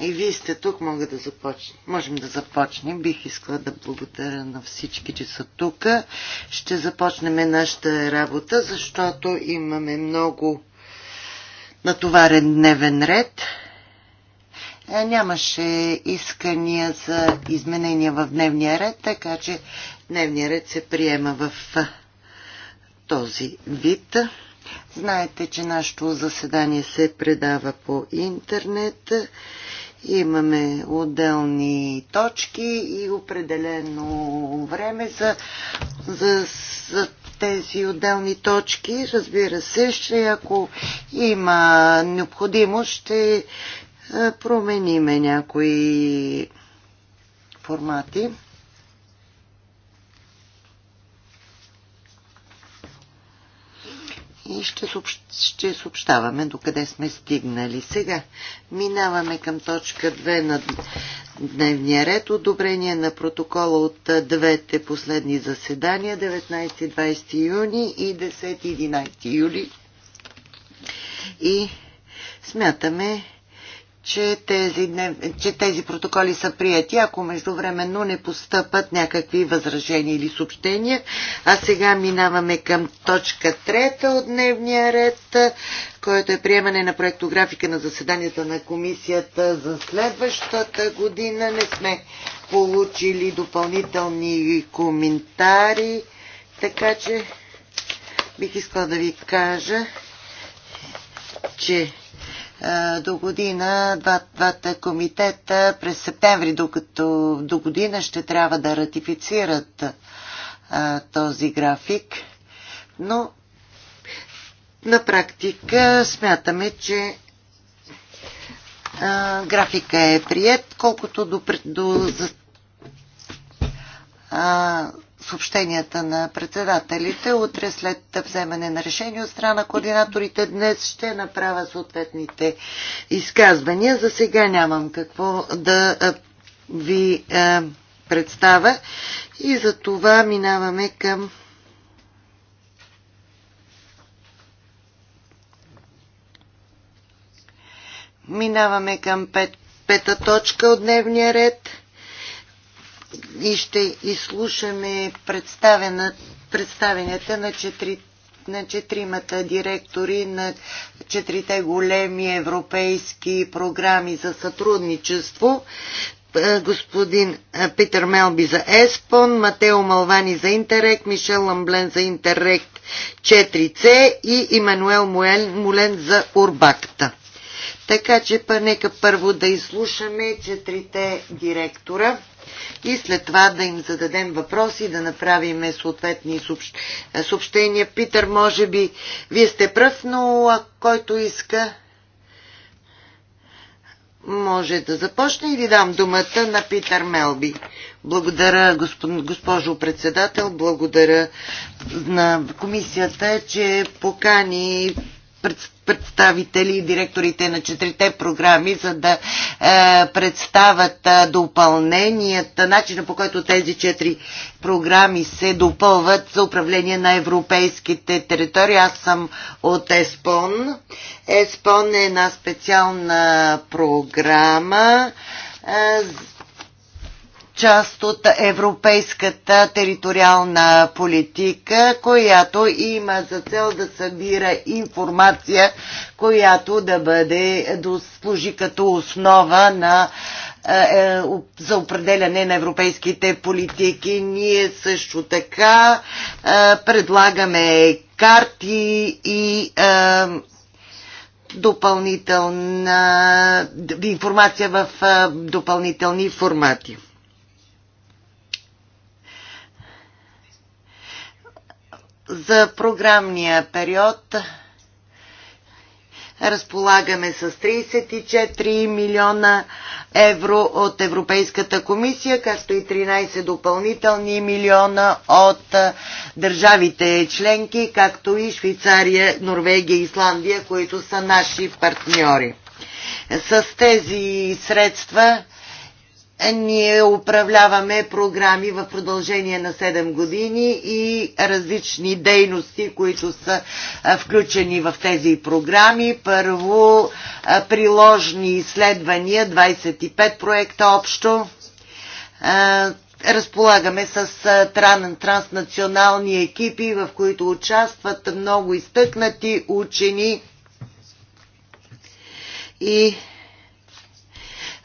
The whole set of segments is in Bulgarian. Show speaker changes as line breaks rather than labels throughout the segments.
И вие сте тук, мога да започне. можем да започнем. Бих искала да благодаря на всички, че са тук. Ще започнем нашата работа, защото имаме много натоварен дневен ред. Е, нямаше искания за изменения в дневния ред, така че дневния ред се приема в този вид. Знаете, че нашето заседание се предава по интернет Имаме отделни точки и определено време за, за, за тези отделни точки. Разбира се, ще ако има необходимост, ще промениме някои формати. ще, съобщ, ще съобщаваме докъде сме стигнали. Сега минаваме към точка 2 на дневния ред. Одобрение на протокола от двете последни заседания 19-20 юни и 10-11 юли. И смятаме, че тези, че тези протоколи са прияти, ако междувременно не постъпат някакви възражения или съобщения. А сега минаваме към точка трета от дневния ред, който е приемане на проектографика на заседанията на комисията за следващата година. Не сме получили допълнителни коментари, така че бих искала да ви кажа, че до година два, двата комитета през септември, докато до година ще трябва да ратифицират а, този график. Но на практика смятаме, че а, графика е прият, колкото до, до за, а, съобщенията на председателите. Утре след вземане на решение от страна координаторите днес ще направя съответните изказвания. За сега нямам какво да ви е, представя и за това минаваме към Минаваме към пет, пета точка от дневния ред – и ще изслушаме представенията на четирите на четиримата директори на четирите големи европейски програми за сътрудничество. Е, господин е, Питер Мелби за ЕСПОН, Матео Малвани за интерект, Мишел Ламблен за интерект 4C и Имануел Мулен за Урбакта. Така че па, нека първо да изслушаме четирите директора и след това да им зададем въпроси, да направим съответни съобщения. Питър, може би, вие сте пръв, но който иска, може да започне и ви дам думата на Питър Мелби. Благодаря, госпожо председател, благодаря на комисията, че покани пред представители и директорите на четирите програми, за да е, представят е, допълненията, начина по който тези четири програми се допълват за управление на европейските територии. Аз съм от ЕСПОН. ЕСПОН е една специална програма е, част от европейската териториална политика, която има за цел да събира информация, която да бъде да служи като основа на, е, е, за определяне на европейските политики. Ние също така е, предлагаме карти и допълнителна информация в допълнителни формати. За програмния период разполагаме с 34 милиона евро от Европейската комисия, както и 13 допълнителни милиона от държавите членки, както и Швейцария, Норвегия и Исландия, които са наши партньори. С тези средства ние управляваме програми в продължение на 7 години и различни дейности, които са включени в тези програми. Първо, приложни изследвания, 25 проекта общо. Разполагаме с транснационални екипи, в които участват много изтъкнати учени и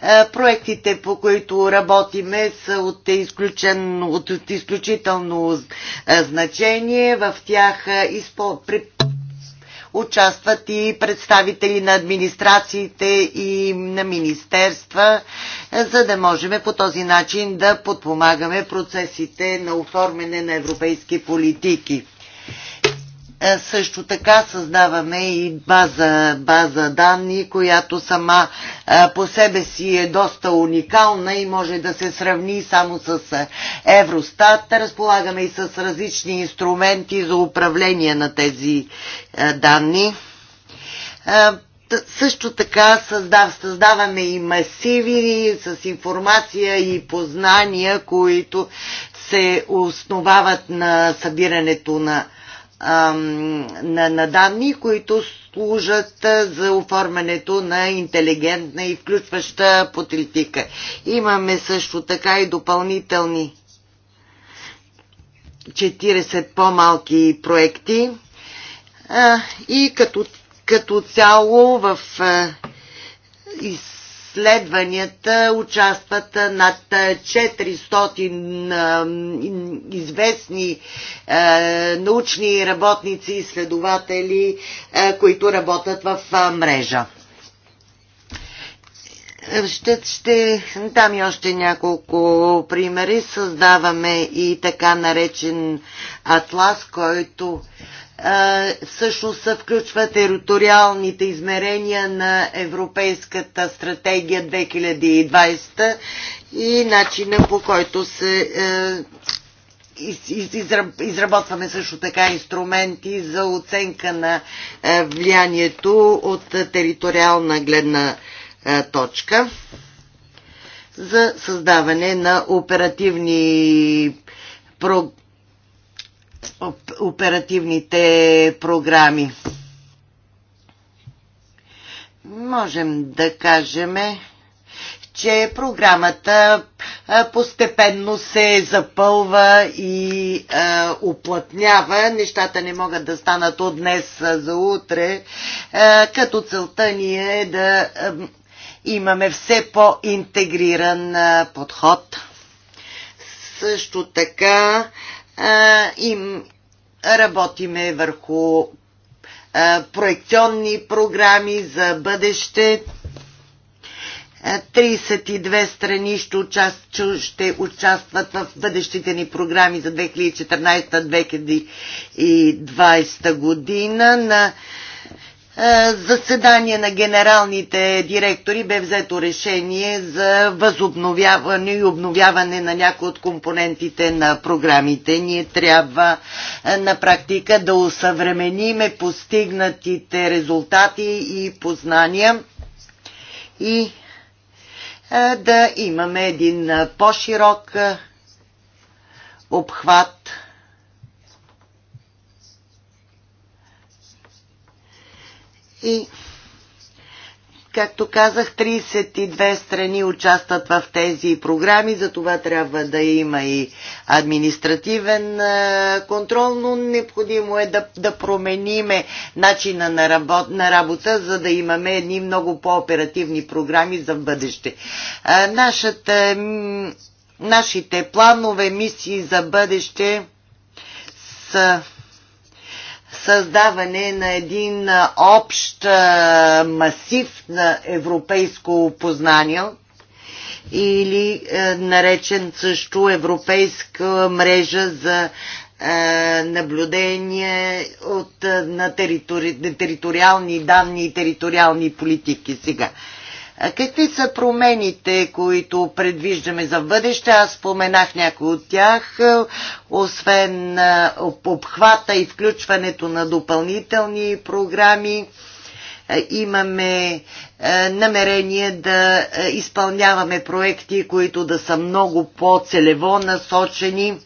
е, проектите, по които работиме, са от, изключен, от, от изключително е, значение. В тях е, изпо, при, участват и представители на администрациите и на министерства, за да можем по този начин да подпомагаме процесите на оформяне на европейски политики. Е, също така създаваме и база, база данни, която сама е, по себе си е доста уникална и може да се сравни само с е, Евростат. Разполагаме и с различни инструменти за управление на тези данни. Също така създав, създаваме и масиви с информация и познания, които се основават на събирането на на, на данни, които служат за оформянето на интелигентна и включваща политика. Имаме също така и допълнителни 40 по-малки проекти и като, като цяло в из, изследванията участват над 400 известни научни работници, и изследователи, които работят в мрежа. Ще, ще дам и още няколко примери. Създаваме и така наречен атлас, който също се включва териториалните измерения на Европейската стратегия 2020 и начина по който се е, изработваме също така инструменти за оценка на е, влиянието от териториална гледна е, точка за създаване на оперативни програми оперативните програми. Можем да кажем, че програмата постепенно се запълва и а, уплътнява. Нещата не могат да станат от днес за утре, като целта ни е да имаме все по-интегриран подход. Също така а, им работиме върху а, проекционни програми за бъдеще. 32 страни ще, участват, ще участват в бъдещите ни програми за 2014-2020 година. На е, заседание на генералните директори бе взето решение за възобновяване и обновяване на някои от компонентите на програмите. Ние трябва е, на практика да усъвремениме постигнатите резултати и познания и е, да имаме един по-широк обхват И Както казах, 32 страни участват в тези програми, за това трябва да има и административен е, контрол, но необходимо е да, да промениме начина на, работ, на работа, за да имаме едни много по-оперативни програми за бъдеще. Е, нашата, нашите планове, мисии за бъдеще са създаване на един общ масив на европейско познание или наречен също Европейска мрежа за наблюдение от, на, територи, на териториални данни и териториални политики сега. Какви са промените, които предвиждаме за бъдеще? Аз споменах някои от тях, е, освен е, обхвата и включването на допълнителни програми. Е, имаме намерение да изпълняваме проекти, които да са много по-целево насочени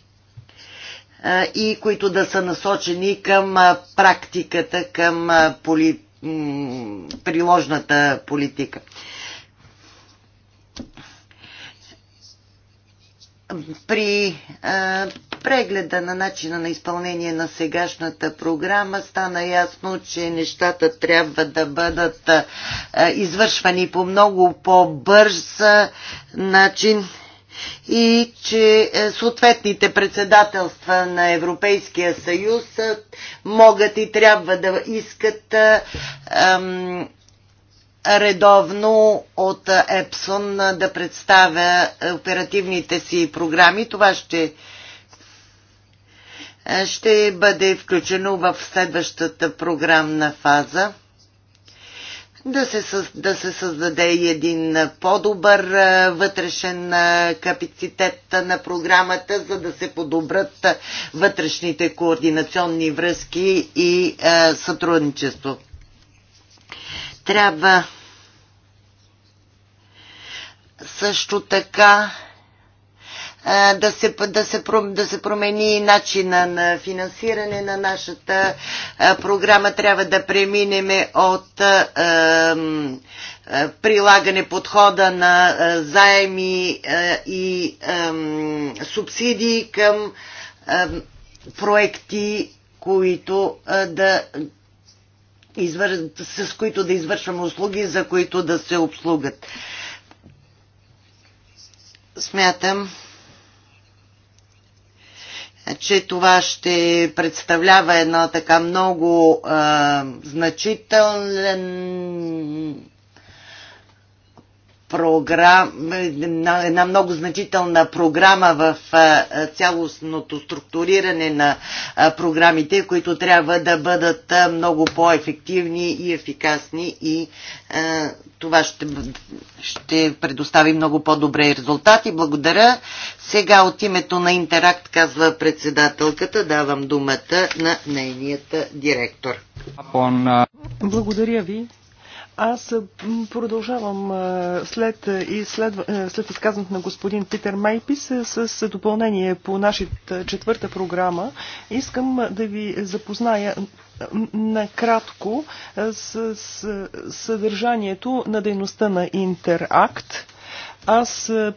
и които да са насочени към практиката, към поли... приложната политика. при а, прегледа на начина на изпълнение на сегашната програма стана ясно, че нещата трябва да бъдат а, извършвани по много по-бърз начин и че е, съответните председателства на Европейския съюз могат и трябва да искат а, редовно от Епсон да представя оперативните си програми. Това ще, ще бъде включено в следващата програмна фаза. Да се, да се създаде един по-добър вътрешен капацитет на програмата, за да се подобрат вътрешните координационни връзки и сътрудничество трябва също така да се, да, се, да се промени начина на финансиране на нашата програма. Трябва да преминеме от е, прилагане подхода на заеми е, и субсидии към проекти, които да извър... с които да извършваме услуги, за които да се обслугат. Смятам, че това ще представлява една така много а, значителен програм, една, една много значителна програма в а, цялостното структуриране на а, програмите, които трябва да бъдат а, много по-ефективни и ефикасни и а, това ще, ще предостави много по-добре резултати. Благодаря. Сега от името на Интеракт, казва председателката, давам думата на нейният директор.
Благодаря ви. Аз продължавам след, и след, след изказването на господин Питер Майпис с допълнение по нашата четвърта програма. Искам да ви запозная накратко е, с, с съдържанието на дейността на Интеракт. Аз е,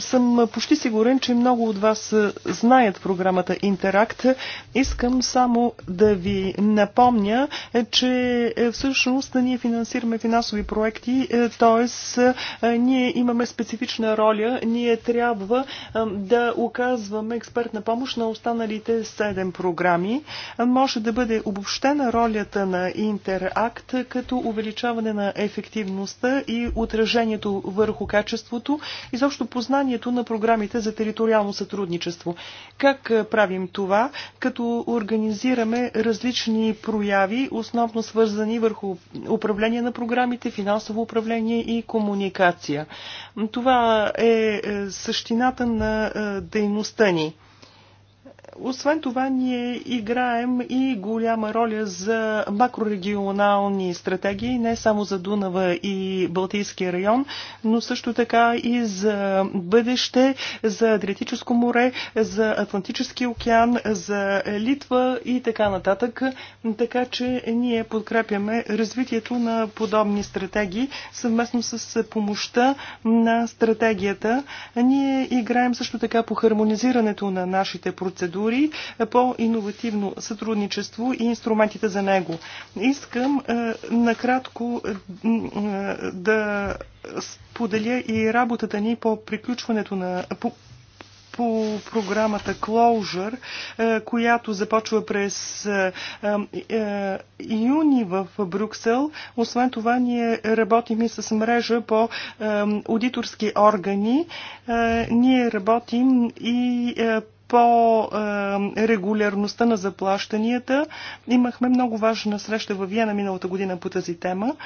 съм почти сигурен, че много от вас знаят програмата Интеракт. Искам само да ви напомня, е, че е, всъщност ние финансираме финансови проекти, е, т.е. ние имаме специфична роля. Ние трябва да оказваме експертна помощ на останалите 7 програми. Може да бъде обобщена ролята на Интеракт като увеличаване на ефективността и отражението върху качеството. Изобщо изобщо познанието на програмите за териториално сътрудничество. Как е, правим това, като организираме различни прояви, основно свързани върху управление на програмите, финансово управление и комуникация. Това е, е същината на е, дейността ни. Освен това, ние играем и голяма роля за макрорегионални стратегии, не само за Дунава и Балтийския район, но също така и за бъдеще, за Адриатическо море, за Атлантически океан, за Литва и така нататък. Така че ние подкрепяме развитието на подобни стратегии съвместно с помощта на стратегията. Ние играем също така по хармонизирането на нашите процедури сектори по иновативно сътрудничество и инструментите за него. Искам е, накратко е, е, да споделя и работата ни по приключването на по, по програмата Closure, която започва през юни в Брюксел. Освен това, ние работим и с мрежа по аудиторски органи. Ние работим и по регулярността на заплащанията. Имахме много важна среща в Виена миналата година по тази тема.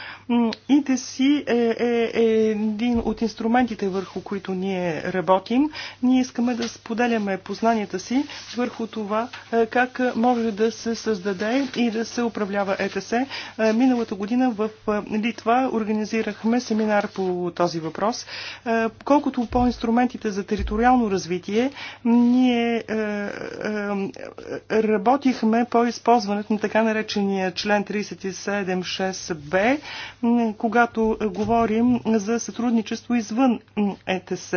ИТСИ е, е, е един от инструментите, върху които ние работим. Ние искаме да споделяме познанията си върху това е, как може да се създаде и да се управлява ЕТС. Е, миналата година в е, Литва организирахме семинар по този въпрос. Колкото по инструментите за териториално развитие, ние е, е, е, работихме по използването на така наречения член 376 Б, когато говорим за сътрудничество извън ЕТС.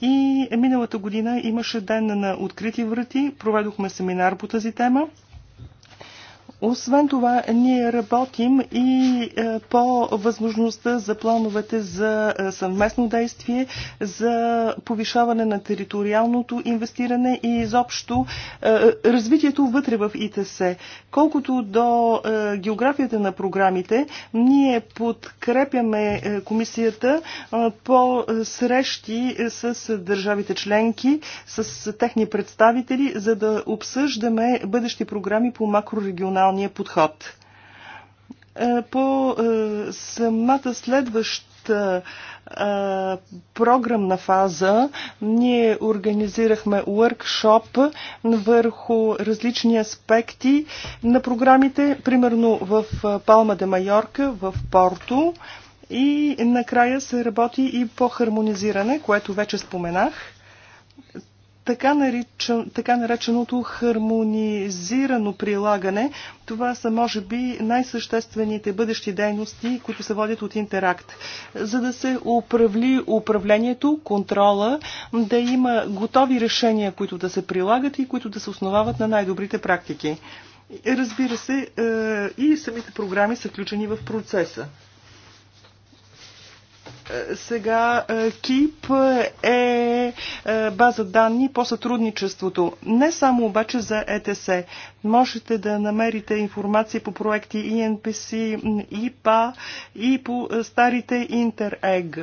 И миналата година имаше ден на открити врати, проведохме семинар по тази тема. Освен това, ние работим и е, по възможността за плановете за е, съвместно действие, за повишаване на териториалното инвестиране и изобщо е, развитието вътре в ИТС. Колкото до географията на програмите, ние подкрепяме комисията по срещи с държавите членки, с техни представители, за да обсъждаме бъдещи програми по макрорегионално регионалния подход. Е, по е, самата следваща е, програмна фаза ние организирахме уъркшоп върху различни аспекти на програмите, примерно в Палма де Майорка, в Порто. И накрая се работи и по хармонизиране, което вече споменах така, наричан, така нареченото хармонизирано прилагане. Това са, може би, най-съществените бъдещи дейности, които се водят от Интеракт. За да се управли управлението, контрола, да има готови решения, които да се прилагат и които да се основават на най-добрите практики. Разбира се, е, и самите програми са включени в процеса сега е, КИП е, е база данни по сътрудничеството. Не само обаче за ЕТС. Можете да намерите информация по проекти ИНПС, ИПА и по е, старите Интерег.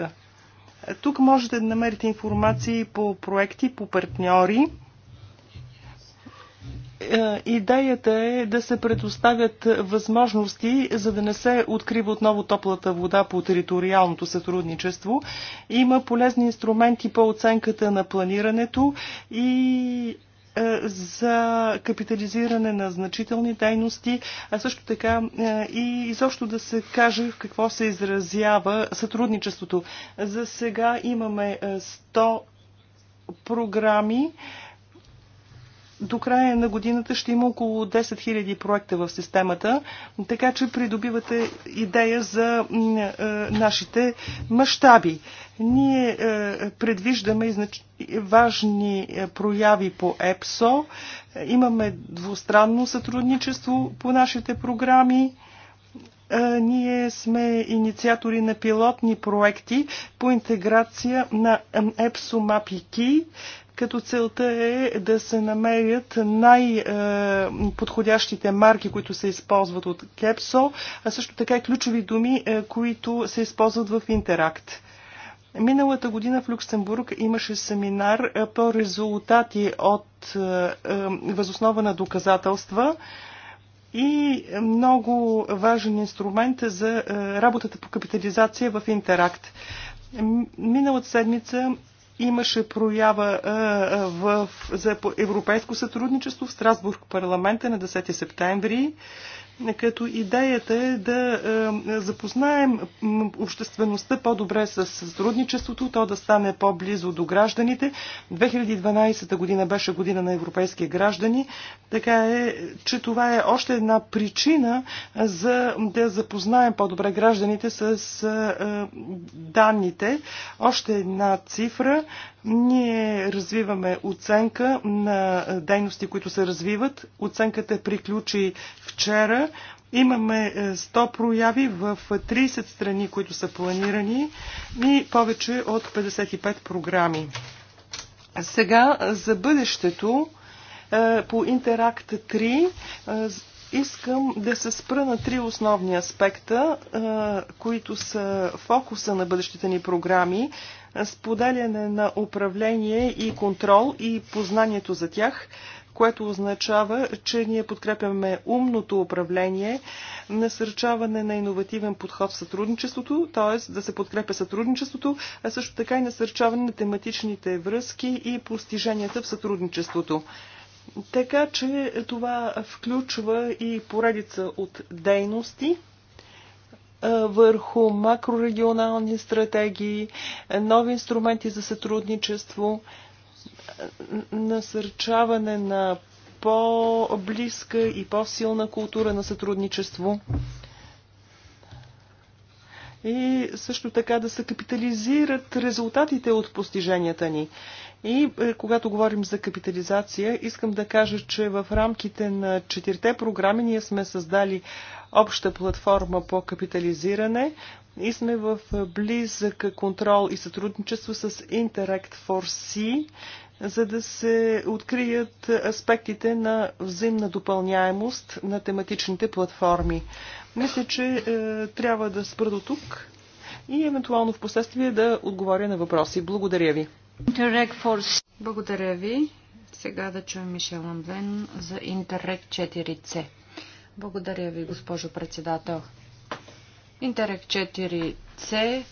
Тук можете да намерите информации по проекти, по партньори. Е, идеята е да се предоставят възможности, за да не се открива отново топлата вода по териториалното сътрудничество. Има полезни инструменти по оценката на планирането и е, за капитализиране на значителни дейности, а също така е, и изобщо да се каже в какво се изразява сътрудничеството. За сега имаме 100 програми, до края на годината ще има около 10 000 проекта в системата, така че придобивате идея за е, нашите мащаби. Ние е, предвиждаме значи, важни е, прояви по ЕПСО, имаме двустранно сътрудничество по нашите програми ние сме инициатори на пилотни проекти по интеграция на EPSO и KEY като целта е да се намерят най-подходящите марки, които се използват от Кепсо, а също така и ключови думи, е, които се използват в Интеракт. Миналата година в Люксембург имаше семинар е, по резултати от е, възоснова на доказателства и много важен инструмент за работата по капитализация в Интеракт. Миналата седмица имаше проява в, за европейско сътрудничество в Страсбург парламента на 10 септември като идеята е да е, запознаем обществеността по-добре с сътрудничеството, то да стане по-близо до гражданите. 2012 година беше година на европейския граждани, така е, че това е още една причина е, за да запознаем по-добре гражданите с е, данните. Още една цифра ние развиваме оценка на дейности, които се развиват. Оценката приключи вчера. Имаме 100 е, прояви в 30 страни, които са планирани и повече от 55 програми. Сега е, за бъдещето е, по Интеракт 3 искам да се спра на три основни аспекта, които са фокуса на бъдещите ни програми споделяне на управление и контрол и познанието за тях, което означава, че ние подкрепяме умното управление, насърчаване на иновативен подход в сътрудничеството, т.е. да се подкрепя сътрудничеството, а също така и насърчаване на тематичните връзки и постиженията в сътрудничеството. Така че това включва и поредица от дейности върху макрорегионални стратегии, нови инструменти за сътрудничество, насърчаване на по-близка и по-силна култура на сътрудничество. И също така да се капитализират резултатите от постиженията ни. И е, когато говорим за капитализация, искам да кажа, че в рамките на четирите програми ние сме създали обща платформа по капитализиране и сме в близък контрол и сътрудничество с Interact for C, за да се открият аспектите на взаимна допълняемост на тематичните платформи. Мисля, че е, трябва да спра до тук и евентуално в последствие да отговоря на въпроси. Благодаря ви. Благодаря ви. Сега да чуем
Мишел Ламблен за Интеррек 4C. Благодаря ви, госпожо председател. Интерек 4C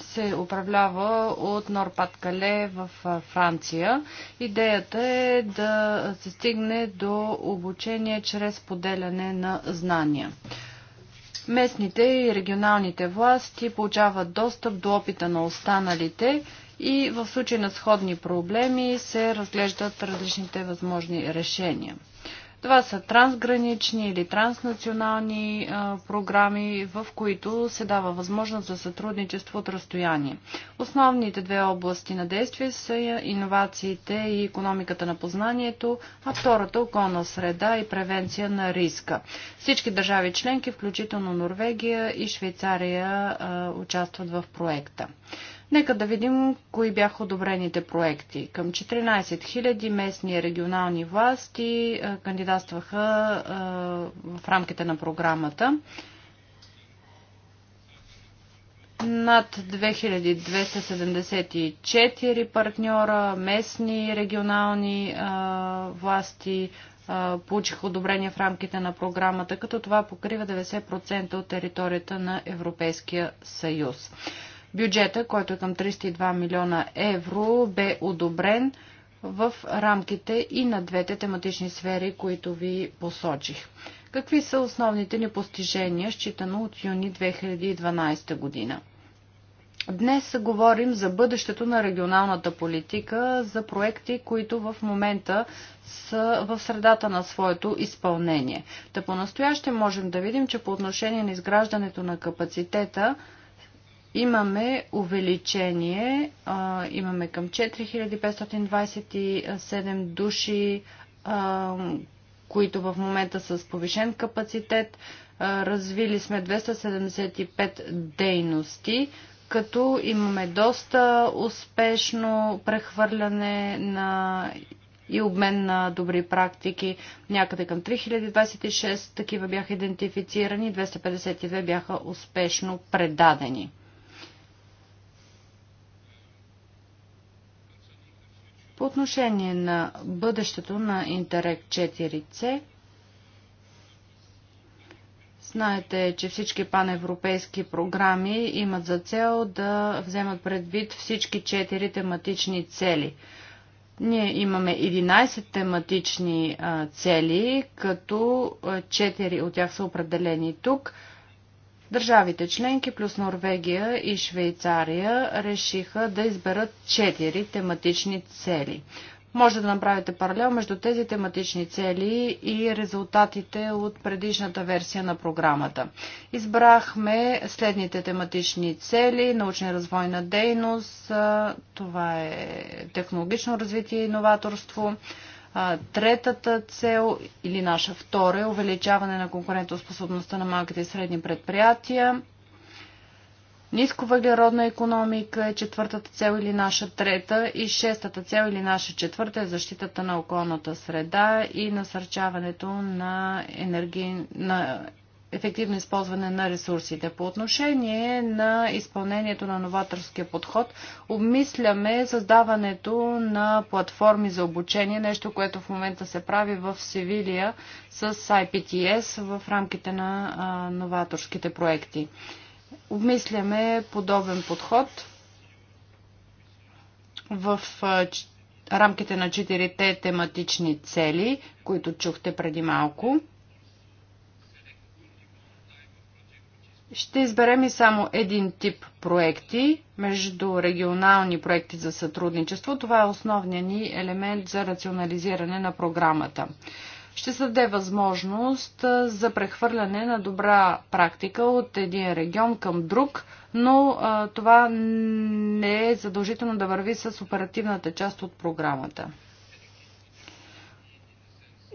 се управлява от Норпад Кале в Франция. Идеята е да се стигне до обучение чрез поделяне на знания. Местните и регионалните власти получават достъп до опита на останалите и в случай на сходни проблеми се разглеждат различните възможни решения. Това са трансгранични или транснационални а, програми, в които се дава възможност за сътрудничество от разстояние. Основните две области на действие са иновациите и економиката на познанието, а втората околна среда и превенция на риска. Всички държави членки, включително Норвегия и Швейцария, а, участват в проекта. Нека да видим кои бяха одобрените проекти. Към 14 000 местни и регионални власти е, кандидатстваха е, в рамките на програмата. Над 2274 партньора, местни и регионални е, власти получиха одобрение в рамките на програмата, като това покрива 90% от територията на Европейския съюз. Бюджета, който е към 302 милиона евро, бе одобрен в рамките и на двете тематични сфери, които ви посочих. Какви са основните ни постижения, считано от юни 2012 година? Днес говорим за бъдещето на регионалната политика, за проекти, които в момента са в средата на своето изпълнение. Та по-настояще можем да видим, че по отношение на изграждането на капацитета, имаме увеличение, а, имаме към 4527 души, а, които в момента са с повишен капацитет. А, развили сме 275 дейности, като имаме доста успешно прехвърляне на и обмен на добри практики. Някъде към 3026 такива бяха идентифицирани, 252 бяха успешно предадени. По отношение на бъдещето на Интерек 4C, Знаете, че всички паневропейски програми имат за цел да вземат предвид всички 4 тематични цели. Ние имаме 11 тематични цели, като 4 от тях са определени тук – Държавите членки плюс Норвегия и Швейцария решиха да изберат четири тематични цели. Може да направите паралел между тези тематични цели и резултатите от предишната версия на програмата. Избрахме следните тематични цели научна развойна дейност, това е технологично развитие и новаторство, Третата цел или наша втора е увеличаване на конкурентоспособността на малките и средни предприятия. Нисковъглеродна економика е четвъртата цел или наша трета и шестата цел или наша четвърта е защитата на околната среда и насърчаването на, енерги... на ефективно използване на ресурсите. По отношение на изпълнението на новаторския подход, обмисляме създаването на платформи за обучение, нещо, което в момента се прави в Севилия с IPTS в рамките на а, новаторските проекти. Обмисляме подобен подход в а, рамките на четирите тематични цели, които чухте преди малко. ще изберем и само един тип проекти между регионални проекти за сътрудничество. Това е основният ни елемент за рационализиране на програмата. Ще се даде възможност за прехвърляне на добра практика от един регион към друг, но а, това не е задължително да върви с оперативната част от програмата.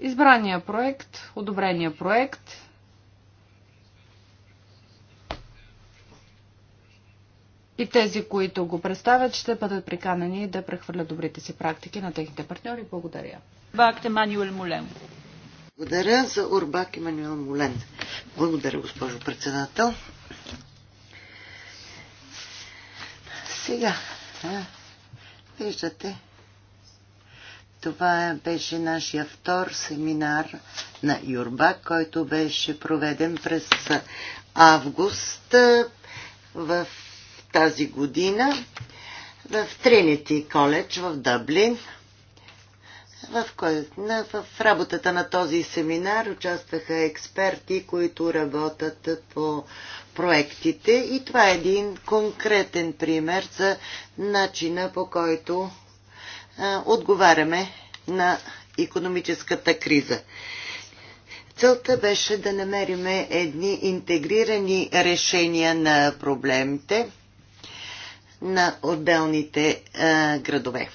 Избрания проект, одобрения проект и тези, които го представят, ще бъдат приканени да прехвърлят добрите си практики на техните партньори. Благодаря.
Бакте Манюел Молен. Благодаря за Урбак Емануел Молен. Благодаря, госпожо председател. Сега, а, виждате, това беше нашия втор семинар на Юрбак, който беше проведен през август в тази година в Тринити College в Дъблин. В, кой, на, в работата на този семинар участваха експерти, които работят по проектите и това е един конкретен пример за начина по който а, отговаряме на економическата криза. Целта беше да намериме едни интегрирани решения на проблемите на отделните а, градове.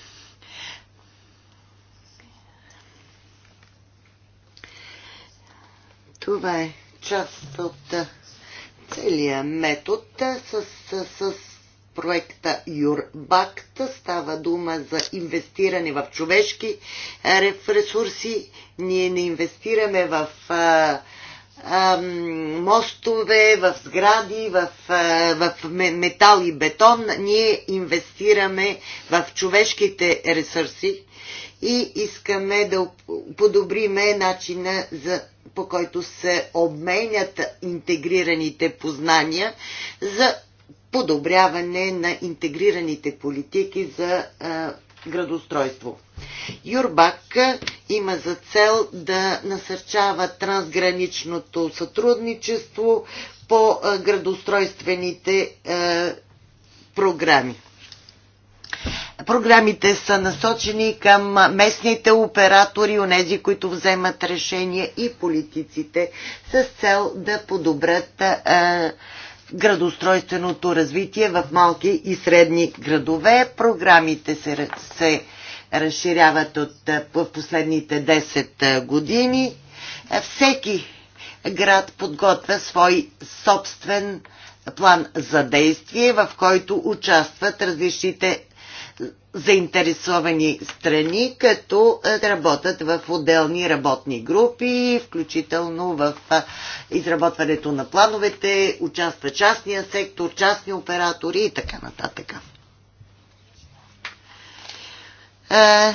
Това е част от целия метод с, с, с проекта Юрбакт. Става дума за инвестиране в човешки ресурси. Ние не инвестираме в а, мостове, в сгради, в, в метал и бетон. Ние инвестираме в човешките ресурси и искаме да подобриме начина за по който се обменят интегрираните познания за подобряване на интегрираните политики за градостройство. Юрбак има за цел да насърчава трансграничното сътрудничество по градостройствените програми. Програмите са насочени към местните оператори, онези, които вземат решения и политиците с цел да подобрят градоустройственото развитие в малки и средни градове. Програмите се, се разширяват от, е, в последните 10 е, години. Е, всеки град подготвя свой собствен план за действие, в който участват различните заинтересовани страни, като е, работят в отделни работни групи, включително в е, изработването на плановете, участва частния сектор, частни оператори и така нататък. Е,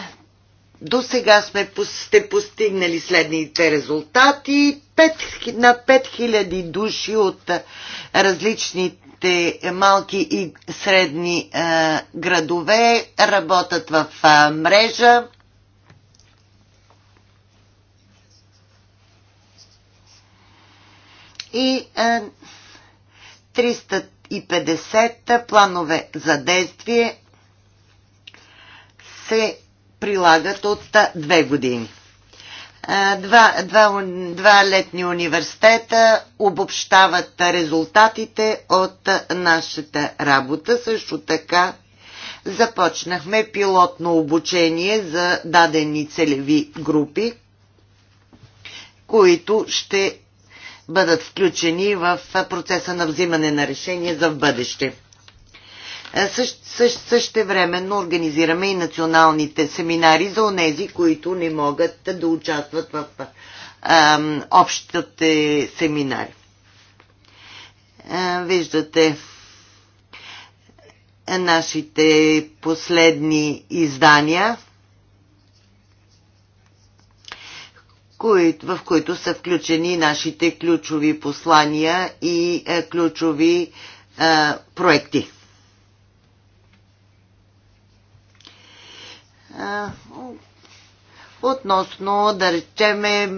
до сега сме сте постигнали следните резултати. 5, на 5000 души от различни малките, малки и средни е, градове работят в е, мрежа. И е, 350 планове за действие се прилагат от две години. Два, два, два летни университета обобщават резултатите от нашата работа. Също така започнахме пилотно обучение за дадени целеви групи, които ще бъдат включени в процеса на взимане на решение за в бъдеще. Е, същ, също, същевременно организираме и националните семинари за онези, които не могат да участват в ам, общите семинари. А, е, виждате нашите последни издания, в които са включени нашите ключови послания и е, ключови а, проекти. относно, да речеме,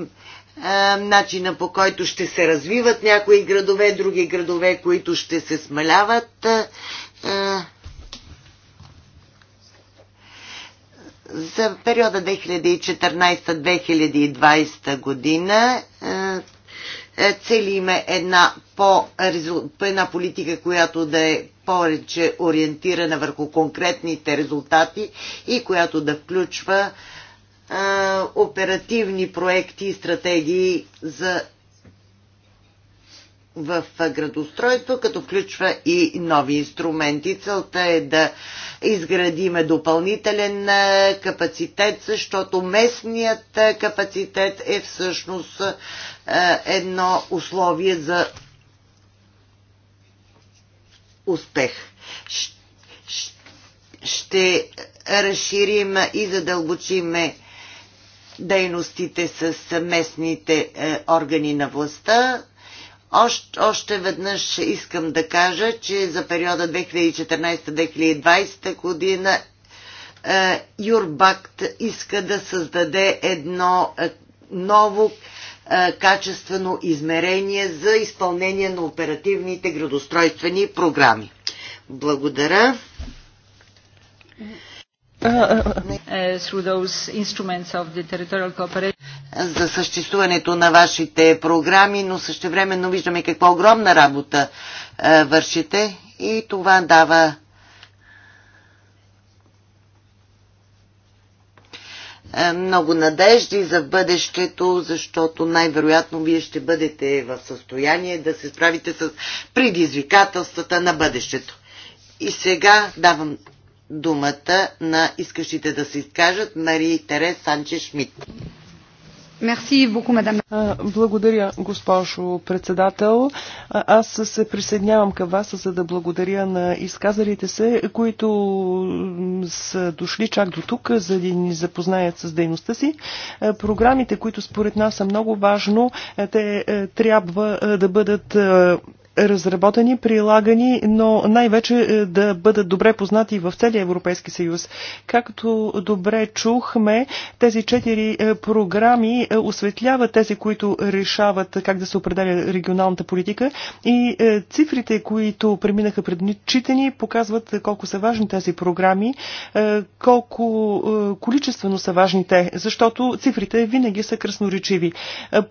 начина по който ще се развиват някои градове, други градове, които ще се смаляват. За периода 2014-2020 година е, целиме една, по, една политика, която да е повече ориентирана върху конкретните резултати и която да включва а, е, оперативни проекти и стратегии за в градостройство, като включва и нови инструменти. Целта е да изградиме допълнителен капацитет, защото местният капацитет е всъщност едно условие за успех. Ще разширим и задълбочиме дейностите с местните органи на властта, още, още веднъж искам да кажа, че за периода 2014-2020 година е, Юрбакт иска да създаде едно е, ново е, качествено измерение за изпълнение на оперативните градостройствени програми. Благодаря.
Е,
за съществуването на вашите програми, но същевременно виждаме каква огромна работа е, вършите и това дава е, много надежди за бъдещето, защото най-вероятно вие ще бъдете в състояние да се справите с предизвикателствата на бъдещето. И сега давам думата на искащите да се изкажат Мари Терес Санче Шмидт.
Благодаря, госпожо председател. Аз се присъединявам към вас, за да благодаря на изказалите се, които са дошли чак до тук, за да ни запознаят с дейността си. Програмите, които според нас са много важно, те трябва да бъдат разработени, прилагани, но най-вече е, да бъдат добре познати в целия Европейски съюз. Както добре чухме, тези четири е, програми е, осветляват тези, които решават как да се определя регионалната политика и цифрите, които преминаха пред читени, ни, показват колко са важни тези програми, колко количествено са важни те, защото цифрите винаги са красноречиви.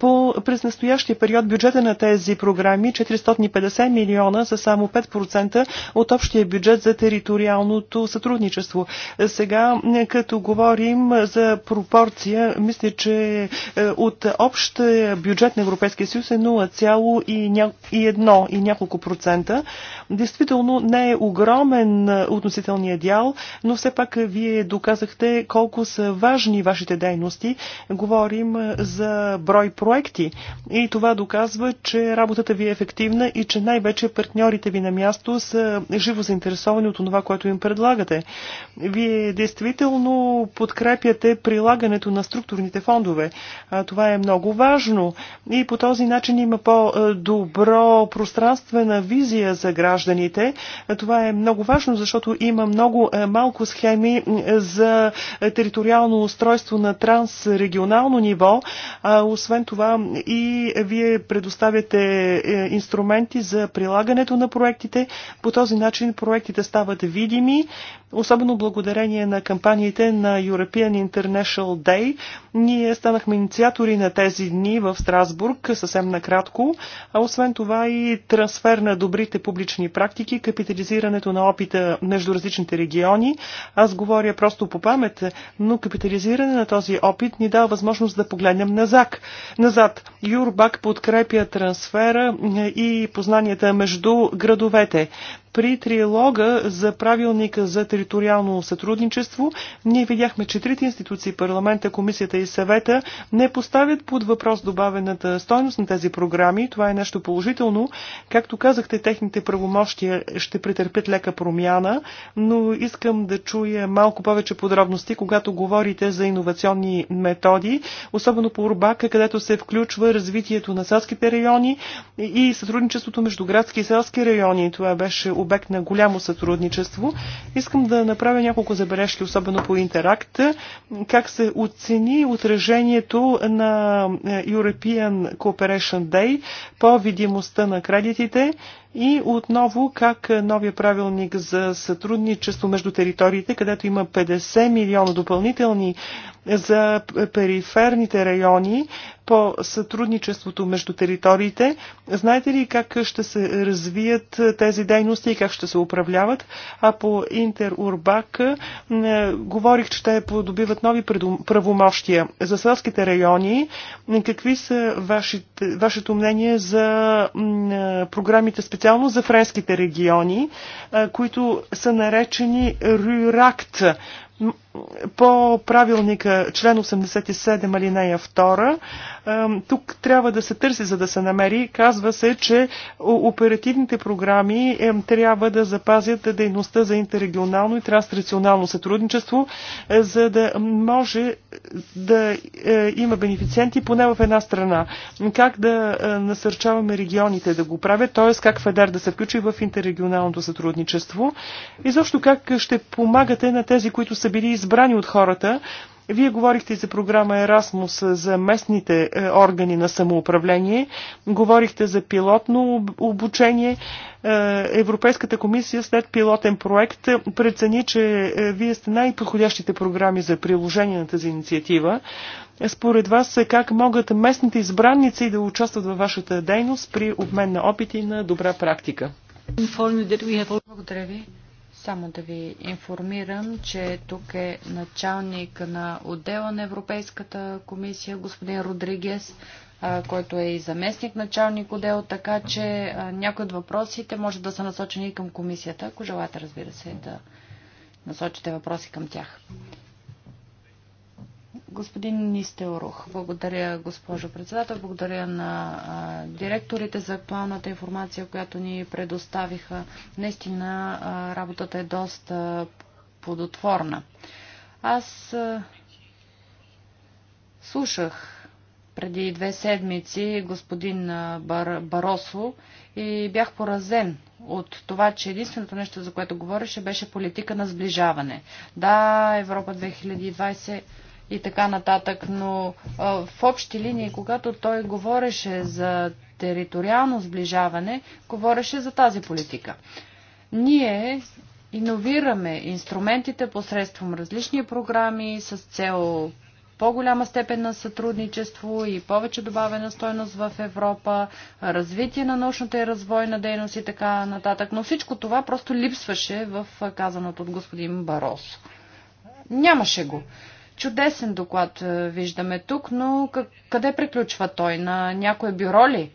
По, през настоящия период бюджета на тези програми 400 250 милиона са само 5% от общия бюджет за териториалното сътрудничество. Сега, като говорим за пропорция, мисля, че е, от общия бюджет на Европейския съюз е 0,1 и няколко процента. Действително не е огромен е, относителният дял, но все пак е, вие доказахте колко са важни вашите дейности. Говорим е, за брой проекти и това доказва, че работата ви е ефективна и че най-вече партньорите ви на място са живо заинтересовани от това, което им предлагате. Вие действително подкрепяте прилагането на структурните фондове. Това е много важно и по този начин има по-добро пространствена визия за гражданите гражданите. Това е много важно, защото има много е, малко схеми за териториално устройство на трансрегионално ниво. Освен това и вие предоставяте е, инструменти за прилагането на проектите. По този начин проектите стават видими, особено благодарение на кампаниите на European International Day. Ние станахме инициатори на тези дни в Страсбург, съвсем накратко. А освен това и трансфер на добрите публични различни практики, капитализирането на опита между различните региони. Аз говоря просто по памет, но капитализиране на този опит ни дава възможност да погледнем назад. назад. Юрбак подкрепя трансфера и познанията между градовете. При триалога за правилника за териториално сътрудничество ние видяхме, че трите институции, парламента, комисията и съвета, не поставят под въпрос добавената стойност на тези програми. Това е нещо положително. Както казахте, техните правомощия ще претърпят лека промяна, но искам да чуя малко повече подробности, когато говорите за иновационни методи, особено по Урбака, където се включва развитието на селските райони и сътрудничеството между градски и селски райони. Това беше обект на голямо сътрудничество. Искам да направя няколко забележки, особено по Интеракт. Как се оцени отражението на е, European Cooperation Day по видимостта на кредитите, и отново как новия правилник за сътрудничество между териториите, където има 50 милиона допълнителни за периферните райони по сътрудничеството между териториите. Знаете ли как ще се развият тези дейности и как ще се управляват? А по Интерурбак е, говорих, че те подобиват нови правомощия за селските райони. Е, какви са вашите, вашето мнение за е, програмите специални специално за френските региони, които са наречени Рюракт по правилника член 87 алинея 2, тук трябва да се търси, за да се намери. Казва се, че оперативните програми трябва да запазят дейността за интеррегионално и транснационално сътрудничество, е, за да може е, да е, има бенефициенти поне в една страна. Как да насърчаваме регионите да го правят, т.е. как ФЕДЕР да се включи в интеррегионалното сътрудничество и защо как ще помагате на тези, които са били избрани от хората. Вие говорихте за програма Ерасмус за местните е, органи на самоуправление, говорихте за пилотно обучение. Е, Европейската комисия след пилотен проект прецени, че е, вие сте най-подходящите програми за приложение на тази инициатива. Според вас как могат местните избранници да участват във вашата дейност при обмен на опити на добра практика?
Благодаря ви. Само да ви информирам, че тук е началник на отдела на Европейската комисия, господин Родригес, който е и заместник началник отдел, така че някои от въпросите може да са насочени и към комисията, ако желаете, разбира се, да насочите въпроси към тях. Господин Нистелрух, благодаря госпожо председател, благодаря на а, директорите за актуалната информация, която ни предоставиха. Наистина а, работата е доста плодотворна. Аз а, слушах преди две седмици господин Бар, Баросо и бях поразен от това, че единственото нещо, за което говореше, беше политика на сближаване. Да, Европа 2020 и така нататък, но в общи линии, когато той говореше за териториално сближаване, говореше за тази политика. Ние иновираме инструментите посредством различни програми с цел по-голяма степен на сътрудничество и повече добавена стойност в Европа, развитие на научната и развойна дейност и така нататък. Но всичко това просто липсваше в казаното от господин Барос. Нямаше го. Чудесен доклад е, виждаме тук, но къде приключва той? На някое бюро ли?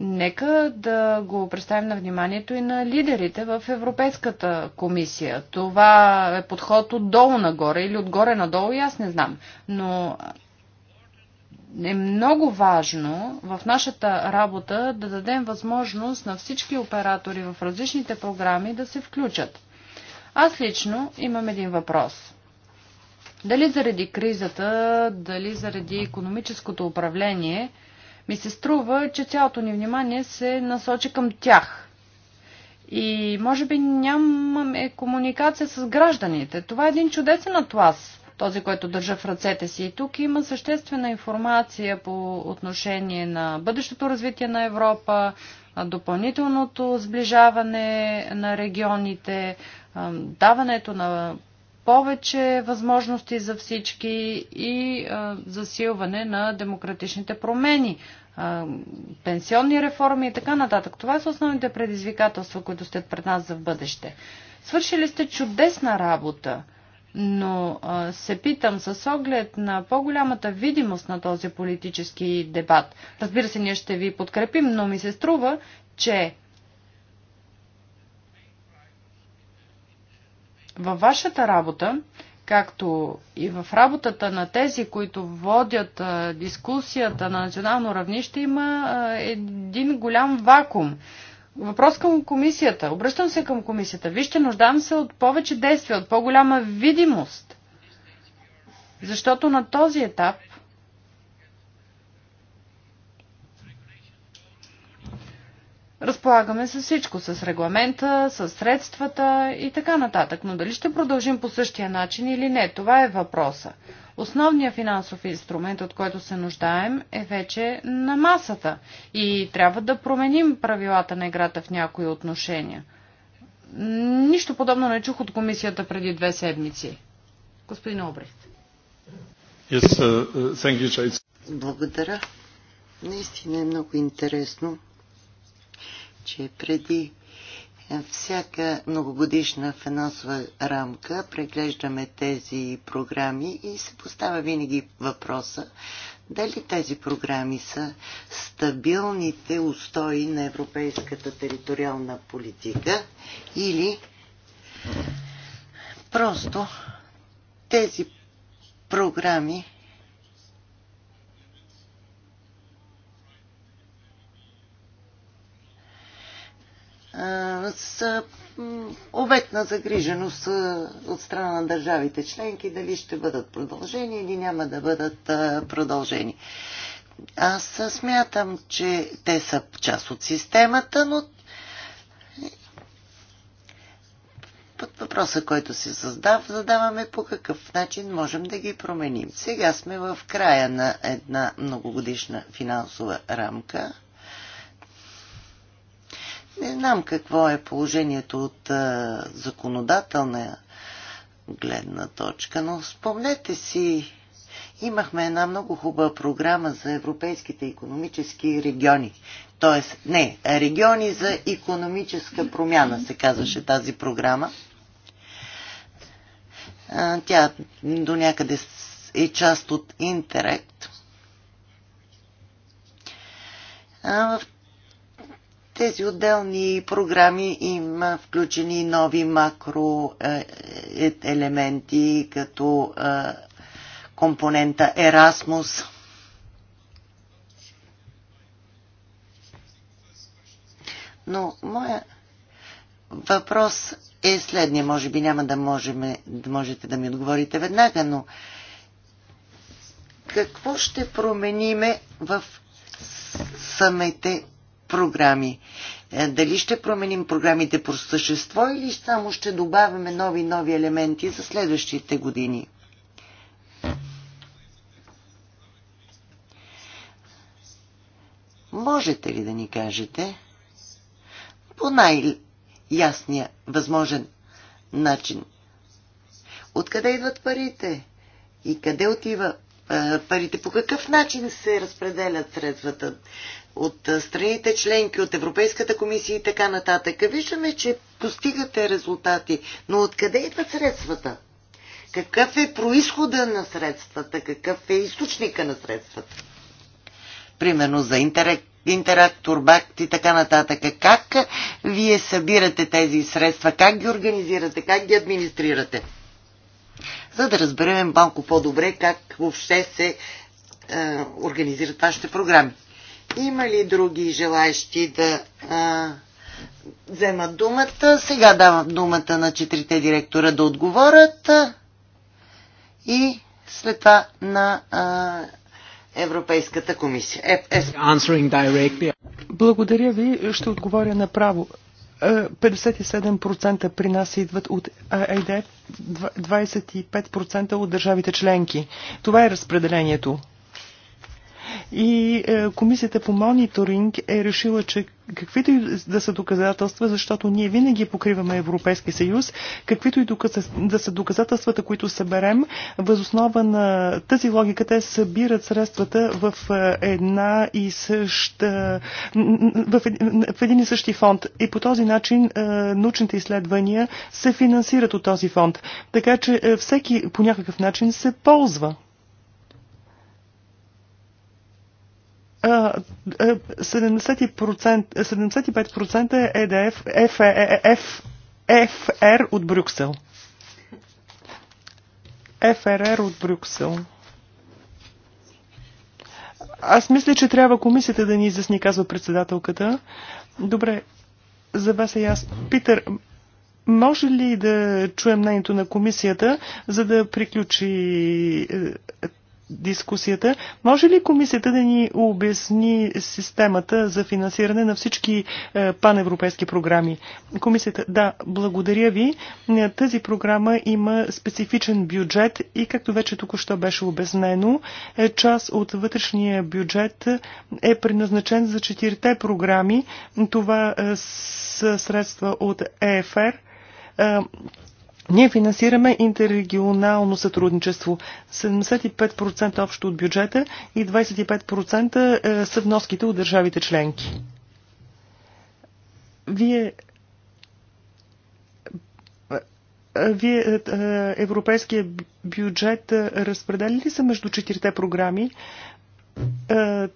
Нека да го представим на вниманието и на лидерите в Европейската комисия. Това е подход отдолу нагоре или отгоре надолу, и аз не знам. Но е много важно в нашата работа да дадем възможност на всички оператори в различните програми да се включат. Аз лично имам един въпрос. Дали заради кризата, дали заради економическото управление, ми се струва, че цялото ни внимание се насочи към тях – и може би нямаме комуникация с гражданите. Това е един чудесен атлас, този, който държа в ръцете си. И тук има съществена информация по отношение на бъдещото развитие на Европа, допълнителното сближаване на регионите, даването на повече възможности за всички и а, засилване на демократичните промени, а, пенсионни реформи и така нататък. Това са основните предизвикателства, които стоят пред нас за в бъдеще. Свършили сте чудесна работа, но а, се питам с оглед на по-голямата видимост на този политически дебат. Разбира се, ние ще ви подкрепим, но ми се струва, че Във вашата работа, както и в работата на тези, които водят дискусията на национално равнище, има един голям вакуум. Въпрос към комисията. Обръщам се към комисията. Вижте, нуждам се от повече действия, от по-голяма видимост. Защото на този етап разполагаме с всичко, с регламента, с средствата и така нататък. Но дали ще продължим по същия начин или не, това е въпроса. Основният финансов инструмент, от който се нуждаем, е вече на масата и трябва да променим правилата на играта в някои отношения. Нищо подобно не чух от комисията преди две седмици. Господин Обрехт.
Uh,
uh,
Благодаря. Наистина е много интересно че преди е, всяка многогодишна финансова рамка преглеждаме тези програми и се поставя винаги въпроса дали тези програми са стабилните устои на европейската териториална политика или просто тези програми С обект на загриженост от страна на държавите членки, дали ще бъдат продължени или няма да бъдат продължени. Аз смятам, че те са част от системата, но под въпроса, който се създава, задаваме по какъв начин можем да ги променим. Сега сме в края на една многогодишна финансова рамка. Не знам какво е положението от а, законодателна гледна точка, но спомнете си, имахме една много хубава програма за европейските економически региони. Тоест, не, региони за економическа промяна се казваше тази програма. А, тя до някъде е част от Интерект. А, в тези отделни програми има включени нови макро е, е, елементи, като е, компонента Erasmus. Но моя въпрос е следния. Може би няма да, можем, да можете да ми отговорите веднага, но какво ще промениме в самите програми. Е, дали ще променим програмите по същество или само ще добавяме нови нови елементи за следващите години? Можете ли да ни кажете по най-ясния възможен начин? Откъде идват парите? И къде отива парите, по какъв начин се разпределят средствата от страните членки, от Европейската комисия и така нататък. Виждаме, че постигате резултати, но откъде идват средствата? Какъв е происхода на средствата? Какъв е източника на средствата? Примерно за интерект Интеракт, Турбакт и така нататък. Как вие събирате тези средства? Как ги организирате? Как ги администрирате? за да разберем малко по-добре как въобще се е, организират вашите програми. Има ли други желаящи да а, е, вземат думата? Сега давам думата на четирите директора да отговорят а, е, и след това на а, е, Европейската комисия. Е, е.
Благодаря ви. Ще отговоря направо. 57% при нас идват от АЕД, 25% от държавите членки. Това е разпределението и е, комисията по мониторинг е решила, че каквито и да са доказателства, защото ние винаги покриваме Европейския съюз, каквито и да са доказателствата, които съберем, възоснова на тази логика те събират средствата в е, една и съща, в един и същи фонд. И по този начин е, научните изследвания се финансират от този фонд. Така че всеки по някакъв начин се ползва. 70%, 75% е ФР от Брюксел. ФРР от Брюксел. Аз мисля, че трябва комисията да ни изясни, казва председателката. Добре, за вас е ясно. Питър, може ли да чуем мнението на комисията, за да приключи е, дискусията. Може ли комисията да ни обясни системата за финансиране на всички е, паневропейски програми? Комисията, да, благодаря ви. Е, тази програма има специфичен бюджет и, както вече току-що беше обяснено, е, част от вътрешния бюджет е предназначен за четирите програми. Това са средства от ЕФР ние финансираме интеррегионално сътрудничество. 75% общо от бюджета и 25% е, са вноските от държавите членки. Вие е, е, вие европейския бюджет разпределили ли са между четирите програми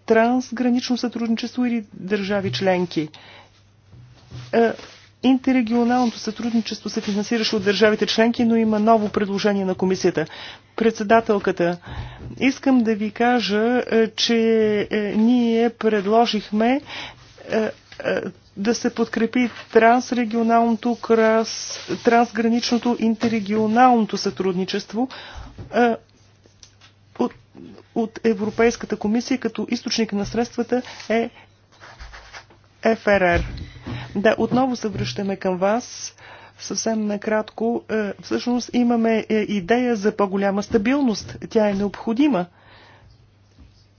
трансгранично сътрудничество или държави членки? Интеррегионалното сътрудничество се финансираше от държавите членки, но има ново предложение на комисията. Председателката, искам да ви кажа, е, че е, ние предложихме е, да се подкрепи трансрегионалното, трансграничното, интеррегионалното сътрудничество от Европейската комисия като източник на средствата е ФРР. Да, отново се връщаме към вас. Съвсем накратко, е, всъщност имаме е, идея за по-голяма стабилност. Тя е необходима.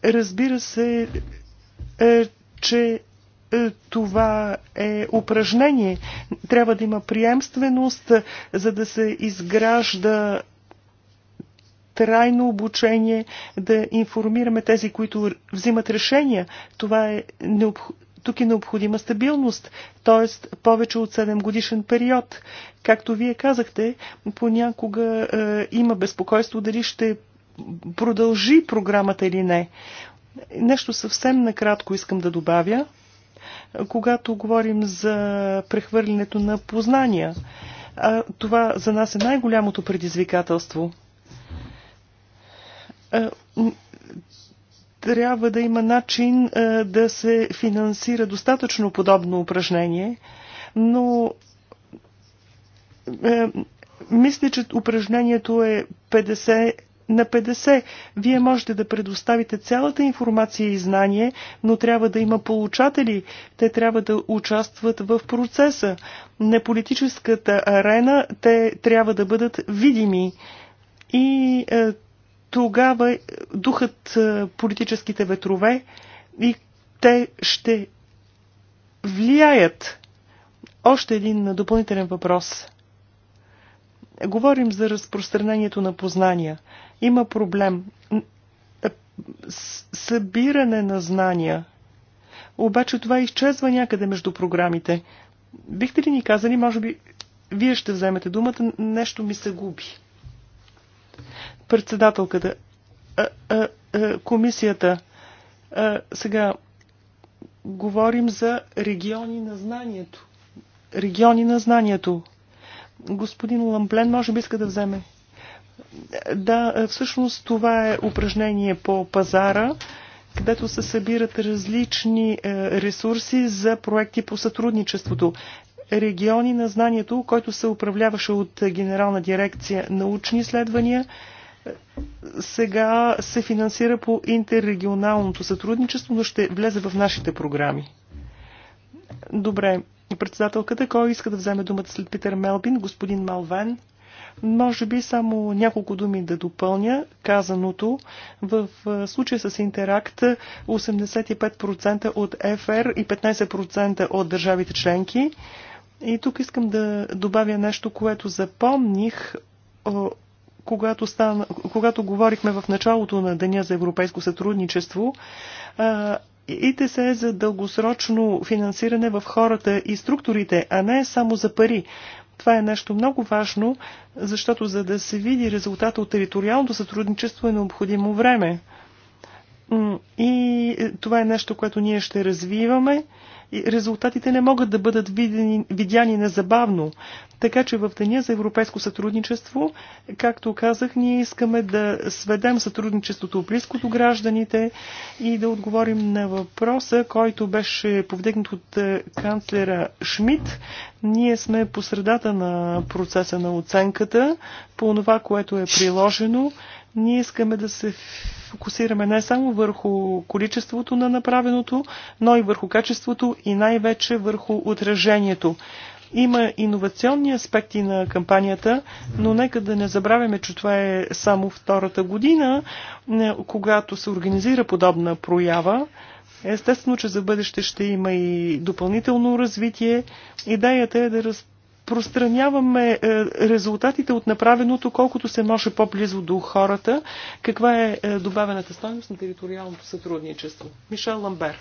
Разбира се, е, че това е упражнение. Трябва да има приемственост, за да се изгражда трайно обучение, да информираме тези, които взимат решения. Това е необх... Тук е необходима стабилност, т.е. повече от 7 годишен период. Както вие казахте, понякога е, има безпокойство дали ще продължи програмата или не. Нещо съвсем накратко искам да добавя, когато говорим за прехвърлянето на познания. А, това за нас е най-голямото предизвикателство е, трябва да има начин е, да се финансира достатъчно подобно упражнение, но е, мисля, че упражнението е 50 на 50. Вие можете да предоставите цялата информация и знание, но трябва да има получатели. Те трябва да участват в процеса. На политическата арена те трябва да бъдат видими. И а, е, тогава духът е, политическите ветрове и те ще влияят. Още един допълнителен въпрос. Говорим за разпространението на познания. Има проблем. Е, събиране на знания. Обаче това изчезва някъде между програмите. Бихте ли ни казали, може би, вие ще вземете думата, нещо ми се губи. Председателката. А, а, а, комисията. А, сега говорим за региони на знанието. Региони на знанието. Господин Ламплен може би иска да вземе. Да, всъщност това е упражнение по пазара, където се събират различни е, ресурси за проекти по сътрудничеството. Региони на знанието, който се управляваше от Генерална дирекция научни изследвания, сега се финансира по интеррегионалното сътрудничество, но ще влезе в нашите програми. Добре, председателката, кой иска да вземе думата след Питер Мелбин? Господин Малвен? Може би само няколко думи да допълня казаното. В случая с Интеракт 85% от ФР и 15% от държавите членки. И тук искам да добавя нещо, което запомних когато, стан, когато говорихме в началото на Деня за европейско сътрудничество, ИТС е за дългосрочно финансиране в хората и структурите, а не само за пари. Това е нещо много важно, защото за да се види резултата от териториалното сътрудничество е необходимо време. И е, това е нещо, което ние ще развиваме резултатите не могат да бъдат видени, видяни незабавно. Така че в Деня за европейско сътрудничество, както казах, ние искаме да сведем сътрудничеството близко до гражданите и да отговорим на въпроса, който беше повдигнат от е, канцлера Шмидт. Ние сме по средата на процеса на оценката, по това, което е приложено. Ние искаме да се фокусираме не само върху количеството на направеното, но и върху качеството и най-вече върху отражението. Има иновационни аспекти на кампанията, но нека да не забравяме, че това е само втората година, когато се организира подобна проява. Естествено, че за бъдеще ще има и допълнително развитие. Идеята е да раз разпространяваме е, резултатите от направеното колкото се може по-близо до хората. Каква е, е добавената стойност на териториалното сътрудничество? Мишел Ламбер.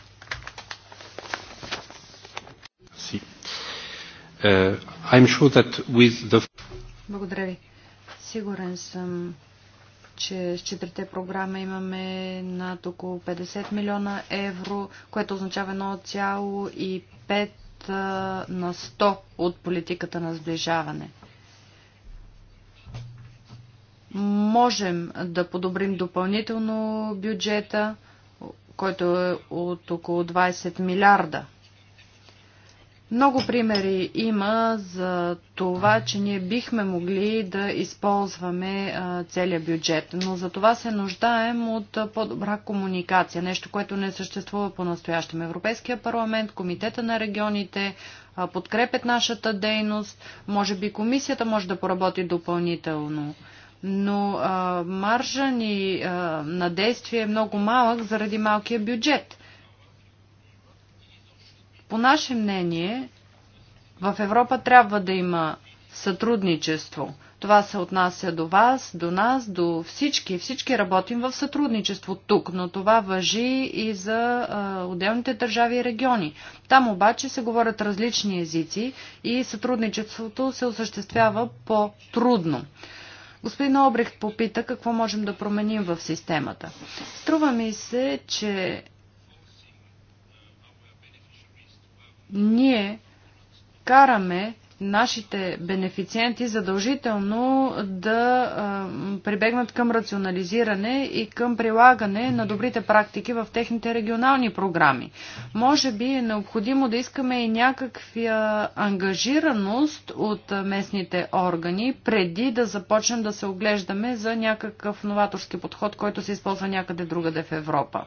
Е, Благодаря
ви. Сигурен съм, че с четирите програми имаме над около 50 милиона евро, което означава 1,5 на 100 от политиката на сближаване. Можем да подобрим допълнително бюджета, който е от около 20 милиарда много примери има за това, че ние бихме могли да използваме целия бюджет, но за това се нуждаем от по-добра комуникация, нещо, което не съществува по-настоящем. Европейския парламент, Комитета на регионите подкрепят нашата дейност, може би комисията може да поработи допълнително но а, маржа ни а, на действие е много малък заради малкия бюджет. По наше мнение, в Европа трябва да има сътрудничество. Това се отнася до вас, до нас, до всички. Всички работим в сътрудничество тук, но това въжи и за а, отделните държави и региони. Там обаче се говорят различни езици и сътрудничеството се осъществява по-трудно. Господин Обрехт попита какво можем да променим в системата. Струва ми се, че ние караме нашите бенефициенти задължително да а, прибегнат към рационализиране и към прилагане на добрите практики в техните регионални програми. Може би е необходимо да искаме и някаква ангажираност от местните органи, преди да започнем да се оглеждаме за някакъв новаторски подход, който се използва някъде другаде в Европа.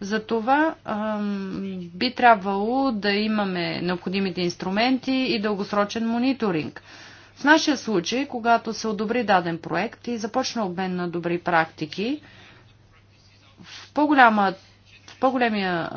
За това би трябвало да имаме необходимите инструменти и дългосрочен мониторинг. В нашия случай, когато се одобри даден проект и започна обмен на добри практики, в по-голяма по-големия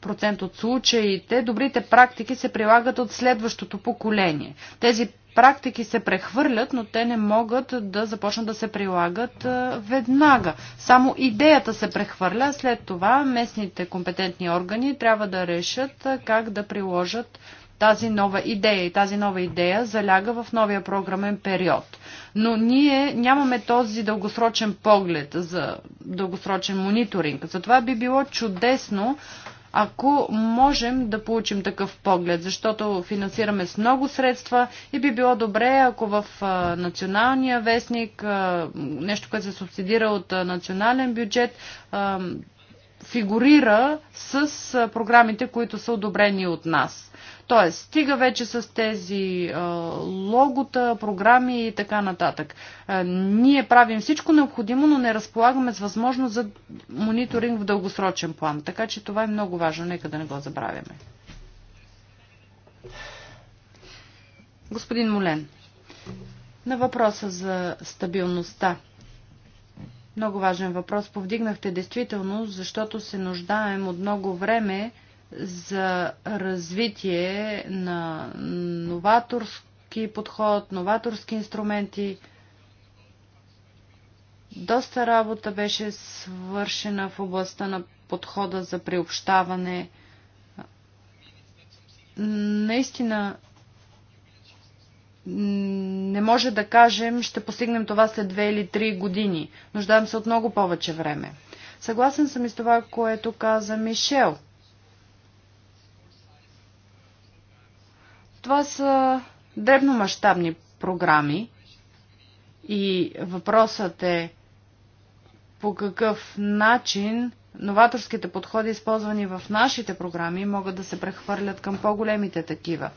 процент от случаите добрите практики се прилагат от следващото поколение. Тези практики се прехвърлят, но те не могат да започнат да се прилагат веднага. Само идеята се прехвърля, след това местните компетентни органи трябва да решат как да приложат тази нова идея. И тази нова идея заляга в новия програмен период но ние нямаме този дългосрочен поглед за дългосрочен мониторинг. Затова би било чудесно, ако можем да получим такъв поглед, защото финансираме с много средства и би било добре, ако в националния вестник, нещо, което се субсидира от национален бюджет, фигурира с програмите, които са одобрени от нас. Тоест, стига вече с тези а, логота, програми и така нататък. А, ние правим всичко необходимо, но не разполагаме с възможност за мониторинг в дългосрочен план. Така че това е много важно, нека да не го забравяме. Господин Молен, на въпроса за стабилността. Много важен въпрос повдигнахте действително, защото се нуждаем от много време за развитие на новаторски подход, новаторски инструменти. Доста работа беше свършена в областта на подхода за приобщаване. Наистина не може да кажем, ще постигнем това след две или три години. Нуждаем се от много повече време. Съгласен съм и с това, което каза Мишел – Това са дребномащабни програми и въпросът е по какъв начин новаторските подходи, използвани в нашите програми, могат да се прехвърлят към по-големите такива.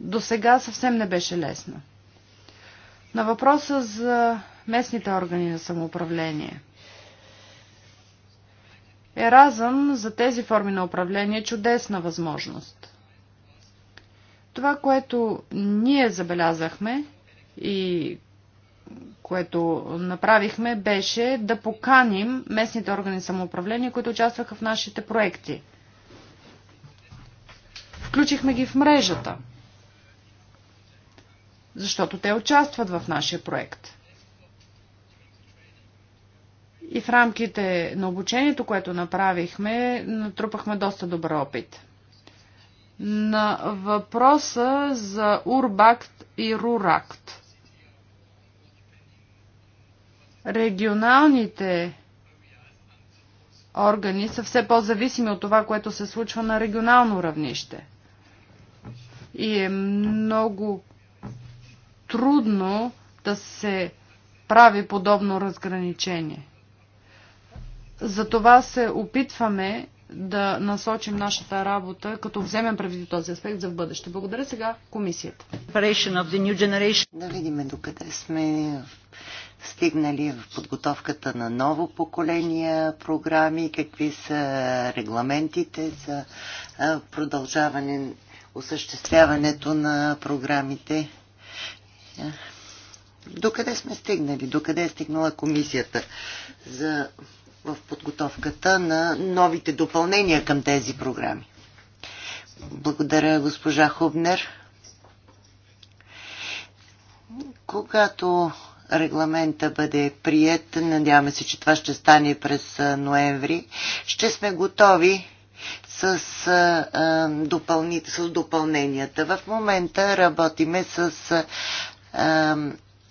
До сега съвсем не беше лесно. На въпроса за местните органи на самоуправление – Еразъм за тези форми на управление е чудесна възможност. Това, което ние забелязахме и което направихме, беше да поканим местните органи самоуправление, които участваха в нашите проекти. Включихме ги в мрежата, защото те участват в нашия проект. И в рамките на обучението, което направихме, натрупахме доста добър опит. На въпроса за Урбакт и Руракт. Регионалните органи са все по-зависими от това, което се случва на регионално равнище. И е много трудно да се прави подобно разграничение. За това се опитваме да насочим нашата работа, като вземем преди този аспект за в бъдеще. Благодаря сега комисията.
Да видим докъде сме стигнали в подготовката на ново поколение програми, какви са регламентите за продължаване осъществяването на програмите. Докъде сме стигнали? Докъде е стигнала комисията за в подготовката на новите допълнения към тези програми. Благодаря, госпожа Хубнер. Когато регламента бъде прият, надяваме се, че това ще стане през ноември, ще сме готови с, а, допълни, с допълненията. В момента работиме с а,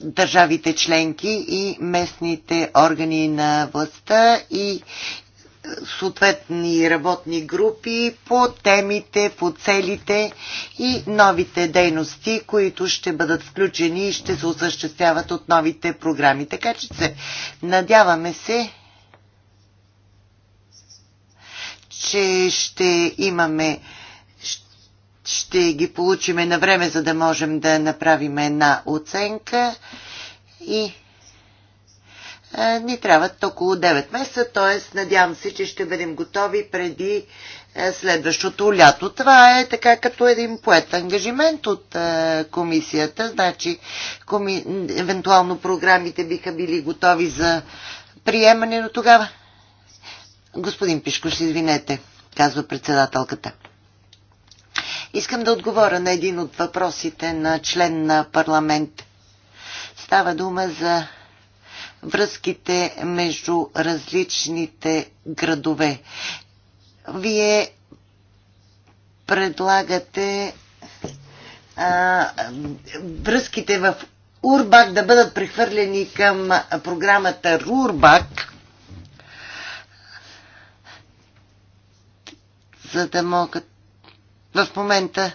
държавите членки и местните органи на властта и е, съответни работни групи по темите, по целите и новите дейности, които ще бъдат включени и ще се осъществяват от новите програми. Така че се надяваме се, че ще имаме ще ги получиме на време, за да можем да направим една оценка и ни трябват около 9 месеца, т.е. надявам се, че ще бъдем готови преди следващото лято. Това е така като един поет ангажимент от комисията, значи коми... евентуално програмите биха били готови за приемане, но тогава... Господин Пишко, извинете, казва председателката. Искам да отговоря на един от въпросите на член на парламент. Става дума за връзките между различните градове. Вие предлагате а, връзките в Урбак да бъдат прехвърлени към програмата Рурбак, за да могат в момента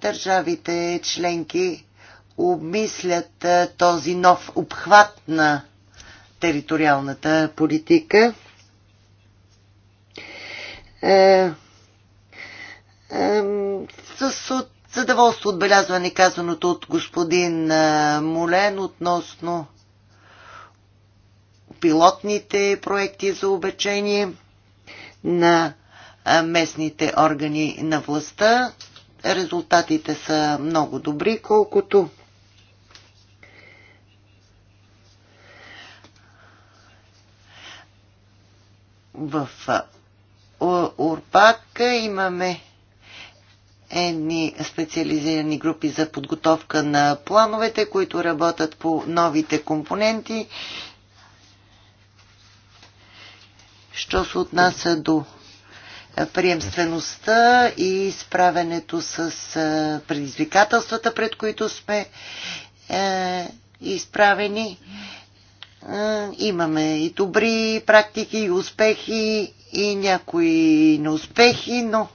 държавите членки обмислят този нов обхват на териториалната политика. Е, е, с задоволство отбелязване казаното от господин Молен относно пилотните проекти за обечение на местните органи на властта. Резултатите са много добри, колкото в урпак имаме едни специализирани групи за подготовка на плановете, които работят по новите компоненти. Що се отнася до приемствеността и справенето с предизвикателствата, пред които сме е, изправени. Е, имаме и добри практики, и успехи, и някои неуспехи, но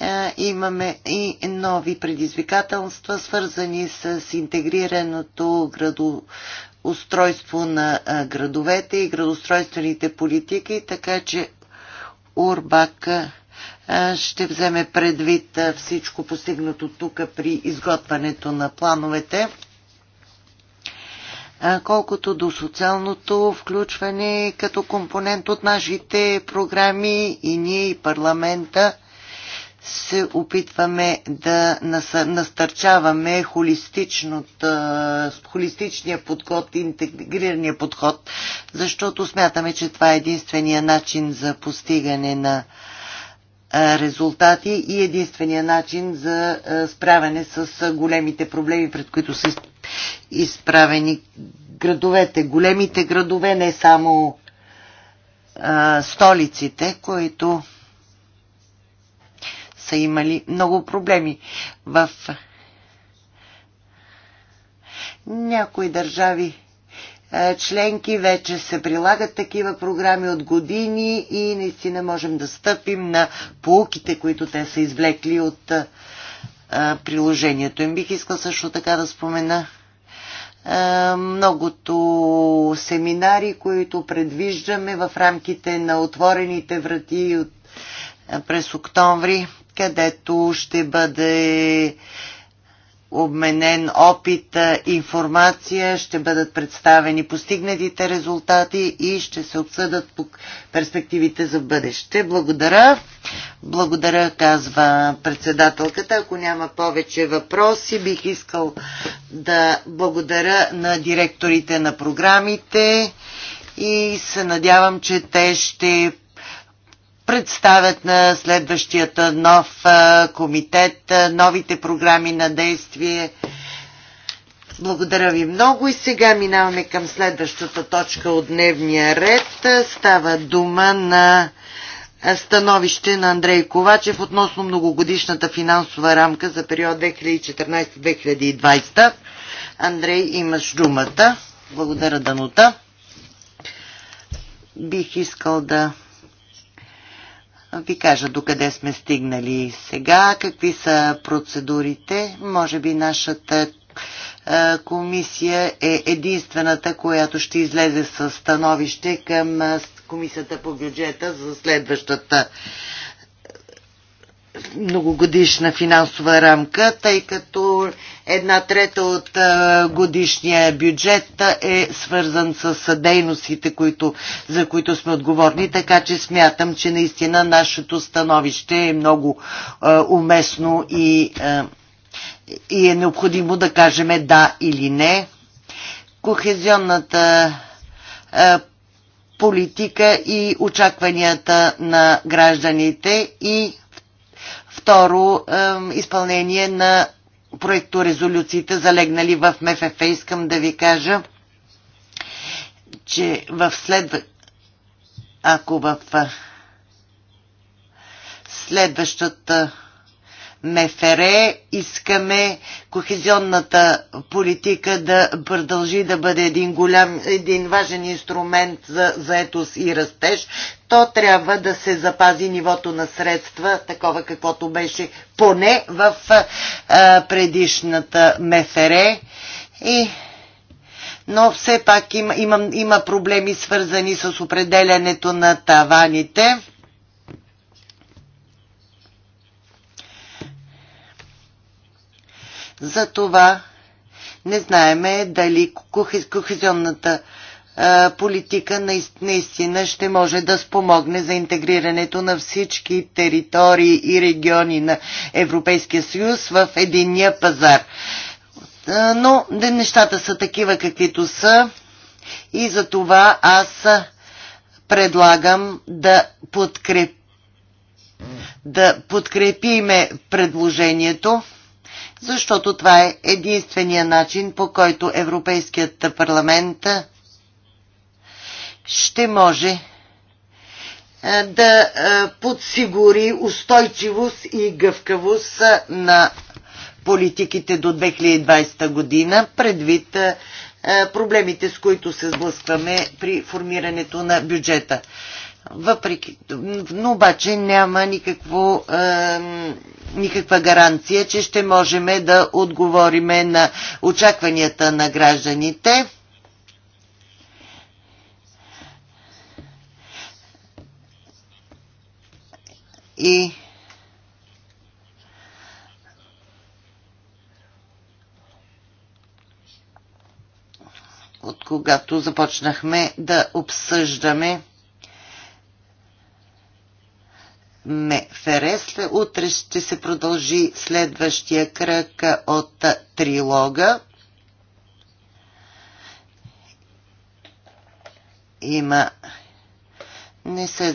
е, имаме и нови предизвикателства, свързани с интегрираното градоустройство на градовете и градоустройствените политики, така че Урбак ще вземе предвид всичко постигнато тук при изготвянето на плановете. Колкото до социалното включване като компонент от нашите програми и ние и парламента се опитваме да настърчаваме холистичния подход, интегрирания подход защото смятаме, че това е единствения начин за постигане на резултати и единствения начин за справяне с големите проблеми, пред които са изправени градовете. Големите градове, не само столиците, които са имали много проблеми. В някои държави членки вече се прилагат такива програми от години и наистина можем да стъпим на полуките, които те са извлекли от приложението им. Бих искал също така да спомена многото семинари, които предвиждаме в рамките на отворените врати през октомври, където ще бъде обменен опит, информация, ще бъдат представени постигнатите резултати и ще се обсъдат перспективите за бъдеще. Благодаря. Благодаря, казва председателката. Ако няма повече въпроси, бих искал да благодаря на директорите на програмите и се надявам, че те ще представят на следващият нов комитет новите програми на действие. Благодаря ви много и сега минаваме към следващата точка от дневния ред. Става дума на становище на Андрей Ковачев относно многогодишната финансова рамка за период 2014-2020. Андрей, имаш думата. Благодаря, Данута. Бих искал да ви кажа до къде сме стигнали сега, какви са процедурите. Може би нашата е, комисия е единствената, която ще излезе с становище към е, Комисията по бюджета за следващата многогодишна финансова рамка, тъй като една трета от годишния бюджет е свързан с дейностите, които, за които сме отговорни, така че смятам, че наистина нашето становище е много уместно и, е, и е необходимо да кажем да или не. Кохезионната политика и очакванията на гражданите и Второ, изпълнение на проекторезолюциите, залегнали в МФФ. Искам да ви кажа, че в следва... ако в е, следващата Мефере, искаме кохезионната политика да продължи да бъде един, голям, един важен инструмент за заетост и растеж, то трябва да се запази нивото на средства, такова каквото беше поне в а, предишната МЕФЕРЕ, И но все пак има, има, има проблеми свързани с определянето на таваните. За това не знаеме дали кохезионната политика наистина ще може да спомогне за интегрирането на всички територии и региони на Европейския съюз в единния пазар. Но нещата са такива каквито са и за това аз предлагам да подкреп... да подкрепиме предложението защото това е единствения начин, по който Европейският парламент ще може е, да е, подсигури устойчивост и гъвкавост на политиките до 2020 година, предвид е, проблемите, с които се сблъскваме при формирането на бюджета. Въпреки, но обаче няма никакво, е, никаква гаранция, че ще можем да отговориме на очакванията на гражданите. И от когато започнахме да обсъждаме харесва. Утре ще се продължи следващия кръг от трилога. Има не са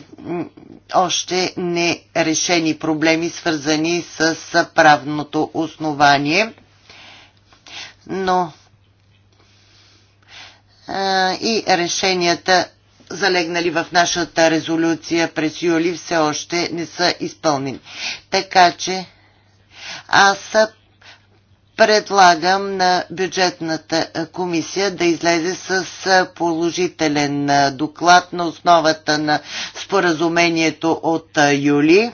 още нерешени проблеми, свързани с правното основание. Но и решенията залегнали в нашата резолюция през юли, все още не са изпълнени. Така че аз предлагам на бюджетната комисия да излезе с положителен доклад на основата на споразумението от юли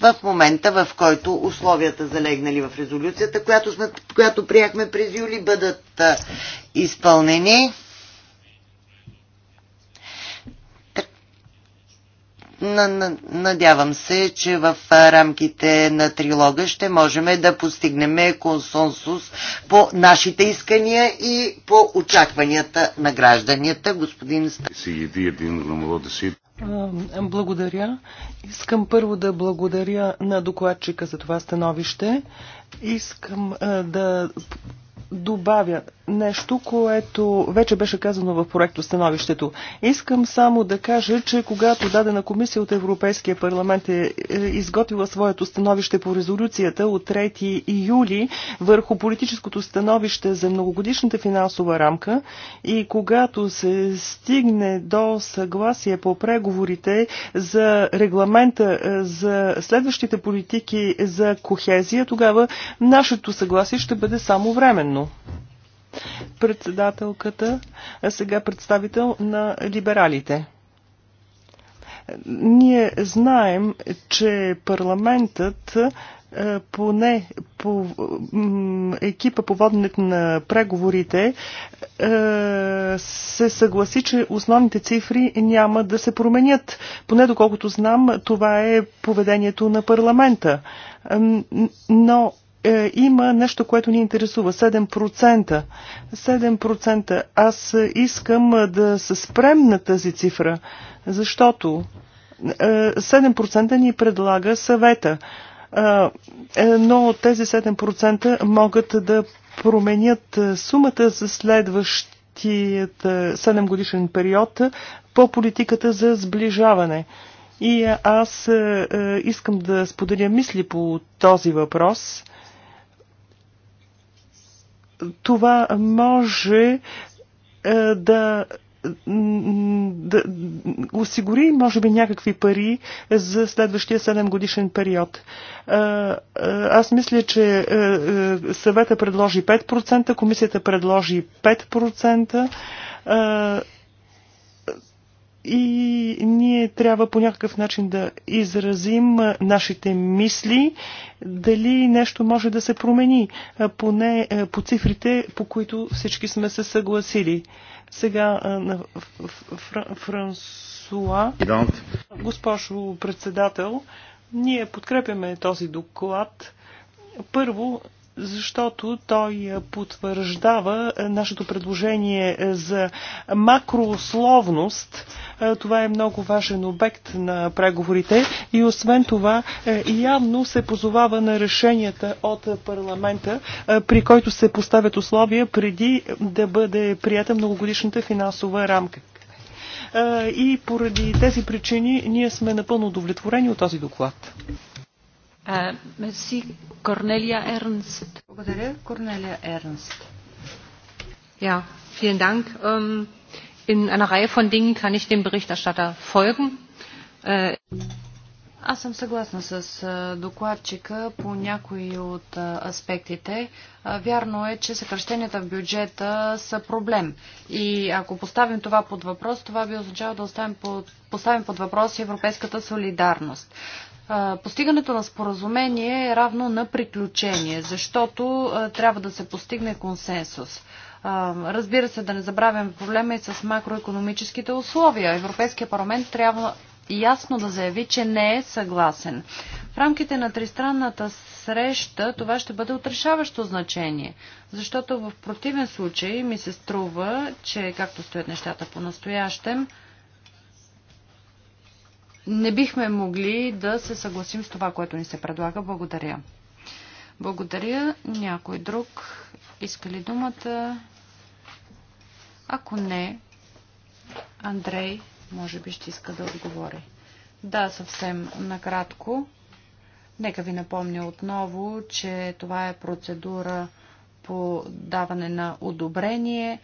в момента, в който условията залегнали в резолюцията, която, сме, която приехме през юли, бъдат изпълнени. Надявам се, че в рамките на трилога ще можем да постигнем консенсус по нашите искания и по очакванията на гражданията. Господин
Благодаря. Искам първо да благодаря на докладчика за това становище. Искам да добавя нещо, което вече беше казано в проекто становището. Искам само да кажа, че когато дадена комисия от Европейския парламент е, е изготвила своето становище по резолюцията от 3 июли върху политическото становище за многогодишната финансова рамка и когато се стигне до съгласие по преговорите за регламента е, за следващите политики за кохезия, тогава нашето съгласие ще бъде само временно председателката, а сега представител на либералите. Ние знаем, че парламентът е, поне по екипа по воденето на преговорите е, се съгласи, че основните цифри няма да се променят. Поне доколкото знам, това е поведението на парламента. Но е, има нещо, което ни интересува. 7%. 7%. Аз искам е, да се спрем на тази цифра, защото 7% е, ни предлага съвета. Е, но тези 7% могат да променят сумата за следващият 7 годишен период по политиката за сближаване. И аз искам да споделя мисли по този въпрос това може е, да да осигури, може би, някакви пари за следващия 7 годишен период. Е, е, аз мисля, че съвета предложи 5%, комисията предложи 5% и ние трябва по някакъв начин да изразим нашите мисли, дали нещо може да се промени, поне по цифрите, по които всички сме се съгласили. Сега на Франсуа, госпожо председател, ние подкрепяме този доклад. Първо, защото той е, потвърждава е, нашето предложение е, за макроусловност. Това е много важен обект на преговорите и освен това явно се позовава на решенията от парламента, при който се поставят условия преди да бъде прията многогодишната финансова рамка. И поради тези причини ние сме напълно удовлетворени от този доклад.
Корнелия Ернст. Благодаря, Корнелия Ернст. Ja, vielen Dank. Ähm, in einer Reihe von Dingen kann ich dem Berichterstatter folgen. Äh, Аз съм съгласна с докладчика по някои от аспектите. Вярно е, че съкръщенията в бюджета са проблем. И ако поставим това под въпрос, това би означало да оставим под, поставим под въпрос европейската солидарност постигането на споразумение е равно на приключение, защото трябва да се постигне консенсус. Разбира се, да не забравяме проблема и с макроекономическите условия. Европейския парламент трябва ясно да заяви, че не е съгласен. В рамките на тристранната среща това ще бъде отрешаващо значение, защото в противен случай ми се струва, че както стоят нещата по-настоящем, не бихме могли да се съгласим с това, което ни се предлага. Благодаря. Благодаря. Някой друг иска ли думата? Ако не, Андрей може би ще иска да отговори. Да, съвсем накратко. Нека ви напомня отново, че това е процедура по даване на одобрение.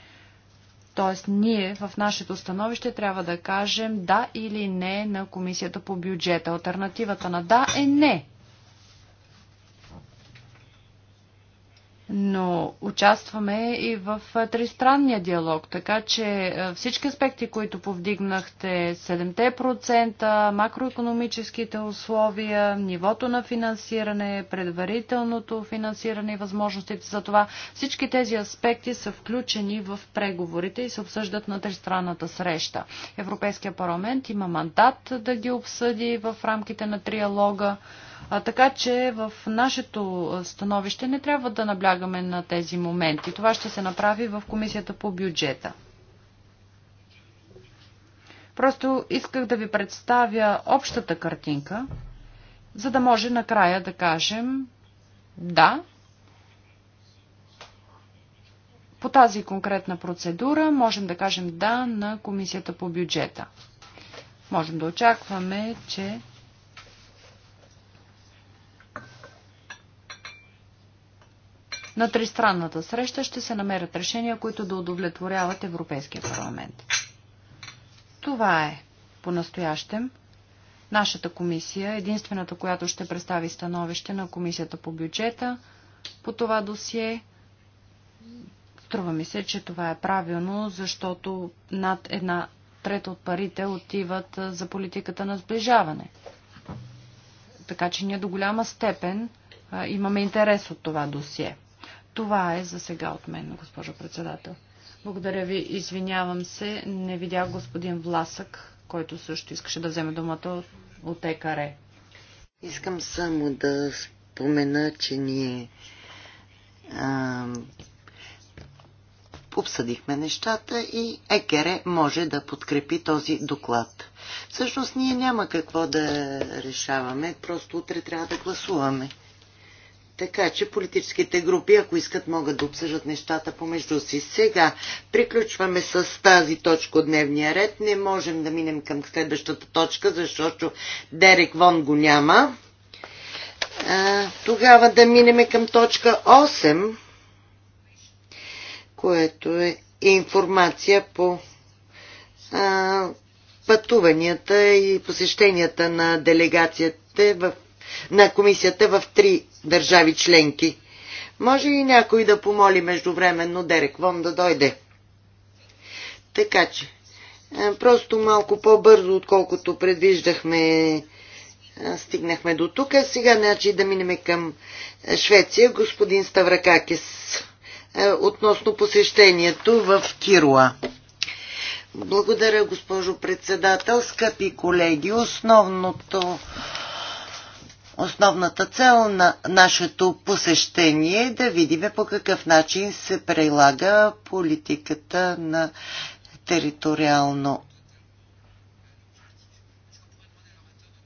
Тоест, ние в нашето становище трябва да кажем да или не на комисията по бюджета. Альтернативата на да е не. но участваме и в тристранния диалог, така че всички аспекти, които повдигнахте, 7%, макроекономическите условия, нивото на финансиране, предварителното финансиране и възможностите за това, всички тези аспекти са включени в преговорите и се обсъждат на тристранната среща. Европейския парламент има мандат да ги обсъди в рамките на триалога. А, така че в нашето становище не трябва да наблягаме на тези моменти. Това ще се направи в комисията по бюджета. Просто исках да ви представя общата картинка, за да може накрая да кажем да, по тази конкретна процедура можем да кажем да на комисията по бюджета. Можем да очакваме, че На тристранната среща ще се намерят решения, които да удовлетворяват Европейския парламент. Това е по-настоящем. Нашата комисия, единствената, която ще представи становище на комисията по бюджета по това досие, струва ми се, че това е правилно, защото над една трета от парите отиват за политиката на сближаване. Така че ние до голяма степен имаме интерес от това досие. Това е за сега от мен, госпожо председател. Благодаря ви. Извинявам се, не видях господин Власък, който също искаше да вземе думата от ЕКАРЕ.
Искам само да спомена, че ние а, обсъдихме нещата и ЕКЕРЕ може да подкрепи този доклад. Всъщност ние няма какво да решаваме, просто утре трябва да гласуваме. Така че политическите групи, ако искат, могат да обсъждат нещата помежду си. Сега приключваме с тази точка от дневния ред. Не можем да минем към следващата точка, защото Дерек Вон го няма. А, тогава да минеме към точка 8, което е информация по а, пътуванията и посещенията на делегацията в на комисията в три държави членки. Може и някой да помоли междувременно Дерек Вон да дойде. Така че, е, просто малко по-бързо, отколкото предвиждахме, е, стигнахме до тук. Сега, значи, да минеме към е, Швеция, господин Ставракакис, относно посещението в Кируа. Благодаря, госпожо председател. Скъпи колеги, основното Основната цел на нашето посещение е да видим по какъв начин се прилага политиката на териториално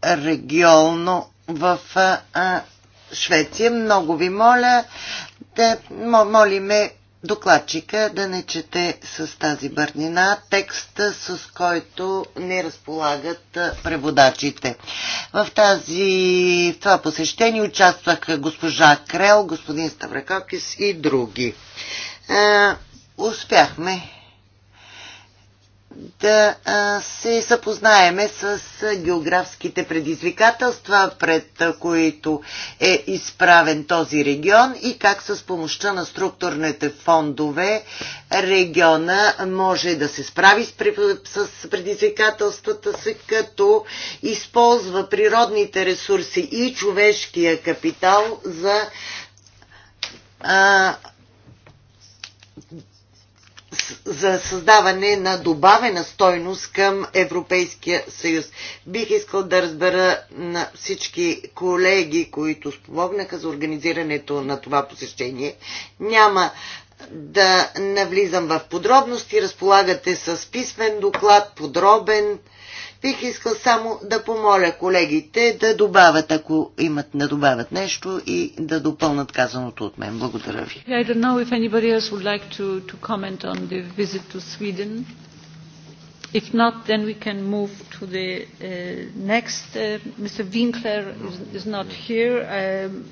регионно в Швеция. Много ви моля да молиме докладчика да не чете с тази бърнина текста, с който не разполагат преводачите. В, тази, в това посещение участваха госпожа Крел, господин Ставрекокис и други. Е, успяхме да се съпознаеме с географските предизвикателства, пред които е изправен този регион и как с помощта на структурните фондове региона може да се справи с предизвикателствата си, като използва природните ресурси и човешкия капитал за за създаване на добавена стойност към Европейския съюз. Бих искал да разбера на всички колеги, които спомогнаха за организирането на това посещение. Няма да навлизам в подробности, разполагате с писмен доклад, подробен, Бих искал само да помоля колегите да добавят, ако имат да добавят нещо и да допълнат казаното от мен. Благодаря ви.
I don't know if anybody else would like to, to comment on the visit to Sweden. If not, then we can move to the uh, next. Uh, Mr. Winkler is, is not here. Um,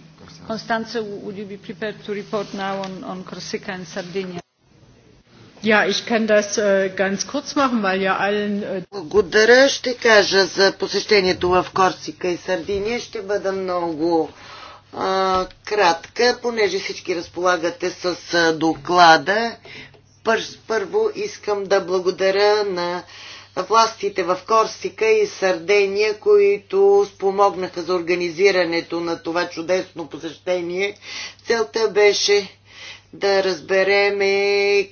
Constanze, would you be prepared to report now on, on Corsica and Sardinia? Ja, ich kann das äh, ganz kurz machen, weil ja allen... Äh,
благодаря, ще кажа за посещението в Корсика и Сардиния. Ще бъда много а, кратка, понеже всички разполагате с а, доклада. Пър, първо искам да благодаря на властите в Корсика и Сардения, които спомогнаха за организирането на това чудесно посещение. Целта беше да разбереме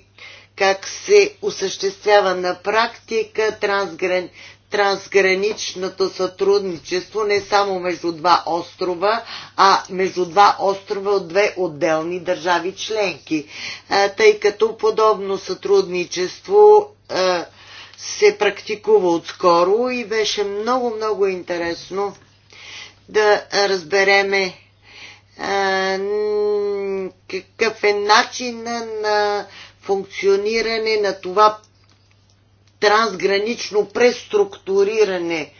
как се осъществява на практика трансгран... трансграничното сътрудничество не само между два острова, а между два острова от две отделни държави членки, тъй като подобно сътрудничество се практикува отскоро и беше много-много интересно да разбереме какъв е на, на функциониране на това трансгранично преструктуриране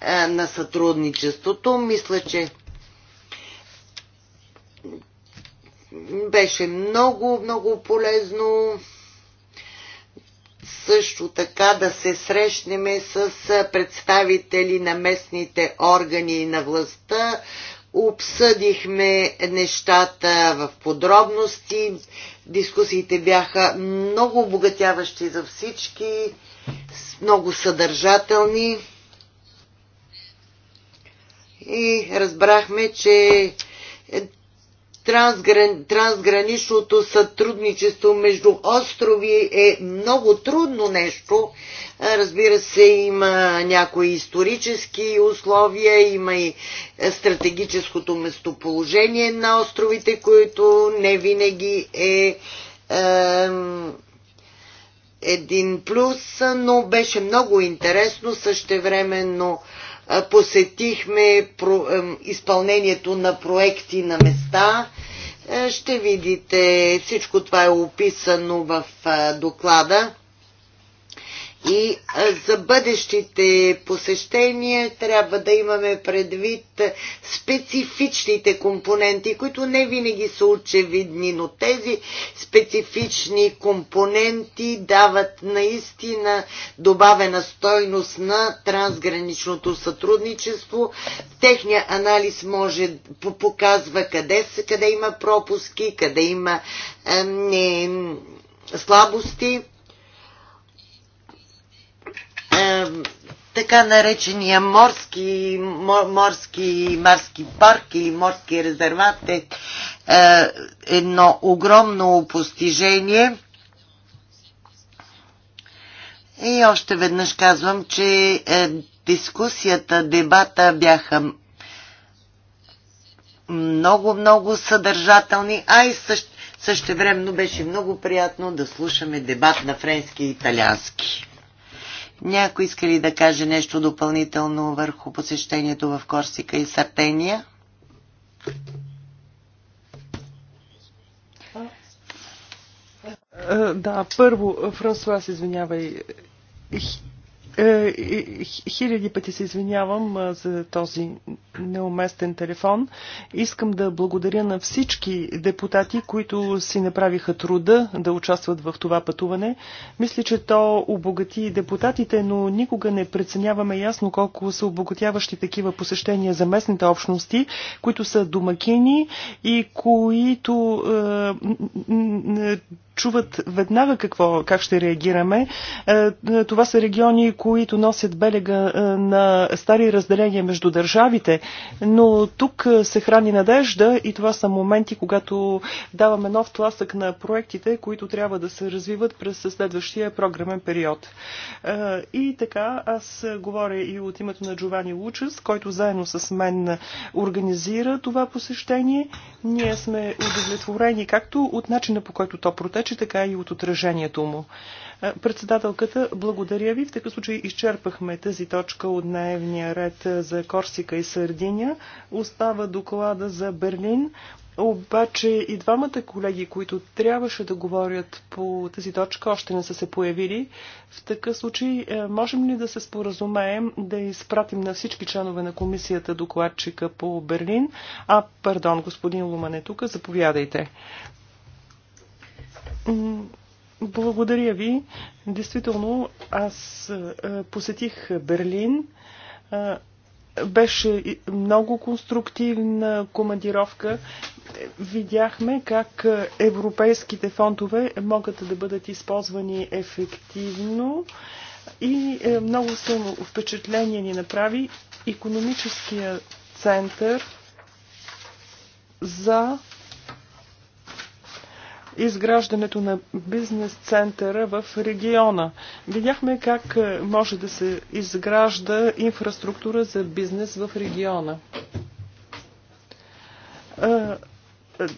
е, на сътрудничеството. Мисля, че беше много, много полезно също така да се срещнеме с представители на местните органи и на властта. Обсъдихме нещата в подробности, Дискусиите бяха много обогатяващи за всички, много съдържателни и разбрахме, че трансгран... трансграничното сътрудничество между острови е много трудно нещо. Разбира се, има някои исторически условия, има и стратегическото местоположение на островите, които не винаги е, е един плюс, но беше много интересно същевременно. времено посетихме изпълнението на проекти на места. Е, ще видите, всичко това е описано в е, доклада. И за бъдещите посещения трябва да имаме предвид специфичните компоненти, които не винаги са очевидни, но тези специфични компоненти дават наистина добавена стойност на трансграничното сътрудничество. Техния анализ може показва къде, са къде има пропуски, къде има е, не, слабости така наречения морски, морски марски парк или морски резерват е, е, едно огромно постижение. И още веднъж казвам, че е, дискусията, дебата бяха много-много съдържателни, а и също, времено беше много приятно да слушаме дебат на френски и италиански. Някой иска ли да каже нещо допълнително върху посещението в Корсика и Сартения? Е, да, първо, Франсуас,
извинявай, е, хиляди пъти се извинявам за този неуместен телефон. Искам да благодаря на всички депутати, които си направиха труда да участват в това пътуване. Мисля, че то обогати депутатите, но никога не преценяваме ясно колко са обогатяващи такива посещения за местните общности, които са домакини и които е, чуват веднага какво, как ще реагираме. Е, това са региони, които носят белега е, на стари разделения между държавите, но тук е, се храни надежда и това са моменти, когато даваме нов тласък на проектите, които трябва да се развиват през следващия програмен период. Е, и така, аз говоря и от името на Джовани Лучес, който заедно с мен организира това посещение. Ние сме удовлетворени както от начина по който то протече, така и от отражението му. Председателката, благодаря ви. В такъв случай изчерпахме тази точка от дневния ред за Корсика и Сардиния. Остава доклада за Берлин. Обаче и двамата колеги, които трябваше да говорят по тази точка, още не са се появили. В такъв случай е, можем ли да се споразумеем да изпратим на всички членове на комисията докладчика по Берлин? А, пардон, господин е тук заповядайте. Благодаря ви. Действително, аз е, посетих Берлин. Е, беше много конструктивна командировка. Видяхме как европейските фондове могат да бъдат използвани ефективно и е, много силно впечатление ни направи економическия център за изграждането на бизнес центъра в региона. Видяхме как е, може да се изгражда инфраструктура за бизнес в региона. Е, е,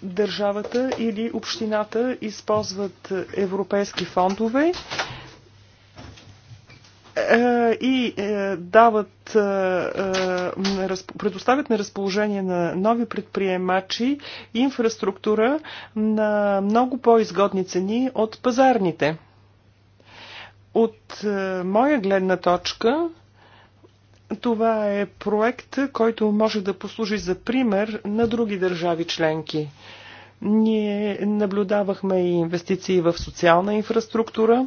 държавата или общината използват европейски фондове е, и е, дават, е, предоставят на разположение на нови предприемачи инфраструктура на много по-изгодни цени от пазарните. От моя гледна точка, това е проект, който може да послужи за пример на други държави членки. Ние наблюдавахме и инвестиции в социална инфраструктура,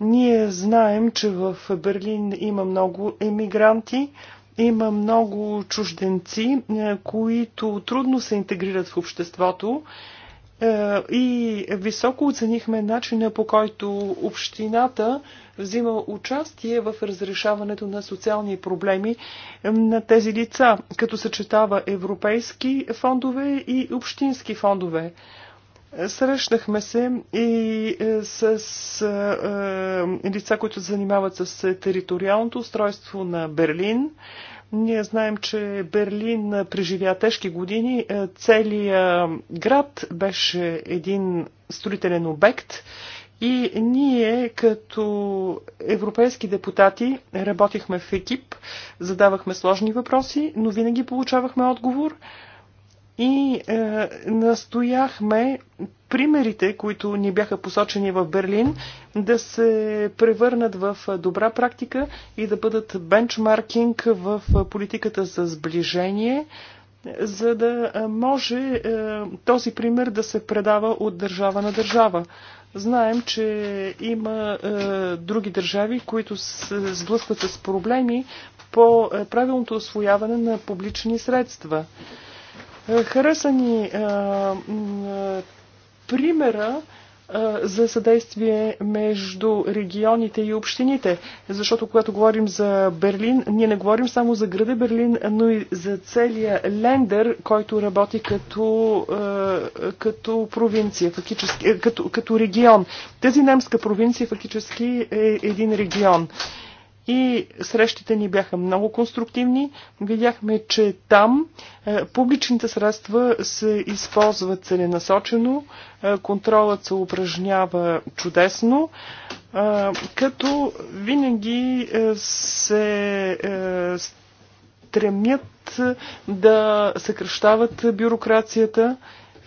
ние знаем, че в Берлин има много емигранти, има много чужденци, е, които трудно се интегрират в обществото е, и високо оценихме начина по който общината взима участие в разрешаването на социални проблеми е, на тези лица, като съчетава европейски фондове и общински фондове. Срещнахме се и е, с е, е, лица, които се занимават с териториалното устройство на Берлин. Ние знаем, че Берлин преживя тежки години. Целият град беше един строителен обект. И ние като европейски депутати работихме в екип, задавахме сложни въпроси, но винаги получавахме отговор – и е, настояхме примерите, които ни бяха посочени в Берлин, да се превърнат в добра практика и да бъдат бенчмаркинг в политиката за сближение, за да може е, този пример да се предава от държава на държава. Знаем, че има е, други държави, които се сблъскват с проблеми по е, правилното освояване на публични средства. Е, хареса ни е, е, примера за съдействие между регионите и общините. Защото когато говорим за Берлин, ние не говорим само за града Берлин, но и за целия лендер, който работи като, като провинция, фактически, като, като регион. Тази немска провинция фактически е един регион и срещите ни бяха много конструктивни. Видяхме, че там е, публичните средства се използват целенасочено, е, контролът се упражнява чудесно, е, като винаги се стремят да съкръщават бюрокрацията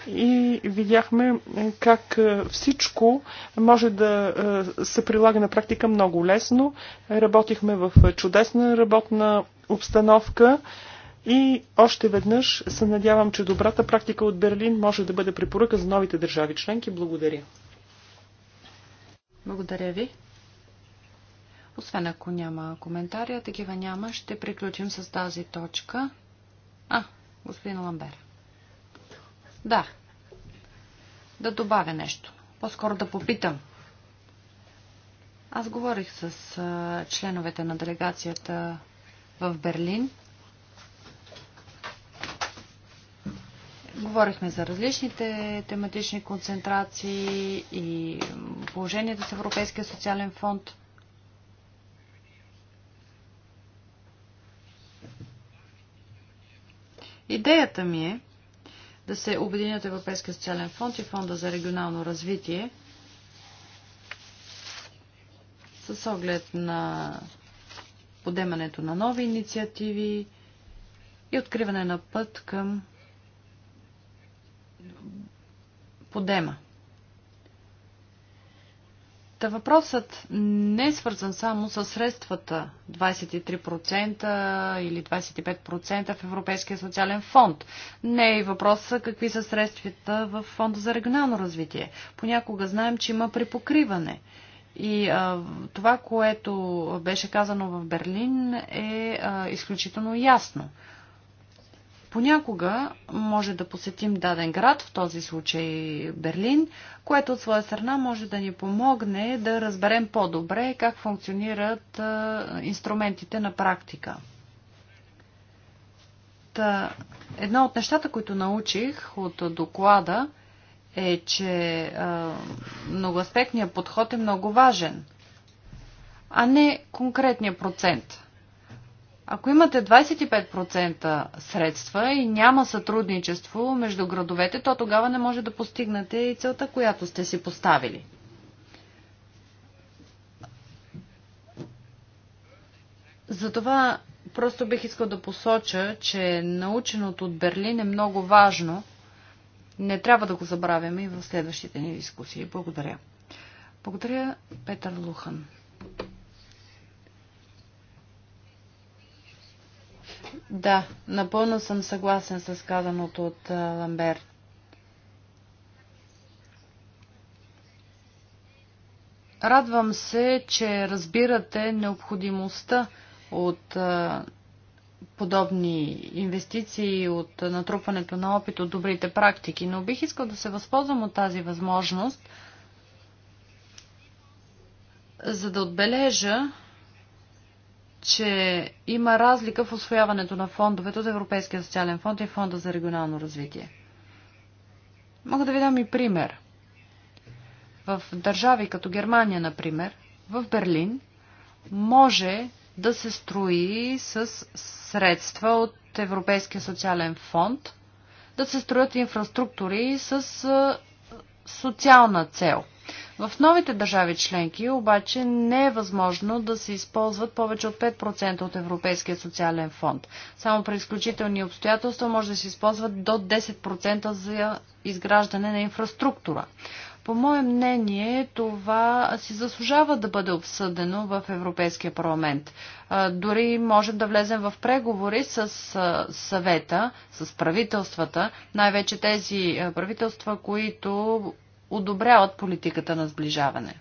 и видяхме е, как е, всичко може да е, се прилага на практика много лесно. Работихме в чудесна работна обстановка и още веднъж се надявам, че добрата практика от Берлин може да бъде препоръка за новите държави членки. Благодаря.
Благодаря ви. Освен ако няма коментария, такива няма, ще приключим с тази точка. А, господин Ламбер. Да. Да добавя нещо. По-скоро да попитам. Аз говорих с членовете на делегацията в Берлин. Говорихме за различните тематични концентрации и положението с Европейския социален фонд. Идеята ми е, да се объединят Европейския социален фонд и Фонда за регионално развитие с оглед на подемането на нови инициативи и откриване на път към подема. Та въпросът не е свързан само с средствата 23% или 25% в Европейския социален фонд. Не е и въпросът: какви са средствата в фонда за регионално развитие. Понякога знаем, че има припокриване. И а, това, което беше казано в Берлин, е а, изключително ясно. Понякога може да посетим даден град, в този случай Берлин, което от своя страна може да ни помогне да разберем по-добре как функционират инструментите на практика. Та, едно от нещата, които научих от доклада, е, че а, многоаспектният подход е много важен, а не конкретния процент – ако имате 25% средства и няма сътрудничество между градовете, то тогава не може да постигнете и целта, която сте си поставили. Затова просто бих искал да посоча, че наученото от Берлин е много важно. Не трябва да го забравяме и в следващите ни дискусии. Благодаря. Благодаря, Петър Лухан. Да, напълно съм съгласен с казаното от Ламбер. Радвам се, че разбирате необходимостта от подобни инвестиции, от натрупването на опит, от добрите практики, но бих искал да се възползвам от тази възможност, за да отбележа, че има разлика в освояването на фондовете от Европейския социален фонд и фонда за регионално развитие. Мога да ви дам и пример. В държави като Германия, например, в Берлин може да се строи с средства от Европейския социален фонд, да се строят инфраструктури с социална цел. В новите държави членки обаче не е възможно да се използват повече от 5% от Европейския социален фонд. Само при изключителни обстоятелства може да се използват до 10% за изграждане на инфраструктура. По мое мнение, това си заслужава да бъде обсъдено в Европейския парламент. Дори можем да влезем в преговори с съвета, с правителствата, най-вече тези правителства, които одобряват политиката на сближаване.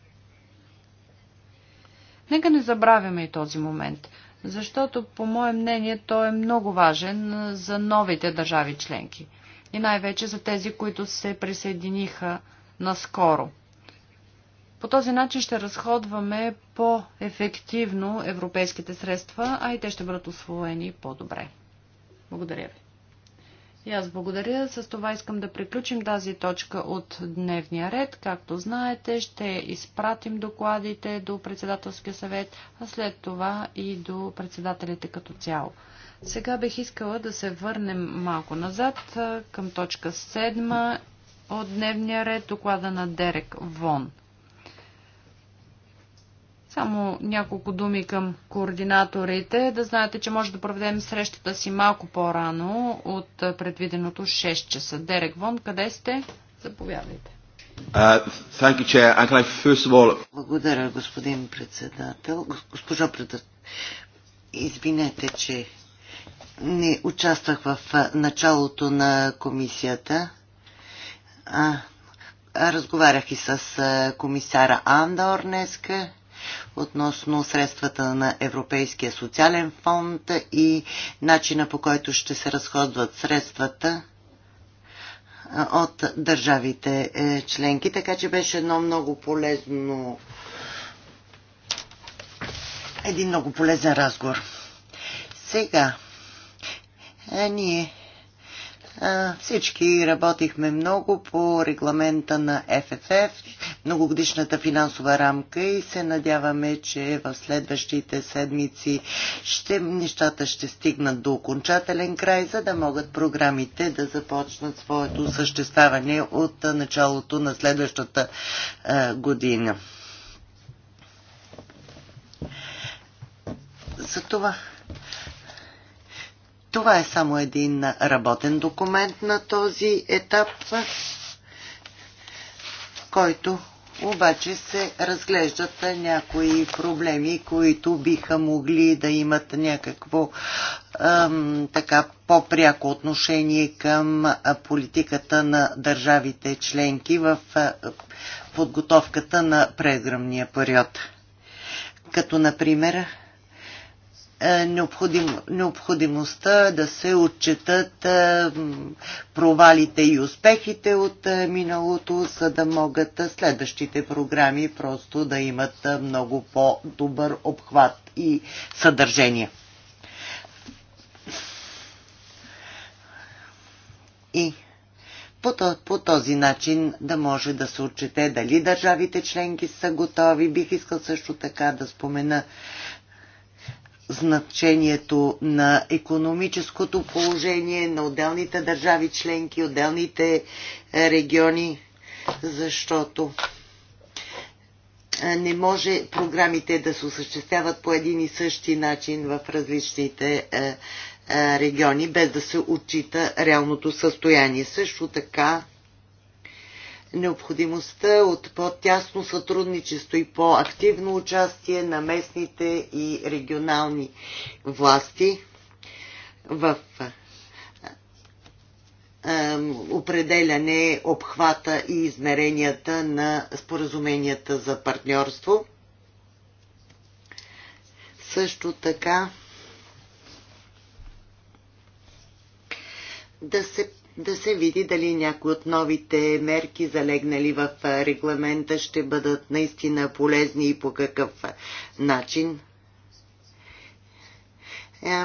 Нека не забравяме и този момент, защото, по мое мнение, той е много важен за новите държави членки и най-вече за тези, които се присъединиха наскоро. По този начин ще разходваме по-ефективно европейските средства, а и те ще бъдат освоени по-добре. Благодаря ви. И аз благодаря. С това искам да приключим тази точка от дневния ред. Както знаете, ще изпратим докладите до председателския съвет, а след това и до председателите като цяло. Сега бих искала да се върнем малко назад към точка 7 от дневния ред доклада на Дерек Вон. Само няколко думи към координаторите. Да знаете, че може да проведем срещата си малко по-рано от предвиденото 6 часа. Дерек Вон, къде сте?
Заповядайте. Uh, you, all... Благодаря, господин председател. Госпожа председател, извинете, че не участвах в началото на комисията. А, разговарях и с комисара Андор днеска относно средствата на Европейския социален фонд и начина по който ще се разходват средствата от държавите е, членки. Така че беше едно много полезно един много полезен разговор. Сега, е, ние всички работихме много по регламента на ФФФ, многогодишната финансова рамка и се надяваме, че в следващите седмици ще, нещата ще стигнат до окончателен край, за да могат програмите да започнат своето съществаване от началото на следващата година. За това това е само един работен документ на този етап, който обаче се разглеждат някои проблеми, които биха могли да имат някакво така по-пряко отношение към политиката на държавите членки в подготовката на преграмния период. Като, например, е, необходим, необходимостта да се отчетат е, провалите и успехите от е, миналото, за да могат следващите програми просто да имат много по-добър обхват и съдържание. И по този начин да може да се отчете дали държавите членки са готови. Бих искал също така да спомена значението на економическото положение на отделните държави членки, отделните е, региони, защото е, не може програмите да се осъществяват по един и същи начин в различните е, региони, без да се отчита реалното състояние. Също така необходимостта от по-тясно сътрудничество и по-активно участие на местните и регионални власти в определяне обхвата и измеренията на споразуменията за партньорство. Също така да се да се види дали някои от новите мерки, залегнали в регламента, ще бъдат наистина полезни и по какъв начин.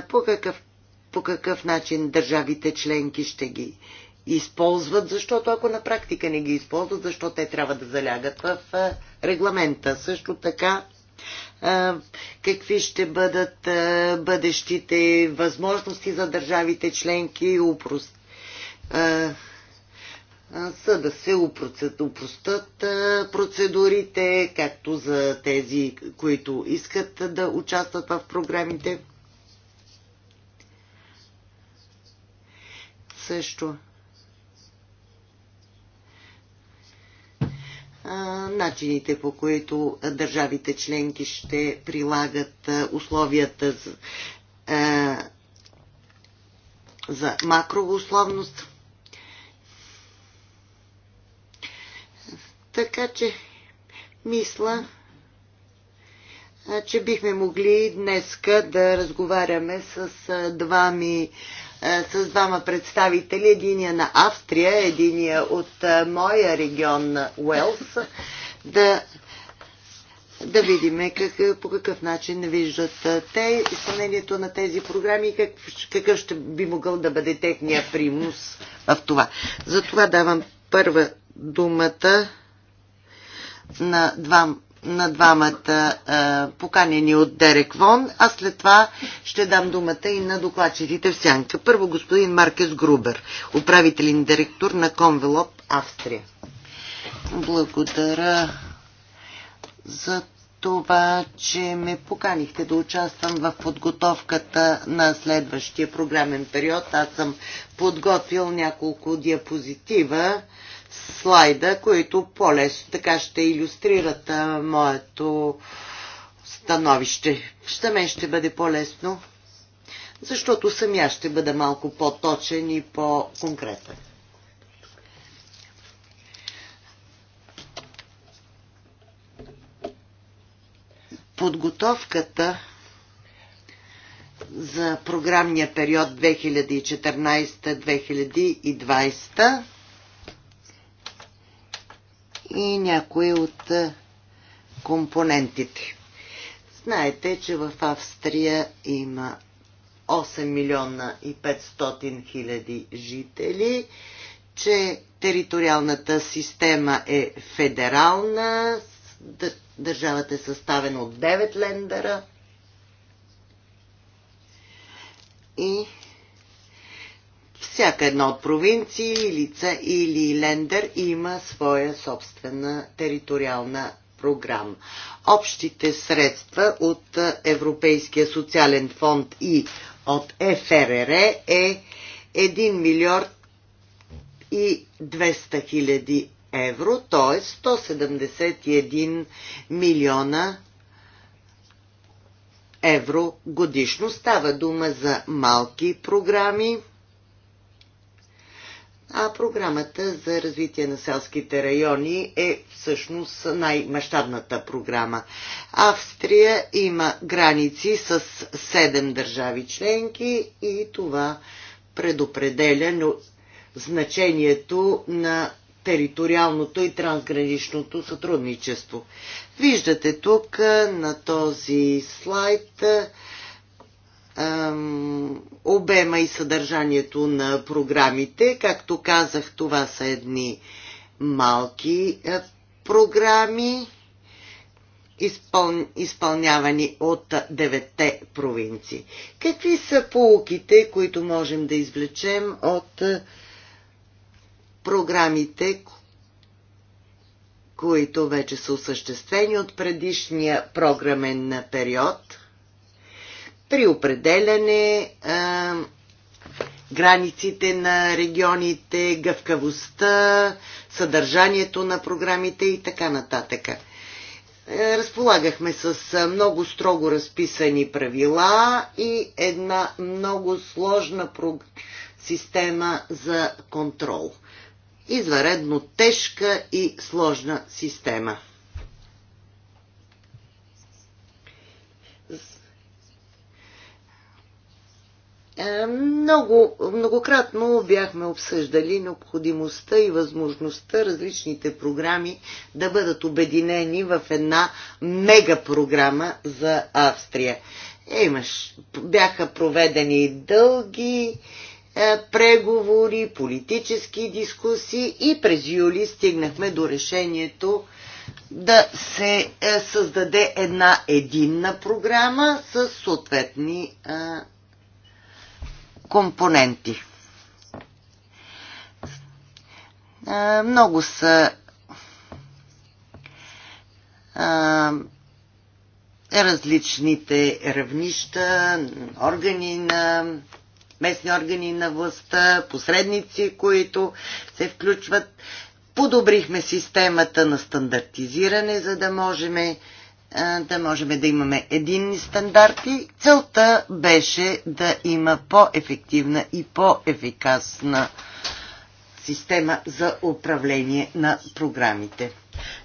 По какъв, по какъв начин държавите членки ще ги използват, защото ако на практика не ги използват, защо те трябва да залягат в регламента. Също така какви ще бъдат бъдещите възможности за държавите членки, упрост са да се упростат процедурите, както за тези, които искат да участват в програмите. Също. начините по които държавите членки ще прилагат условията за, за макроусловност. Така че мисля, че бихме могли днеска да разговаряме с двами с двама представители, единия на Австрия, единия от моя регион Уелс, да, да видим как, по какъв начин виждат те изпълнението на тези програми и как, какъв ще би могъл да бъде техния примус в това. Затова давам първа думата на, два, на двамата а, е, поканени от Дерек Вон, а след това ще дам думата и на докладчиците в сянка. Първо господин Маркес Грубер, управителен директор на Конвелоп Австрия. Благодаря за това, че ме поканихте да участвам в подготовката на следващия програмен период. Аз съм подготвил няколко диапозитива слайда, които по-лесно така ще иллюстрират а, моето становище. Ще мен ще бъде по-лесно, защото самия ще бъда малко по-точен и по-конкретен. Подготовката за програмния период 2014-2020 и някои от компонентите. Знаете, че в Австрия има 8 милиона и 500 хиляди жители, че териториалната система е федерална, държавата е съставена от 9 лендера и всяка една от провинции, лица или лендър има своя собствена териториална програма. Общите средства от Европейския социален фонд и от ФРР е 1 милиард и 200 хиляди евро, т.е. 171 милиона евро годишно. Става дума за малки програми, програмата за развитие на селските райони е всъщност най-мащабната програма. Австрия има граници с 7 държави членки и това предопределя значението на териториалното и трансграничното сътрудничество. Виждате тук на този слайд обема и съдържанието на програмите. Както казах, това са едни малки е, програми, изпълнявани от девете провинции. Какви са полуките, които можем да извлечем от е, програмите, които вече са осъществени от предишния програмен период – при определяне а, границите на регионите, гъвкавостта, съдържанието на програмите и така нататък. Е, разполагахме с много строго разписани правила и една много сложна система за контрол. Изваредно тежка и сложна система. Е, много, многократно бяхме обсъждали необходимостта и възможността различните програми да бъдат обединени в една мегапрограма за Австрия. Е, имаш, бяха проведени дълги е, преговори, политически дискусии и през юли стигнахме до решението да се е, създаде една единна програма с съответни е, компоненти. Много са различните равнища, органи на местни органи на властта, посредници, които се включват. Подобрихме системата на стандартизиране, за да можем да можем да имаме единни стандарти. Целта беше да има по-ефективна и по-ефикасна система за управление на програмите.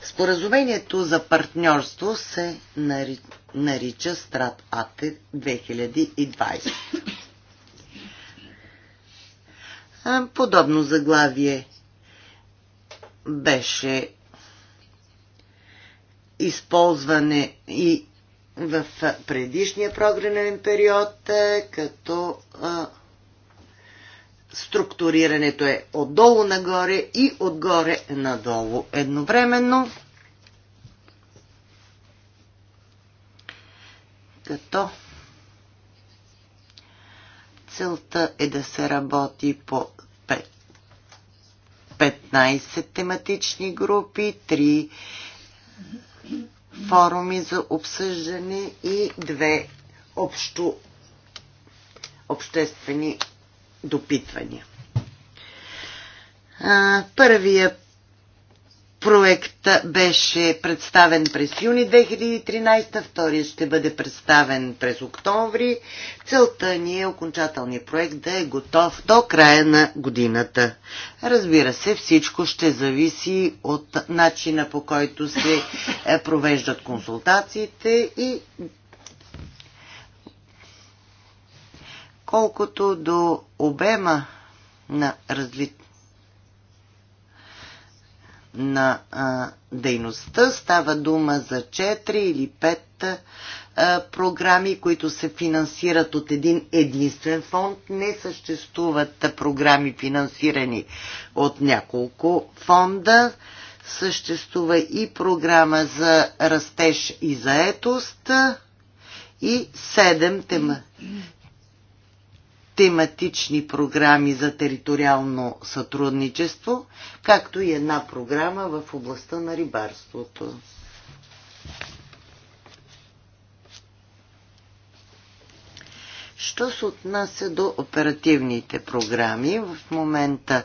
Споразумението за партньорство се нарича Страт АТЕ 2020. Подобно заглавие беше използване и в предишния програмен период, като структурирането е отдолу нагоре и отгоре надолу едновременно. Като целта е да се работи по 15 тематични групи, 3 форуми за обсъждане и две общо, обществени допитвания. Първият. Проект беше представен през юни 2013, втория ще бъде представен през октомври. Целта ни е окончателният проект да е готов до края на годината. Разбира се, всичко ще зависи от начина по който се е, провеждат консултациите и колкото до обема на различни на а, дейността. Става дума за 4 или 5 а, програми, които се финансират от един единствен фонд. Не съществуват програми финансирани от няколко фонда. Съществува и програма за растеж и заетост и 7 тема тематични програми за териториално сътрудничество, както и една програма в областта на рибарството. Що се отнася до оперативните програми, в момента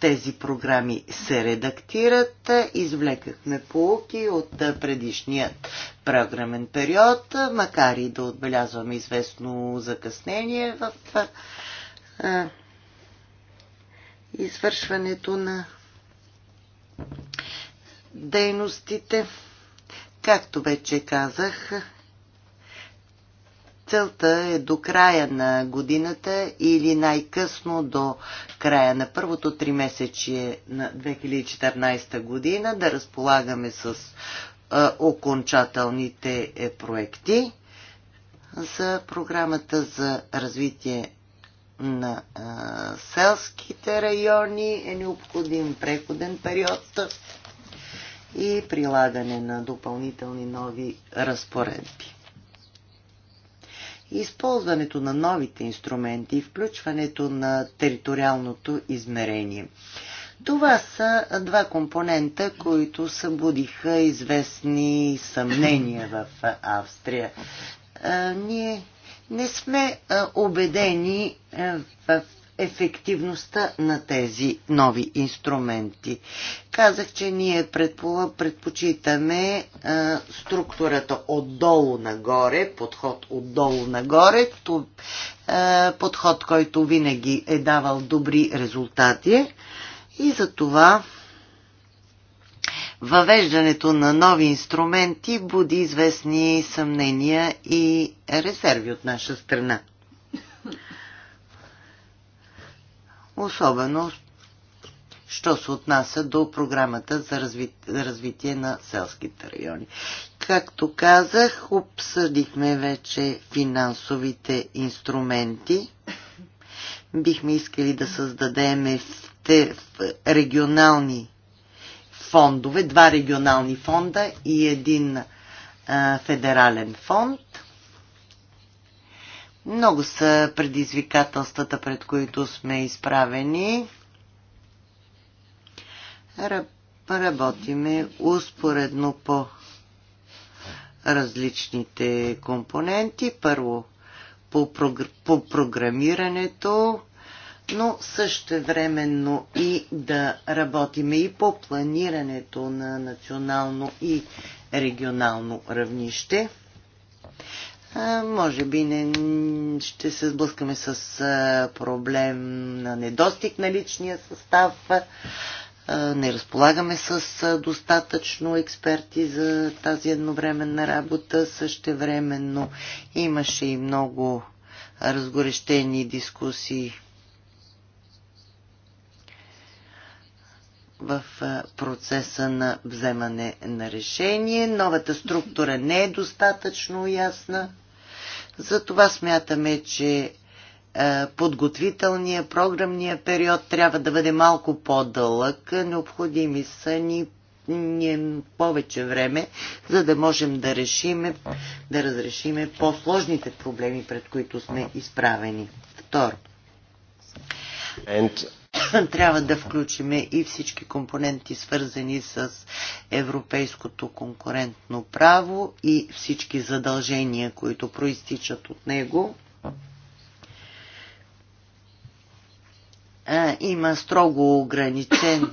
тези програми се редактират. Извлекахме полуки от предишният програмен период, макар и да отбелязваме известно закъснение в а, извършването на дейностите. Както вече казах, Целта е до края на годината или най-късно до края на първото три месечие на 2014 година да разполагаме с окончателните е, проекти за програмата за развитие на селските райони е необходим преходен период и прилагане на допълнителни нови разпоредби използването на новите инструменти и включването на териториалното измерение. Това са два компонента, които събудиха известни съмнения в Австрия. Ние не сме убедени в ефективността на тези нови инструменти. Казах, че ние предпочитаме а, структурата отдолу нагоре, подход отдолу нагоре, то, а, подход, който винаги е давал добри резултати и за това въвеждането на нови инструменти буди известни съмнения и резерви от наша страна. особено що се отнася до програмата за развитие на селските райони. Както казах, обсъдихме вече финансовите инструменти. Бихме искали да създадем регионални фондове, два регионални фонда и един а, федерален фонд – много са предизвикателствата, пред които сме изправени. Работиме успоредно по различните компоненти. Първо по, прогр... по програмирането, но същевременно и да работиме и по планирането на национално и регионално равнище може би не, ще се сблъскаме с проблем на недостиг на личния състав. Не разполагаме с достатъчно експерти за тази едновременна работа. Същевременно имаше и много разгорещени дискусии в процеса на вземане на решение. Новата структура не е достатъчно ясна. Затова смятаме, че е, подготвителния, програмния период трябва да бъде малко по-дълъг. Необходими са ни, ни повече време, за да можем да решиме, да разрешиме по-сложните проблеми, пред които сме изправени. Второ. And трябва да включим и всички компоненти, свързани с европейското конкурентно право и всички задължения, които проистичат от него. Има строго ограничен,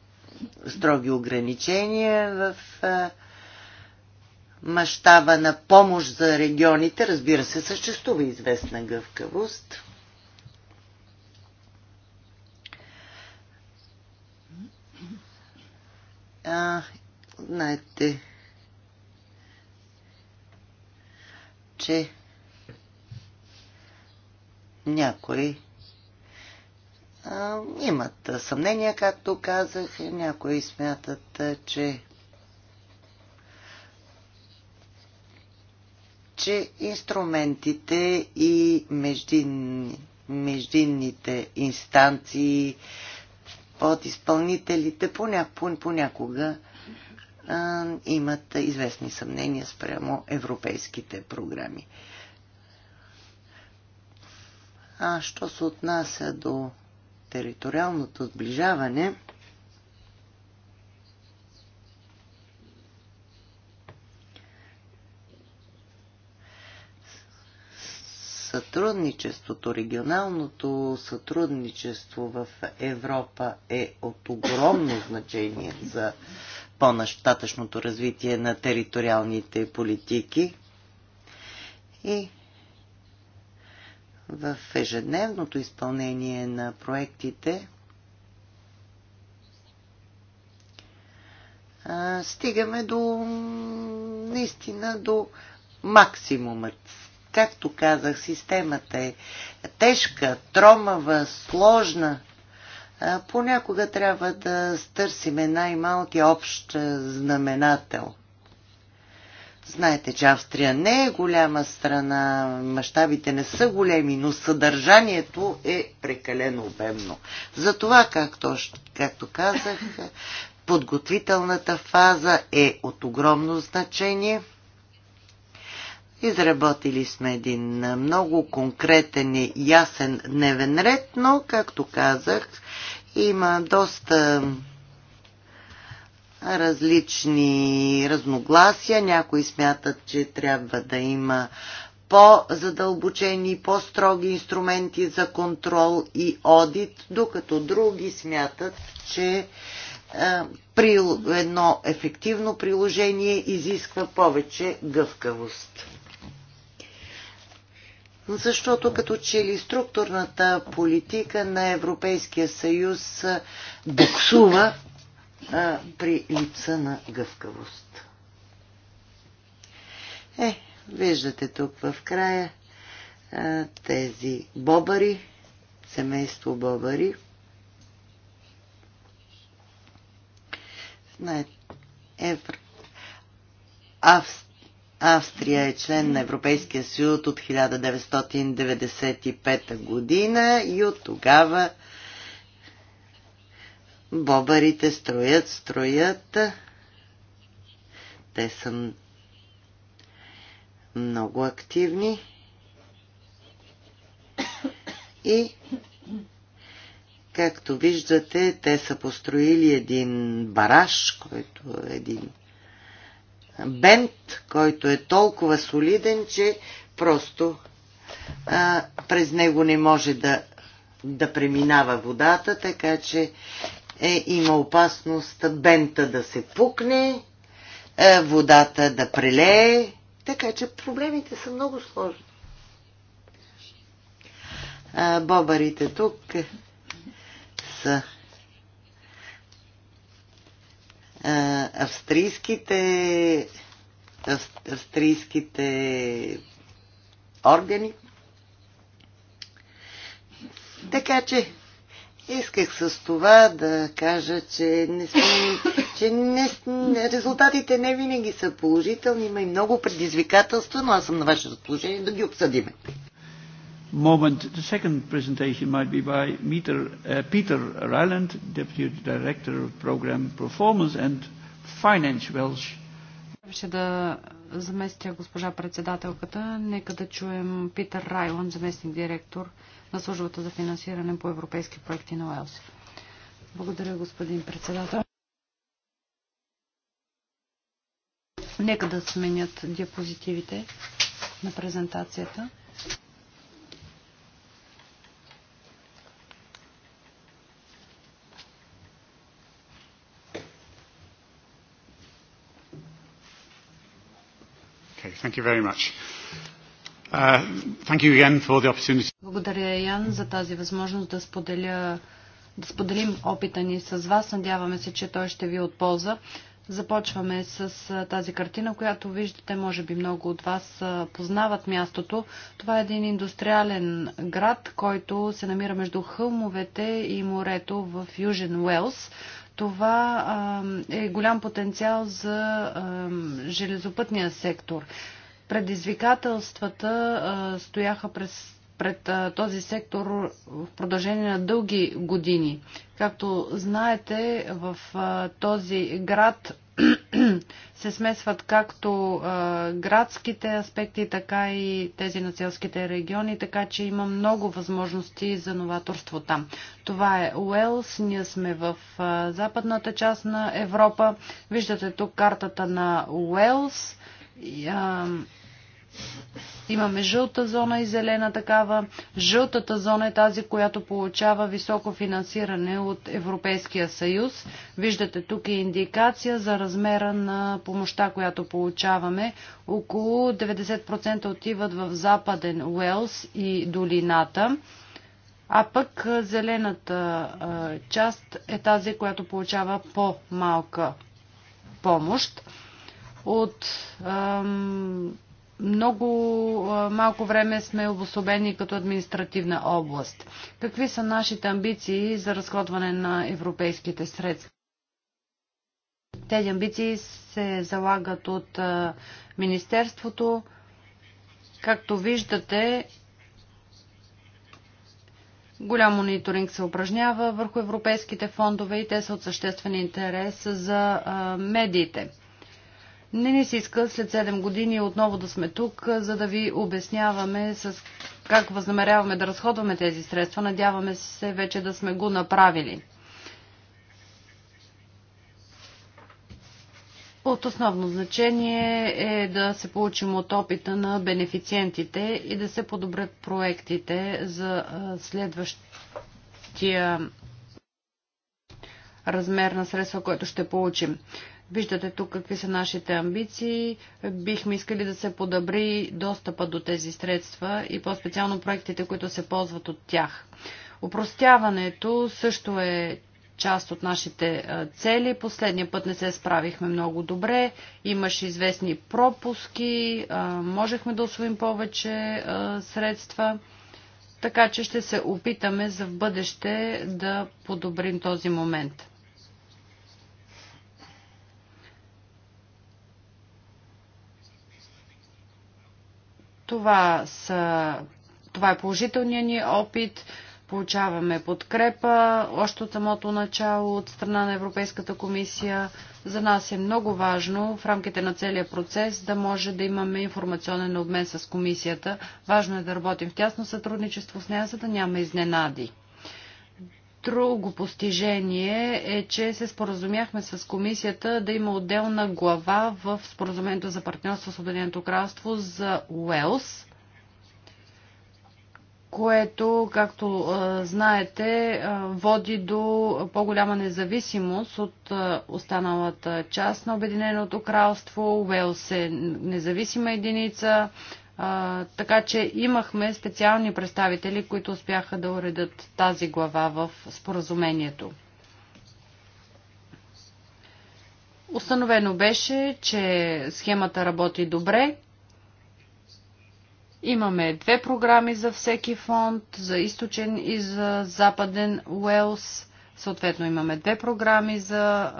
строги ограничения в мащаба на помощ за регионите. Разбира се, съществува известна гъвкавост. а, знаете, че някои а, имат съмнения, както казах, някои смятат, че че инструментите и междин, междинните инстанции от изпълнителите, понякога а, имат известни съмнения спрямо европейските програми. А що се отнася до териториалното сближаване, сътрудничеството, регионалното сътрудничество в Европа е от огромно значение за по-нащатъчното развитие на териториалните политики и в ежедневното изпълнение на проектите стигаме до наистина до максимумът Както казах, системата е тежка, тромава, сложна. Понякога трябва да стърсиме най-малкия общ знаменател. Знаете, че Австрия не е голяма страна, мащабите не са големи, но съдържанието е прекалено обемно. Затова, както, както казах, подготвителната фаза е от огромно значение – Изработили сме един много конкретен и ясен дневен ред, но, както казах, има доста различни разногласия. Някои смятат, че трябва да има по-задълбочени, по-строги инструменти за контрол и одит, докато други смятат, че е, при едно ефективно приложение изисква повече гъвкавост защото като че ли структурната политика на Европейския съюз буксува а, при липса на гъвкавост. Е, виждате тук в края а, тези бобари, семейство бобари. Знаете, Евр... Австрия Австрия е член на Европейския съюз от 1995 година и от тогава бобарите строят, строят. Те са много активни и както виждате, те са построили един бараж, който е един бент, който е толкова солиден, че просто а, през него не може да, да преминава водата, така че е, има опасност бента да се пукне, а, е, водата да прелее, така че проблемите са много сложни. А, бобарите тук са австрийските, австрийските органи. Така че исках с това да кажа, че, не сме, че не, резултатите не винаги са положителни, има и много предизвикателства, но аз съм на ваше разположение да ги обсъдиме
moment. The second presentation might be by Peter, uh, Peter Ryland,
Deputy Director of Program Performance and Finance Welsh.
да заместя госпожа председателката. Нека да чуем Питър Райлан, заместник директор на службата за финансиране по европейски проекти на Уелс. Благодаря, господин председател. Нека да сменят диапозитивите на презентацията. Thank you very much. Uh, thank you again for the opportunity. Благодаря, Ян, за тази възможност да споделя да споделим опита ни с вас. Надяваме се, че той ще ви е от полза. Започваме с тази картина, която виждате, може би много от вас познават мястото. Това е един индустриален град, който се намира между хълмовете и морето в Южен Уелс това а, е голям потенциал за а, железопътния сектор. Предизвикателствата а, стояха през, пред а, този сектор в продължение на дълги години. Както знаете, в а, този град се смесват както а, градските аспекти, така и тези на селските региони, така че има много възможности за новаторство там. Това е Уелс, ние сме в а, западната част на Европа. Виждате тук картата на Уелс. И, а, Имаме жълта зона и зелена такава. Жълтата зона е тази, която получава високо финансиране от Европейския съюз. Виждате тук е индикация за размера на помощта, която получаваме. Около 90% отиват в западен Уелс и долината. А пък зелената част е тази, която получава по-малка помощ. От много малко време сме обособени като административна област. Какви са нашите амбиции за разходване на европейските средства? Тези амбиции се залагат от Министерството. Както виждате, Голям мониторинг се упражнява върху европейските фондове и те са от съществен интерес за медиите. Не ни се иска след 7 години отново да сме тук, за да ви обясняваме с как възнамеряваме да разходваме тези средства. Надяваме се вече да сме го направили. От основно значение е да се получим от опита на бенефициентите и да се подобрят проектите за следващия размер на средства, който ще получим. Виждате тук какви са нашите амбиции. Бихме искали да се подобри достъпа до тези средства и по-специално проектите, които се ползват от тях. Опростяването също е част от нашите цели. Последния път не се справихме много добре. Имаше известни пропуски. Можехме да освоим повече средства. Така че ще се опитаме за в бъдеще да подобрим този момент. Това, са, това е положителният ни опит. Получаваме подкрепа още от самото начало от страна на Европейската комисия. За нас е много важно в рамките на целия процес да може да имаме информационен обмен с комисията. Важно е да работим в тясно сътрудничество с нея, за да няма изненади друго постижение е, че се споразумяхме с комисията да има отделна глава в споразумението за партньорство с Обединеното кралство за Уелс, което, както знаете, води до по-голяма независимост от останалата част на Обединеното кралство. Уелс е независима единица, а, така че имахме специални представители, които успяха да уредят тази глава в споразумението. Установено беше, че схемата работи добре. Имаме две програми за всеки фонд, за източен и за западен Уелс. Съответно имаме две програми за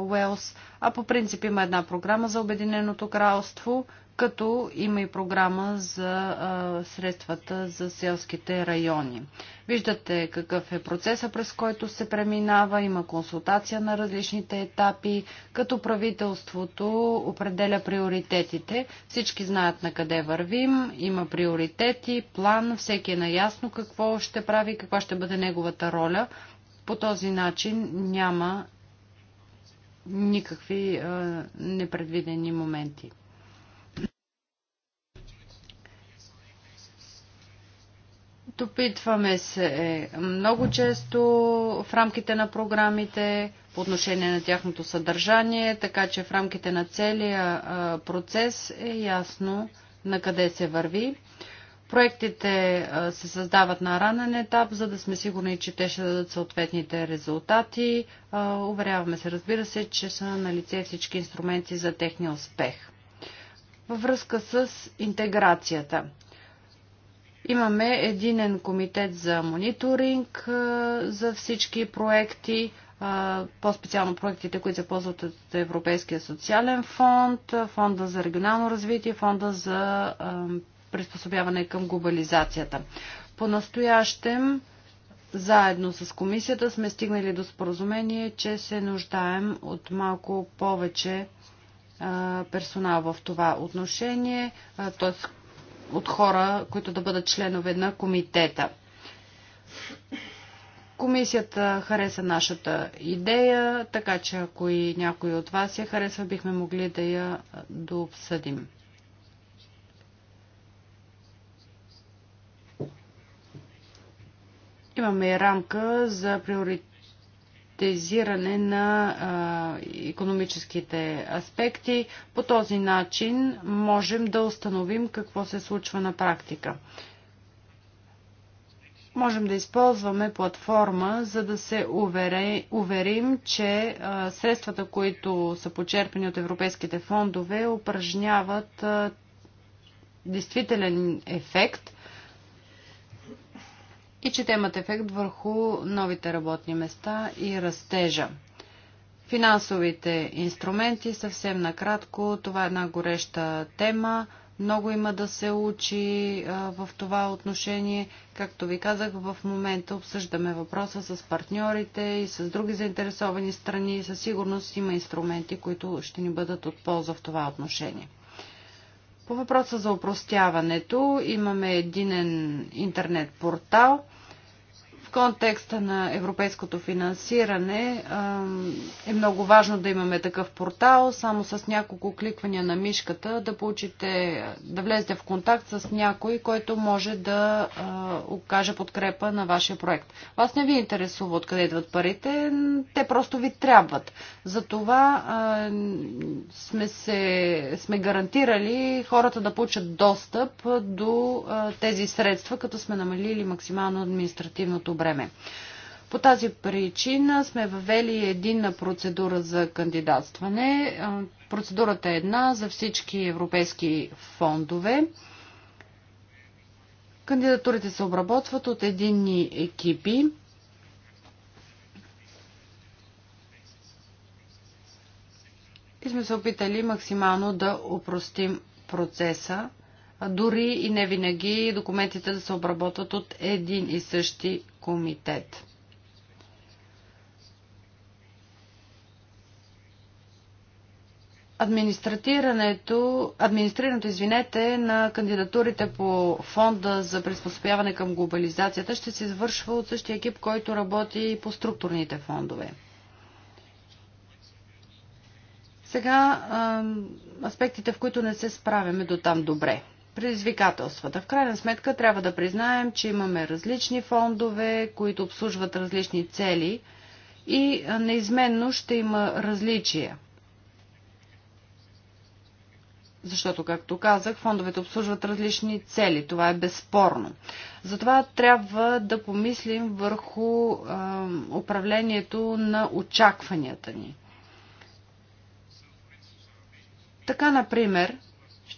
Уелс, а по принцип има една програма за Обединеното кралство, като има и програма за а, средствата за селските райони. Виждате какъв е процеса, през който се преминава, има консултация на различните етапи, като правителството определя приоритетите. Всички знаят на къде вървим, има приоритети, план, всеки е наясно какво ще прави, каква ще бъде неговата роля. По този начин няма никакви а, непредвидени моменти. Допитваме се много често в рамките на програмите по отношение на тяхното съдържание, така че в рамките на целия процес е ясно на къде се върви. Проектите се създават на ранен етап, за да сме сигурни, че те ще дадат съответните резултати. Уверяваме се, разбира се, че са на лице всички инструменти за техния успех. Във връзка с интеграцията. Имаме единен комитет за мониторинг за всички проекти, по-специално проектите, които се ползват от Европейския социален фонд, фонда за регионално развитие, фонда за приспособяване към глобализацията. По-настоящем заедно с комисията сме стигнали до споразумение, че се нуждаем от малко повече персонал в това отношение, т.е от хора, които да бъдат членове на комитета. Комисията хареса нашата идея, така че ако и някой от вас я харесва, бихме могли да я дообсъдим. Имаме и рамка за приоритет приоритизиране на а, економическите аспекти. По този начин можем да установим какво се случва на практика. Можем да използваме платформа, за да се уверим, че средствата, които са почерпени от европейските фондове, упражняват действителен ефект – и че те имат ефект върху новите работни места и растежа. Финансовите инструменти, съвсем накратко, това е една гореща тема. Много има да се учи а, в това отношение. Както ви казах, в момента обсъждаме въпроса с партньорите и с други заинтересовани страни. Със сигурност има инструменти, които ще ни бъдат от полза в това отношение. По въпроса за упростяването имаме единен интернет портал – в контекста на европейското финансиране е много важно да имаме такъв портал. Само с няколко кликвания на мишката да получите, да влезете в контакт с някой, който може да окаже подкрепа на вашия проект. Вас не ви интересува откъде идват парите, те просто ви трябват. Затова сме, се, сме гарантирали хората да получат достъп до тези средства, като сме намалили максимално административното време. По тази причина сме въвели единна процедура за кандидатстване. Процедурата е една за всички европейски фондове. Кандидатурите се обработват от единни екипи. И сме се опитали максимално да упростим процеса дори и не винаги документите да се обработват от един и същи комитет. Администрирането, администрирането, извинете, на кандидатурите по фонда за приспособяване към глобализацията ще се извършва от същия екип, който работи и по структурните фондове. Сега аспектите, в които не се справяме до там добре предизвикателствата. В крайна сметка трябва да признаем, че имаме различни фондове, които обслужват различни цели и неизменно ще има различия. Защото, както казах, фондовете обслужват различни цели. Това е безспорно. Затова трябва да помислим върху е, управлението на очакванията ни. Така, например,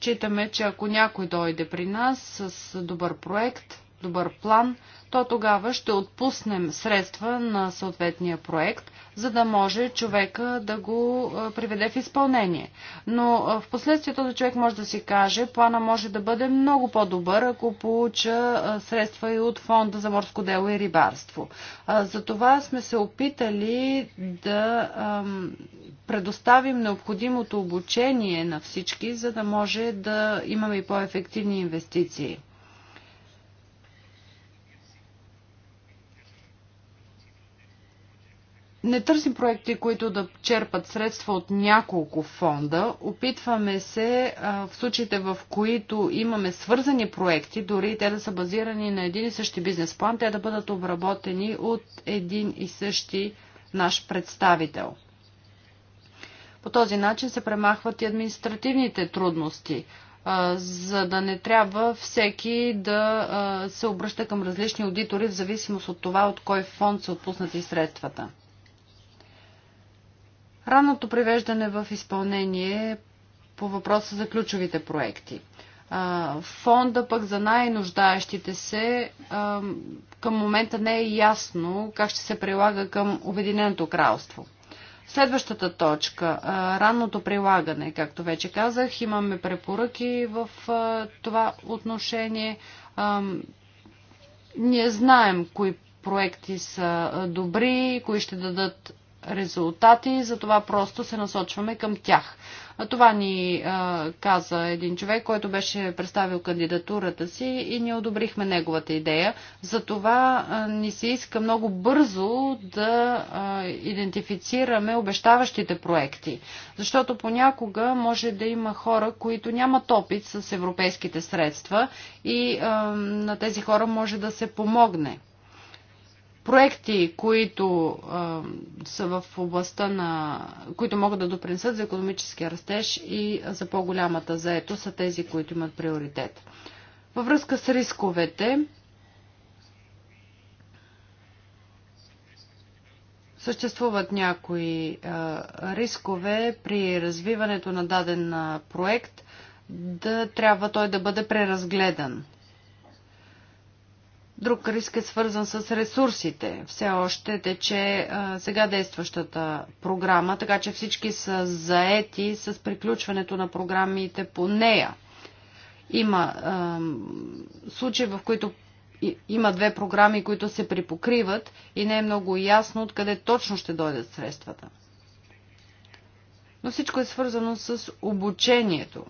Считаме, че ако някой дойде при нас с добър проект, добър план, то тогава ще отпуснем средства на съответния проект, за да може човека да го приведе в изпълнение. Но в последствие този човек може да си каже, плана може да бъде много по-добър, ако получа средства и от фонда за морско дело и рибарство. Затова сме се опитали да предоставим необходимото обучение на всички, за да може да имаме и по-ефективни инвестиции. не търсим проекти, които да черпат средства от няколко фонда. Опитваме се в случаите, в които имаме свързани проекти, дори те да са базирани на един и същи бизнес план, те да бъдат обработени от един и същи наш представител. По този начин се премахват и административните трудности, за да не трябва всеки да се обръща към различни аудитори в зависимост от това от кой фонд са отпуснати средствата. Ранното привеждане в изпълнение по въпроса за ключовите проекти. Фонда пък за най-нуждаещите се към момента не е ясно как ще се прилага към Обединеното кралство. Следващата точка ранното прилагане, както вече казах, имаме препоръки в това отношение. Ние знаем кои проекти са добри, кои ще дадат резултати, затова просто се насочваме към тях. Това ни а, каза един човек, който беше представил кандидатурата си и ние одобрихме неговата идея. Затова а, ни се иска много бързо да а, идентифицираме обещаващите проекти, защото понякога може да има хора, които нямат опит с европейските средства и а, на тези хора може да се помогне проекти, които а, са в областта на, които могат да допринесат за економическия растеж и за по-голямата заето са тези, които имат приоритет. Във връзка с рисковете, Съществуват някои а, рискове при развиването на даден проект, да трябва той да бъде преразгледан Друг риск е свързан с ресурсите. Все още тече сега действащата програма, така че всички са заети с приключването на програмите по нея. Има а, случаи, в които има две програми, които се припокриват и не е много ясно откъде точно ще дойдат средствата. Но всичко е свързано с обучението.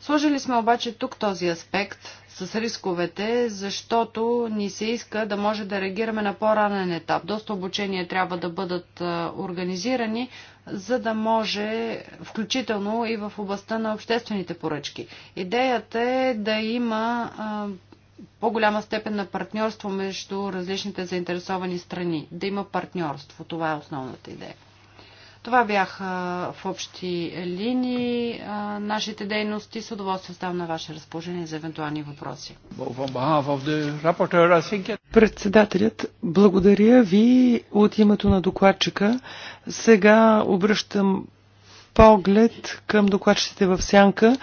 Сложили сме обаче тук този аспект с рисковете, защото ни се иска да може да реагираме на по-ранен етап. Доста обучения трябва да бъдат организирани, за да може, включително и в областта на обществените поръчки. Идеята е да има по-голяма степен на партньорство между различните заинтересовани страни. Да има партньорство. Това е основната идея. Това бяха в общи линии нашите дейности. С удоволствие ставам на ваше разположение за евентуални въпроси.
Председателят, благодаря ви от името на докладчика. Сега обръщам поглед към докладчиците в сянка.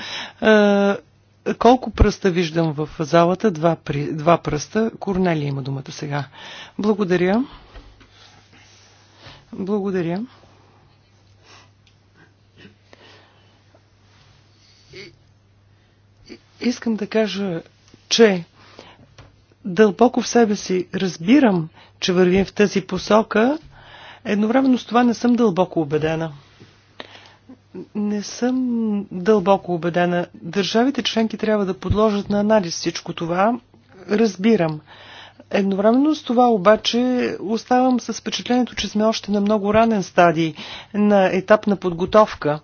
Колко пръста виждам в залата? Два, при... Два пръста. Корнелия има думата сега. Благодаря. Благодаря. Искам да кажа, че дълбоко в себе си разбирам, че вървим в тази посока, едновременно с това не съм дълбоко убедена. Не съм дълбоко убедена. Държавите членки трябва да подложат на анализ всичко това. Разбирам. Едновременно с това обаче оставам с впечатлението, че сме още на много ранен стадий, на етап на подготовка.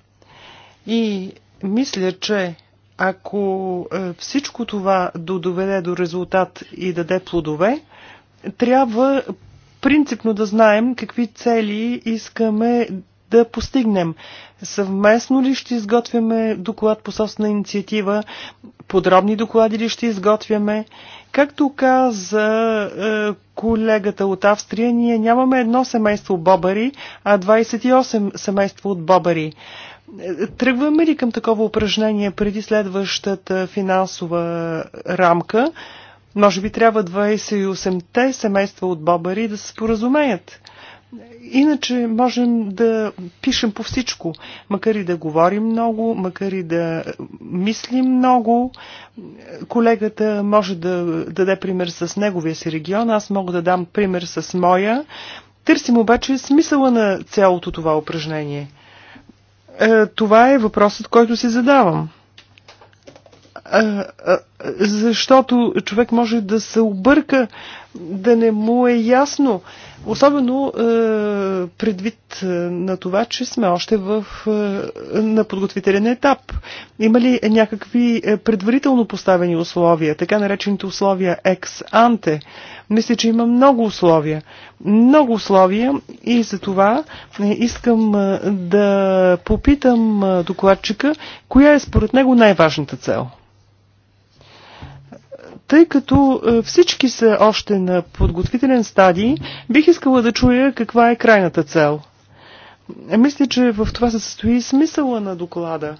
И мисля, че ако е, всичко това доведе до резултат и даде плодове, трябва принципно да знаем какви цели искаме да постигнем. Съвместно ли ще изготвяме доклад по собствена инициатива? Подробни доклади ли ще изготвяме? Както каза е, колегата от Австрия, ние нямаме едно семейство бобари, а 28 семейства от бобари. Тръгваме ли към такова упражнение преди следващата финансова рамка? Може би трябва 28-те семейства от Бобари да се споразумеят. Иначе можем да пишем по всичко, макар и да говорим много, макар и да мислим много. Колегата може да даде пример с неговия си регион, аз мога да дам пример с моя. Търсим обаче смисъла на цялото това упражнение – е, това е въпросът, който си задавам. Е, е, защото човек може да се обърка, да не му е ясно. Особено предвид на това, че сме още в, на подготвителен етап. Има ли някакви предварително поставени условия, така наречените условия ex-ante? Мисля, че има много условия. Много условия и за това е, искам е, да попитам е, докладчика, коя е според него най-важната цел тъй като всички са още на подготвителен стадий, бих искала да чуя каква е крайната цел. Мисля, че в това се състои смисъла на доклада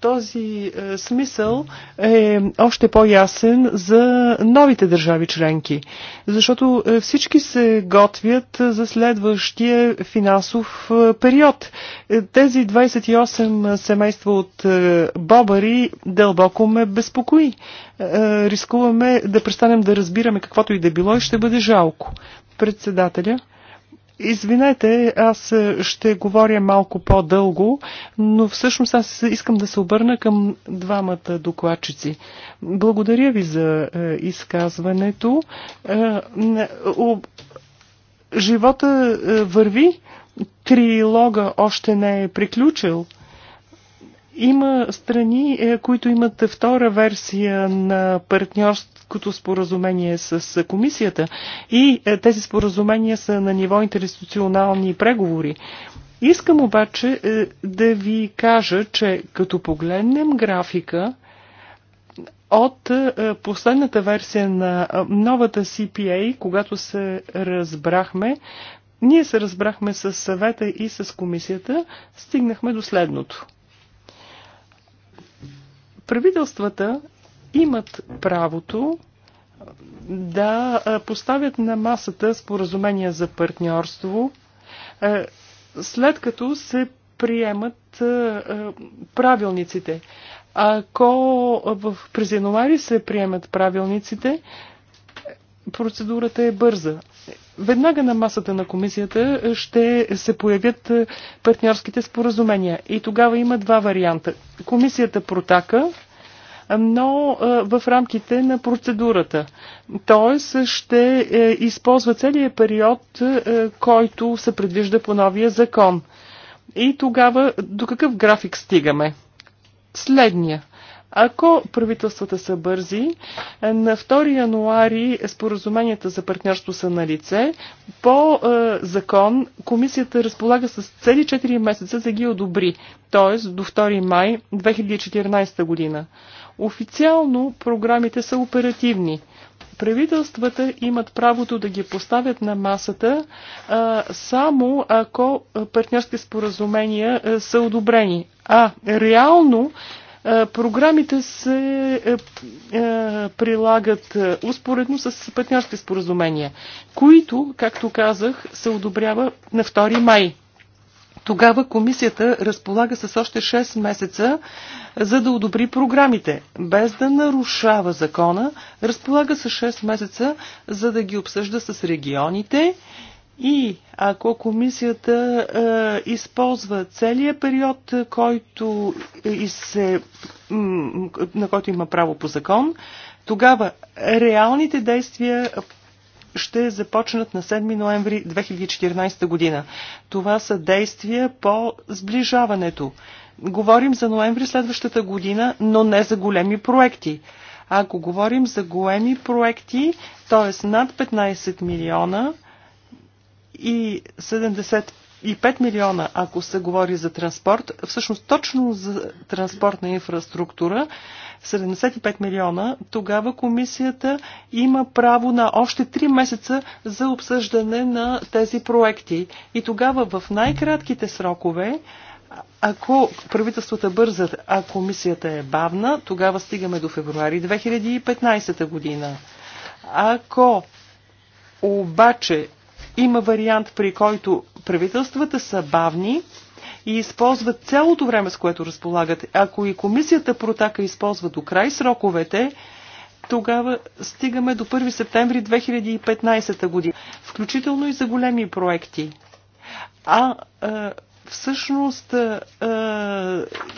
този е, смисъл е още по-ясен за новите държави членки, защото е, всички се готвят за следващия финансов е, период. Тези 28 семейства от Бобари дълбоко ме безпокои. Рискуваме да престанем да разбираме каквото и да било и ще бъде жалко. Председателя. Извинете, аз е, ще говоря малко по-дълго, но всъщност аз искам да се обърна към двамата докладчици. Благодаря ви за е, изказването. Е, живота върви, трилога още не е приключил. Има страни, които имат втора версия на партньорство като споразумение с комисията и е, тези споразумения са на ниво интерституционални преговори. Искам обаче е, да ви кажа, че като погледнем графика, от е, последната версия на новата CPA, когато се разбрахме, ние се разбрахме с съвета и с комисията, стигнахме до следното. Правителствата имат правото да поставят на масата споразумения за партньорство, след като се приемат правилниците. Ако в през януари се приемат правилниците, процедурата е бърза. Веднага на масата на комисията ще се появят партньорските споразумения. И тогава има два варианта. Комисията протака, но в рамките на процедурата. Той ще е, използва целият период, е, който се предвижда по новия закон. И тогава до какъв график стигаме? Следния. Ако правителствата са бързи, е, на 2 януари споразуменията за партньорство са на лице. По е, закон комисията разполага с цели 4 месеца да ги одобри, т.е. до 2 май 2014 година. Официално програмите са оперативни. Правителствата имат правото да ги поставят на масата а, само ако партньорски споразумения а, са одобрени. А реално Програмите се а, а, прилагат успоредно с партньорски споразумения, които, както казах, се одобрява на 2 май. Тогава комисията разполага с още 6 месеца, за да одобри програмите. Без да нарушава закона, разполага с 6 месеца, за да ги обсъжда с регионите и ако комисията е, използва целият период, който и се, на който има право по закон, тогава реалните действия ще започнат на 7 ноември 2014 година. Това са действия по сближаването. Говорим за ноември следващата година, но не за големи проекти. Ако говорим за големи проекти, т.е. над 15 милиона и и 5 милиона, ако се говори за транспорт, всъщност точно за транспортна инфраструктура, 75 милиона, тогава комисията има право на още 3 месеца за обсъждане на тези проекти. И тогава в най-кратките срокове ако правителствата бързат, а комисията е бавна, тогава стигаме до февруари 2015 година. Ако обаче има вариант, при който правителствата са бавни и използват цялото време, с което разполагат. Ако и комисията протака използва до край сроковете, тогава стигаме до 1 септември 2015 година, включително и за големи проекти. А е, всъщност е,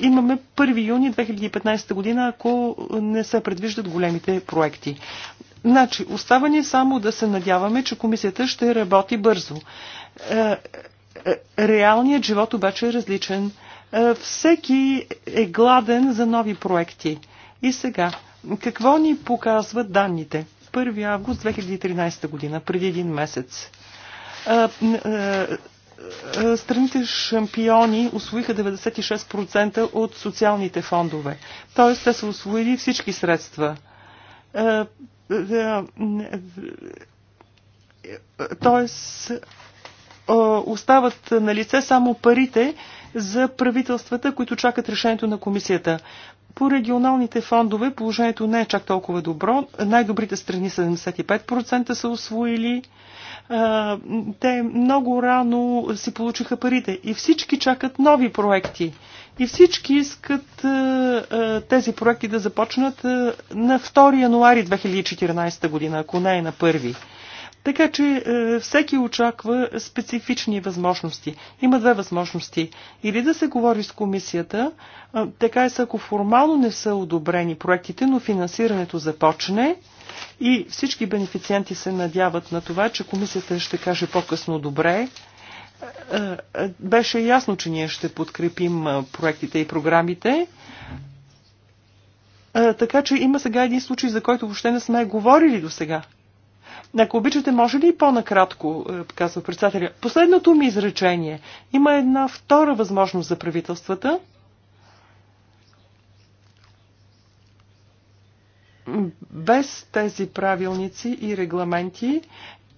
имаме 1 юни 2015 година, ако не се предвиждат големите проекти. Значи, остава ни само да се надяваме, че комисията ще работи бързо. Е, е, е, реалният живот обаче е различен. Всеки е гладен за нови проекти. И сега, какво ни показват данните? 1 август 2013 година, преди един месец. Страните шампиони освоиха 96% от социалните фондове. Тоест, те са освоили всички средства Тоест, остават на лице само парите за правителствата, които чакат решението на комисията. По регионалните фондове положението не е чак толкова добро. Най-добрите страни 75% са освоили. Те много рано си получиха парите и всички чакат нови проекти. И всички искат тези проекти да започнат на 2 януари 2014 година, ако не е на 1. Така че е, всеки очаква специфични възможности. Има две възможности. Или да се говори с комисията, е, така е, ако формално не са одобрени проектите, но финансирането започне и всички бенефициенти се надяват на това, че комисията ще каже по-късно добре, е, беше ясно, че ние ще подкрепим проектите и програмите. Така че има сега един случай, за който въобще не сме говорили до сега. Ако обичате, може ли и по-накратко, е, казва председателя, последното ми изречение. Има една втора възможност за правителствата. Без тези правилници и регламенти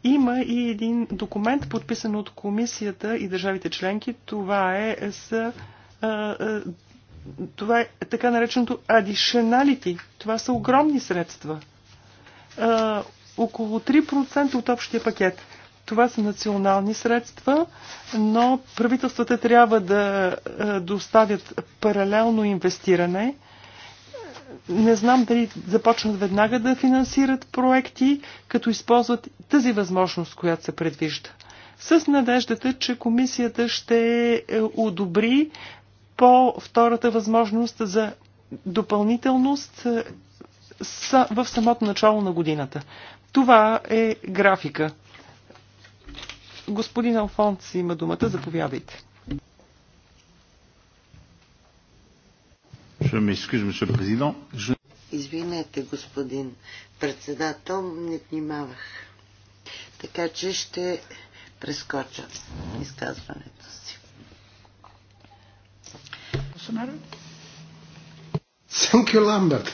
има и един документ, подписан от комисията и държавите членки. Това е, е с е, това е така нареченото additionality. Това са огромни средства около 3% от общия пакет. Това са национални средства, но правителствата трябва да е, доставят паралелно инвестиране. Не знам дали започнат веднага да финансират проекти, като използват тази възможност, която се предвижда. С надеждата, че комисията ще е, одобри по втората възможност за допълнителност е, в самото начало на годината. Това е графика. Господин Алфонс има думата. Заповядайте.
Извинете, господин председател, не внимавах. Така че ще прескоча изказването си. Thank you, Lambert.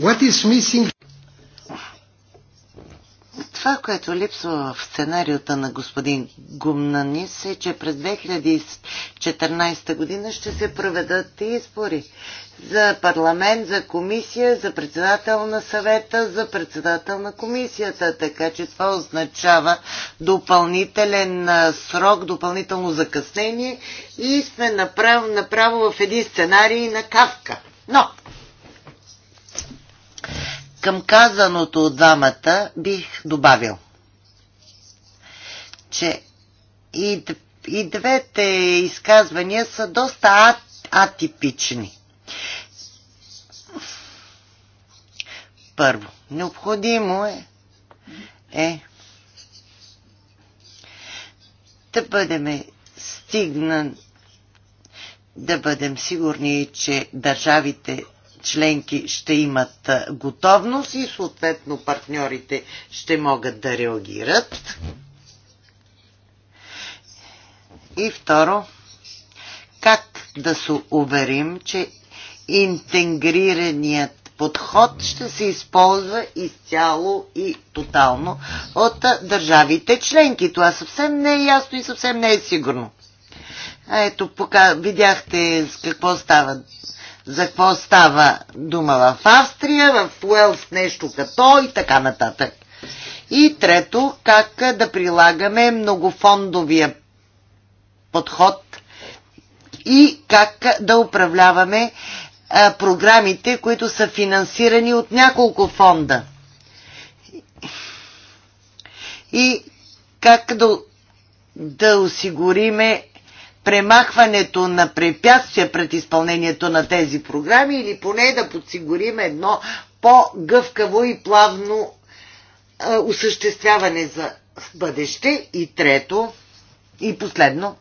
What is missing това, което липсва в сценариота на господин Гумнанис е, че през 2014 година ще се проведат избори за парламент, за комисия, за председател на съвета, за председател на комисията. Така че това означава допълнителен срок, допълнително закъснение и сме направо, направо в един сценарий на кавка. Но, към казаното от двамата бих добавил, че и, и двете изказвания са доста а, атипични. Първо, необходимо е, е да бъдем стигнан да бъдем сигурни, че държавите членки ще имат готовност и съответно партньорите ще могат да реагират. И второ, как да се уверим, че интегрираният подход ще се използва изцяло и тотално от държавите членки. Това съвсем не е ясно и съвсем не е сигурно. Ето, пока видяхте с какво става за какво става дума в Австрия, в Уелс нещо като и така нататък. И трето, как да прилагаме многофондовия подход и как да управляваме а, програмите, които са финансирани от няколко фонда. И как да, да осигуриме премахването на препятствия пред изпълнението на тези програми или поне да подсигурим едно по-гъвкаво и плавно а, осъществяване за бъдеще. И трето, и последно,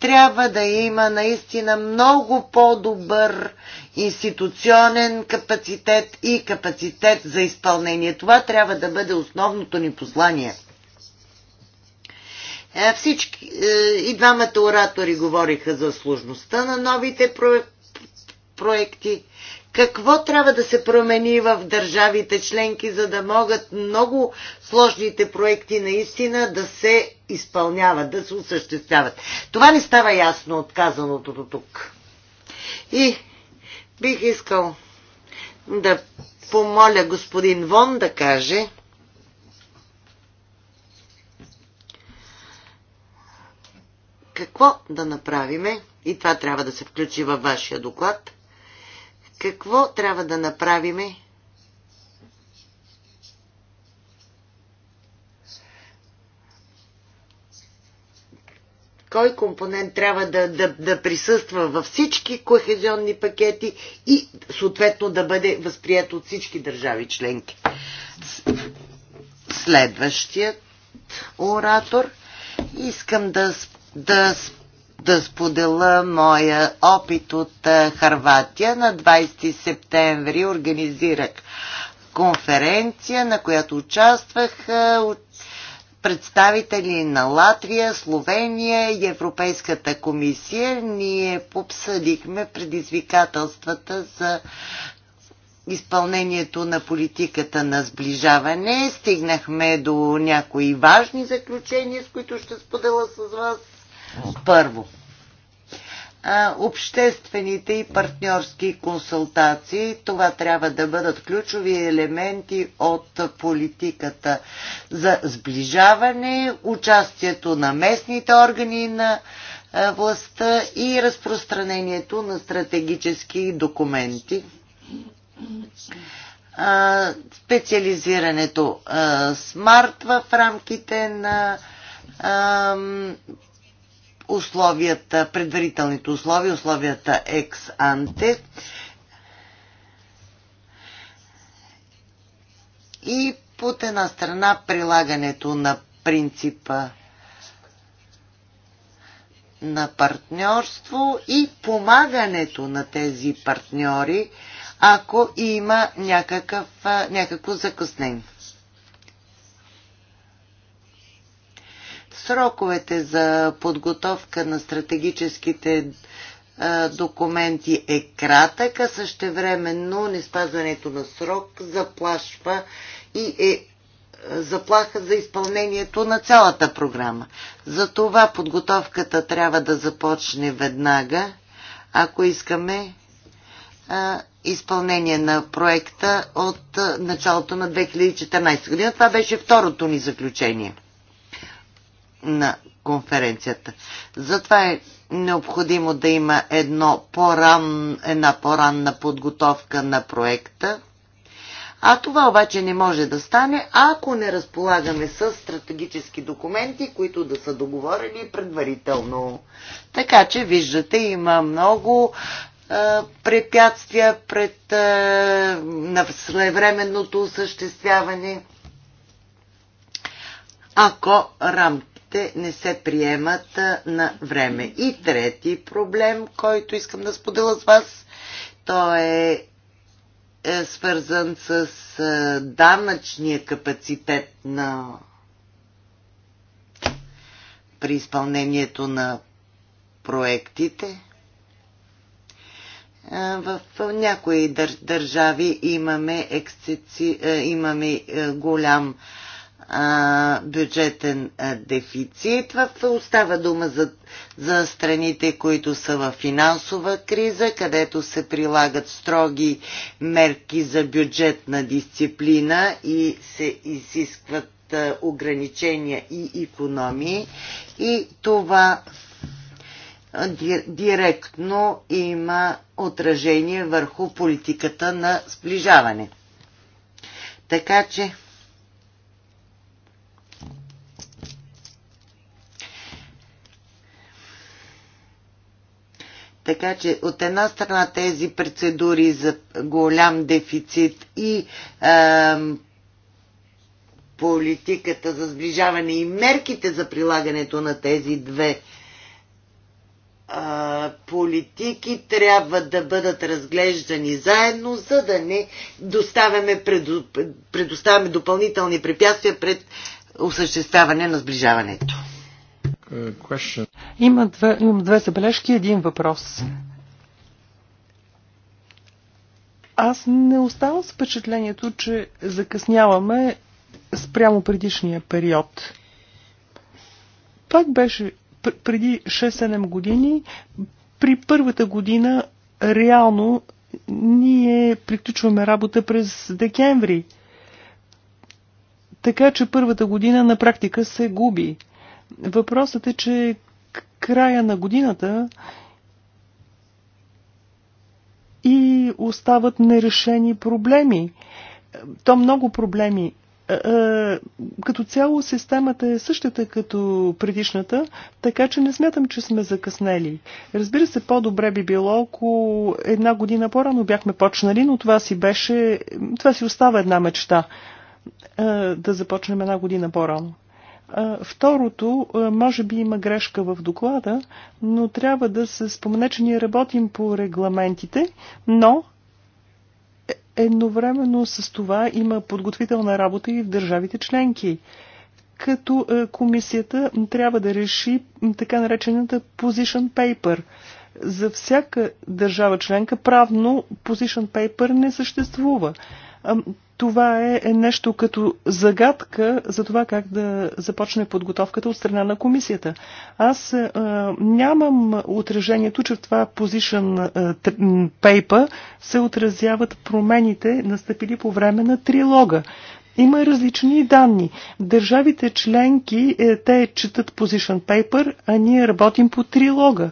трябва да има наистина много по-добър институционен капацитет и капацитет за изпълнение. Това трябва да бъде основното ни послание – е, всички, е, и двамата оратори говориха за сложността на новите проекти. Какво трябва да се промени в държавите членки, за да могат много сложните проекти наистина да се изпълняват, да се осъществяват? Това не става ясно от казаното до тук. И бих искал да помоля господин Вон да каже Какво да направиме, и това трябва да се включи във вашия доклад, какво трябва да направиме, кой компонент трябва да, да, да присъства във всички кохезионни пакети и съответно да бъде възприят от всички държави членки. Следващият оратор. Искам да да, да споделя моя опит от Харватия. На 20 септември организирах конференция, на която участвах от представители на Латвия, Словения и Европейската комисия. Ние обсъдихме предизвикателствата за изпълнението на политиката на сближаване. Стигнахме до някои важни заключения, с които ще споделя с вас. Първо, обществените и партньорски консултации. Това трябва да бъдат ключови елементи от политиката за сближаване, участието на местните органи на властта и разпространението на стратегически документи. Специализирането смарт в рамките на условията, предварителните условия, условията ex-ante и от една страна прилагането на принципа на партньорство и помагането на тези партньори, ако има някакъв, някакво закъснение. Сроковете за подготовка на стратегическите документи е кратък, а същевременно неспазването на срок заплашва и е заплаха за изпълнението на цялата програма. Затова подготовката трябва да започне веднага, ако искаме а, изпълнение на проекта от началото на 2014 година. Това беше второто ни заключение на конференцията. Затова е необходимо да има едно по-ран, една по-ранна подготовка на проекта. А това обаче не може да стане, ако не разполагаме с стратегически документи, които да са договорени предварително. Така че, виждате, има много е, препятствия пред е, на своевременното осъществяване. Ако рам, проектите не се приемат на време. И трети проблем, който искам да споделя с вас, то е, е, свързан с е, данъчния капацитет на при изпълнението на проектите. Е, в някои държави имаме, ексцеци, имаме голям а, бюджетен а, дефицит. В, остава дума за, за страните, които са в финансова криза, където се прилагат строги мерки за бюджетна дисциплина и се изискват а, ограничения и економии. И това директно има отражение върху политиката на сближаване. Така че Така че от една страна тези процедури за голям дефицит и е, политиката за сближаване и мерките за прилагането на тези две е, политики трябва да бъдат разглеждани заедно, за да не доставяме, предо, предоставяме допълнителни препятствия пред осъществяване на сближаването.
Е, има две, имам две забележки, един въпрос. Аз не оставам с впечатлението, че закъсняваме спрямо предишния период. Пак беше преди 6-7 години, при първата година реално ние приключваме работа през декември. Така че първата година на практика се губи. Въпросът е, че края на годината и остават нерешени проблеми. То много проблеми. Е, е, като цяло системата е същата като предишната, така че не смятам, че сме закъснели. Разбира се, по-добре би било, ако една година по-рано бяхме почнали, но това си беше, това си остава една мечта е, да започнем една година по-рано. Второто, може би има грешка в доклада, но трябва да се спомене, че ние работим по регламентите, но е, едновременно с това има подготвителна работа и в държавите членки като комисията трябва да реши така наречената position paper. За всяка държава членка правно position paper не съществува. Това е нещо като загадка за това как да започне подготовката от страна на комисията. Аз нямам отражението, че в това position paper се отразяват промените, настъпили по време на трилога. Има различни данни. Държавите членки, е, те четат position paper, а ние работим по трилога.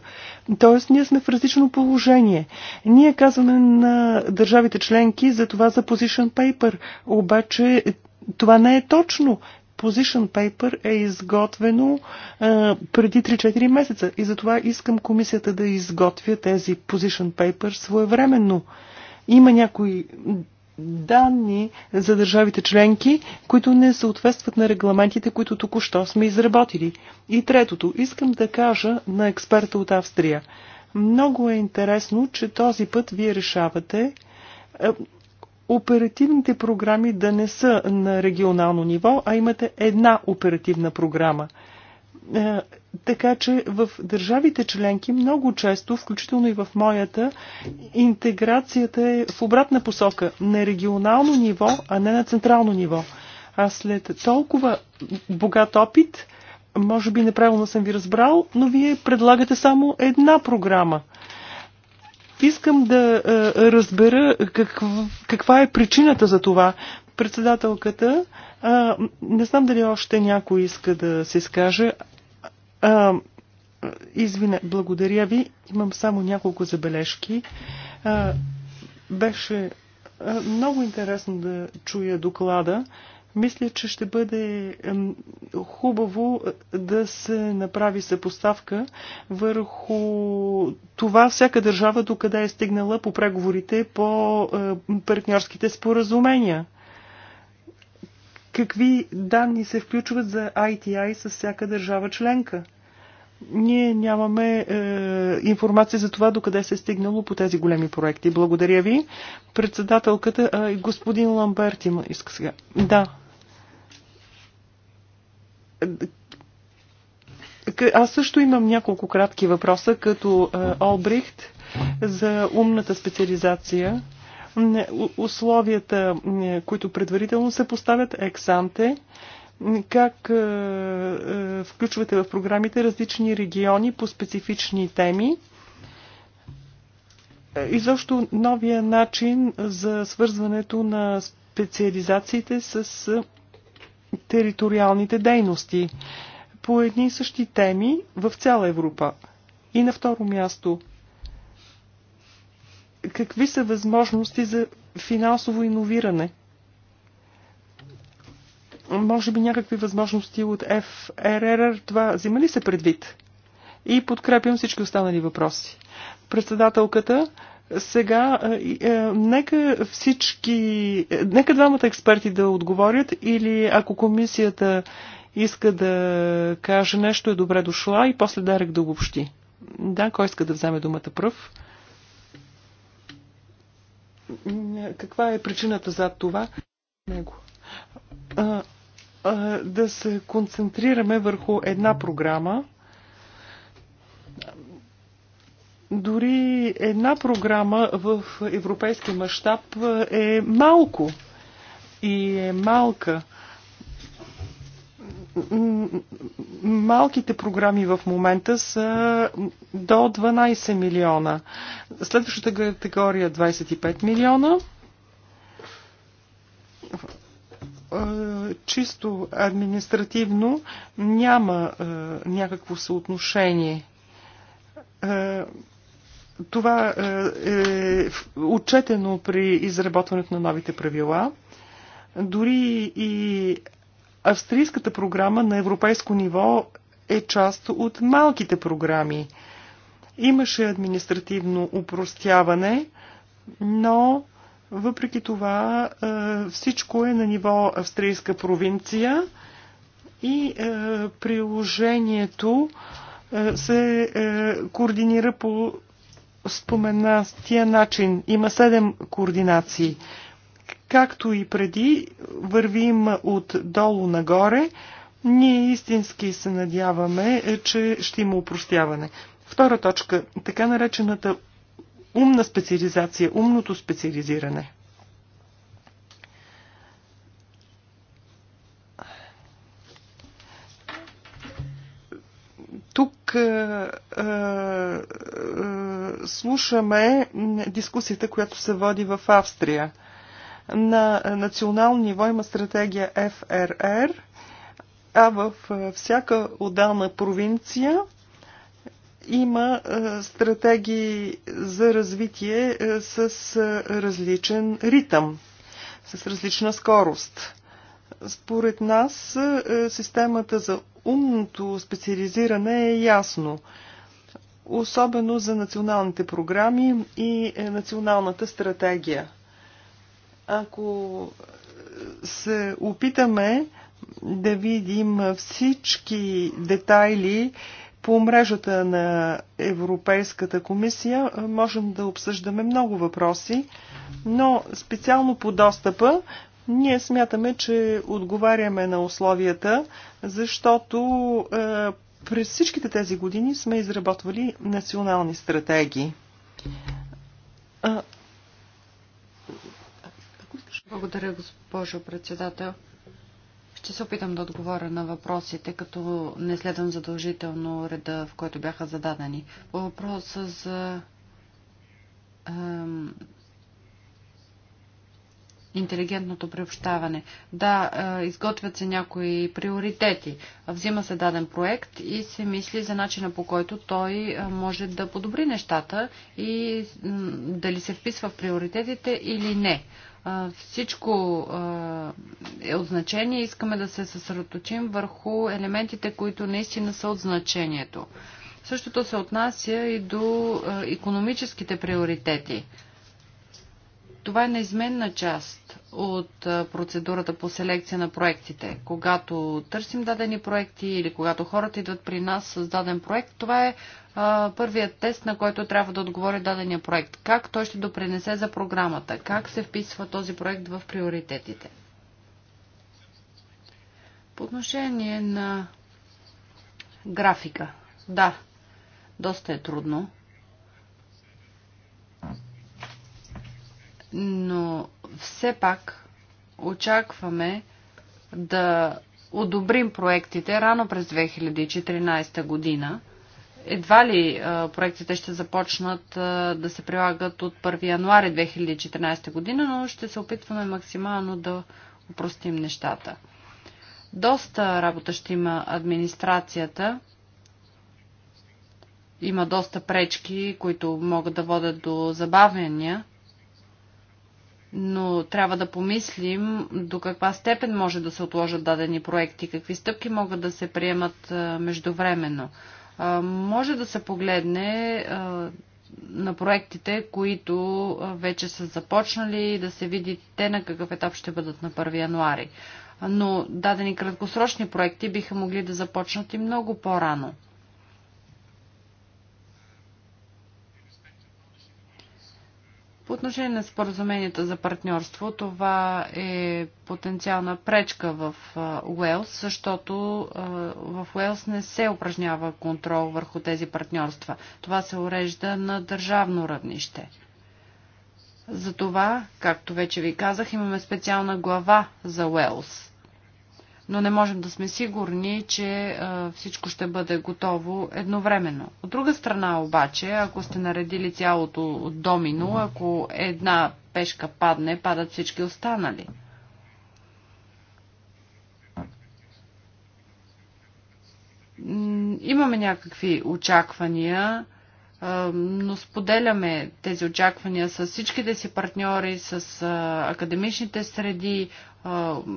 Тоест, ние сме в различно положение. Ние казваме на държавите членки за това за position paper, обаче е, това не е точно. Position Paper е изготвено а, е, преди 3-4 месеца и затова искам комисията да изготвя тези Position Paper своевременно. Има някои данни за държавите членки, които не съответстват на регламентите, които току-що сме изработили. И третото, искам да кажа на експерта от Австрия. Много е интересно, че този път вие решавате е, оперативните програми да не са на регионално ниво, а имате една оперативна програма е, така че в държавите членки много често, включително и в моята, интеграцията е в обратна посока, на регионално ниво, а не на централно ниво. А след толкова богат опит, може би неправилно съм ви разбрал, но вие предлагате само една програма. Искам да е, разбера каква е причината за това. Председателката, е, не знам дали още някой иска да се изкаже. Извине, благодаря ви. Имам само няколко забележки. Беше много интересно да чуя доклада. Мисля, че ще бъде хубаво да се направи съпоставка върху това всяка държава докъде е стигнала по преговорите по е, партньорските споразумения. Какви данни се включват за ITI с всяка държава членка? ние нямаме е, информация за това докъде се е стигнало по тези големи проекти. Благодаря ви. Председателката, а, е, господин Ламберт има, иска сега. Да. Аз също имам няколко кратки въпроса, като е, Олбрихт за умната специализация, е, условията, е, които предварително се поставят, ексанте, как е, е, включвате в програмите различни региони по специфични теми. Е, и защо новия начин за свързването на специализациите с териториалните дейности по едни и същи теми в цяла Европа. И на второ място, какви са възможности за финансово иновиране – може би някакви възможности от ФРР, това взима ли се предвид? И подкрепям всички останали въпроси. Председателката, сега е, е, нека всички, е, нека двамата експерти да отговорят или ако комисията иска да каже нещо е добре дошла и после Дарек да обобщи. Да, кой иска да вземе думата пръв? Каква е причината за това? Него. А, да се концентрираме върху една програма. Дори една програма в европейски мащаб е малко и е малка. Малките програми в момента са до 12 милиона. Следващата категория 25 е милиона чисто административно няма някакво съотношение. Това е отчетено при изработването на новите правила. Дори и австрийската програма на европейско ниво е част от малките програми. Имаше административно упростяване, но въпреки това е, всичко е на ниво австрийска провинция и е, приложението е, се координира по споменатия начин. Има седем координации. Както и преди, вървим от долу нагоре. Ние истински се надяваме, че ще има упростяване. Втора точка. Така наречената умна специализация, умното специализиране. Тук а, е, а, е, е, слушаме дискусията, която се води в Австрия. На национално ниво има стратегия ФРР, а в всяка отделна провинция има е, стратегии за развитие е, с е, различен ритъм, с различна скорост. Според нас системата за умното специализиране е ясно, особено за националните програми и националната стратегия. Ако се опитаме да видим всички детайли, по мрежата на Европейската комисия можем да обсъждаме много въпроси, но специално по достъпа ние смятаме, че отговаряме на условията, защото е, през всичките тези години сме изработвали национални стратегии.
Благодаря, госпожо председател. Ще се опитам да отговоря на въпросите, като не следвам задължително реда, в който бяха зададени. По въпроса за ем, интелигентното приобщаване. Да, е, изготвят се някои приоритети. Взима се даден проект и се мисли за начина по който той може да подобри нещата и дали се вписва в приоритетите или не всичко е от значение. Искаме да се съсредоточим върху елементите, които наистина са от значението. Същото се отнася и до економическите приоритети. Това е неизменна част от процедурата по селекция на проектите. Когато търсим дадени проекти или когато хората идват при нас с даден проект, това е а, първият тест, на който трябва да отговори дадения проект. Как той ще допринесе за програмата? Как се вписва този проект в приоритетите? По отношение на графика. Да, доста е трудно но все пак очакваме да одобрим проектите рано през 2014 година. Едва ли проектите ще започнат да се прилагат от 1 януари 2014 година, но ще се опитваме максимално да упростим нещата. Доста работа ще има администрацията. Има доста пречки, които могат да водят до забавяния но трябва да помислим до каква степен може да се отложат дадени проекти, какви стъпки могат да се приемат междувременно. Може да се погледне на проектите, които вече са започнали, да се види те на какъв етап ще бъдат на 1 януари. Но дадени краткосрочни проекти биха могли да започнат и много по-рано. По отношение на споразуменията за партньорство, това е потенциална пречка в Уелс, защото в Уелс не се упражнява контрол върху тези партньорства. Това се урежда на държавно равнище. Затова, както вече ви казах, имаме специална глава за Уелс но не можем да сме сигурни, че всичко ще бъде готово едновременно. От друга страна обаче, ако сте наредили цялото домино, ако една пешка падне, падат всички останали. Имаме някакви очаквания, но споделяме тези очаквания с всичките си партньори, с академичните среди,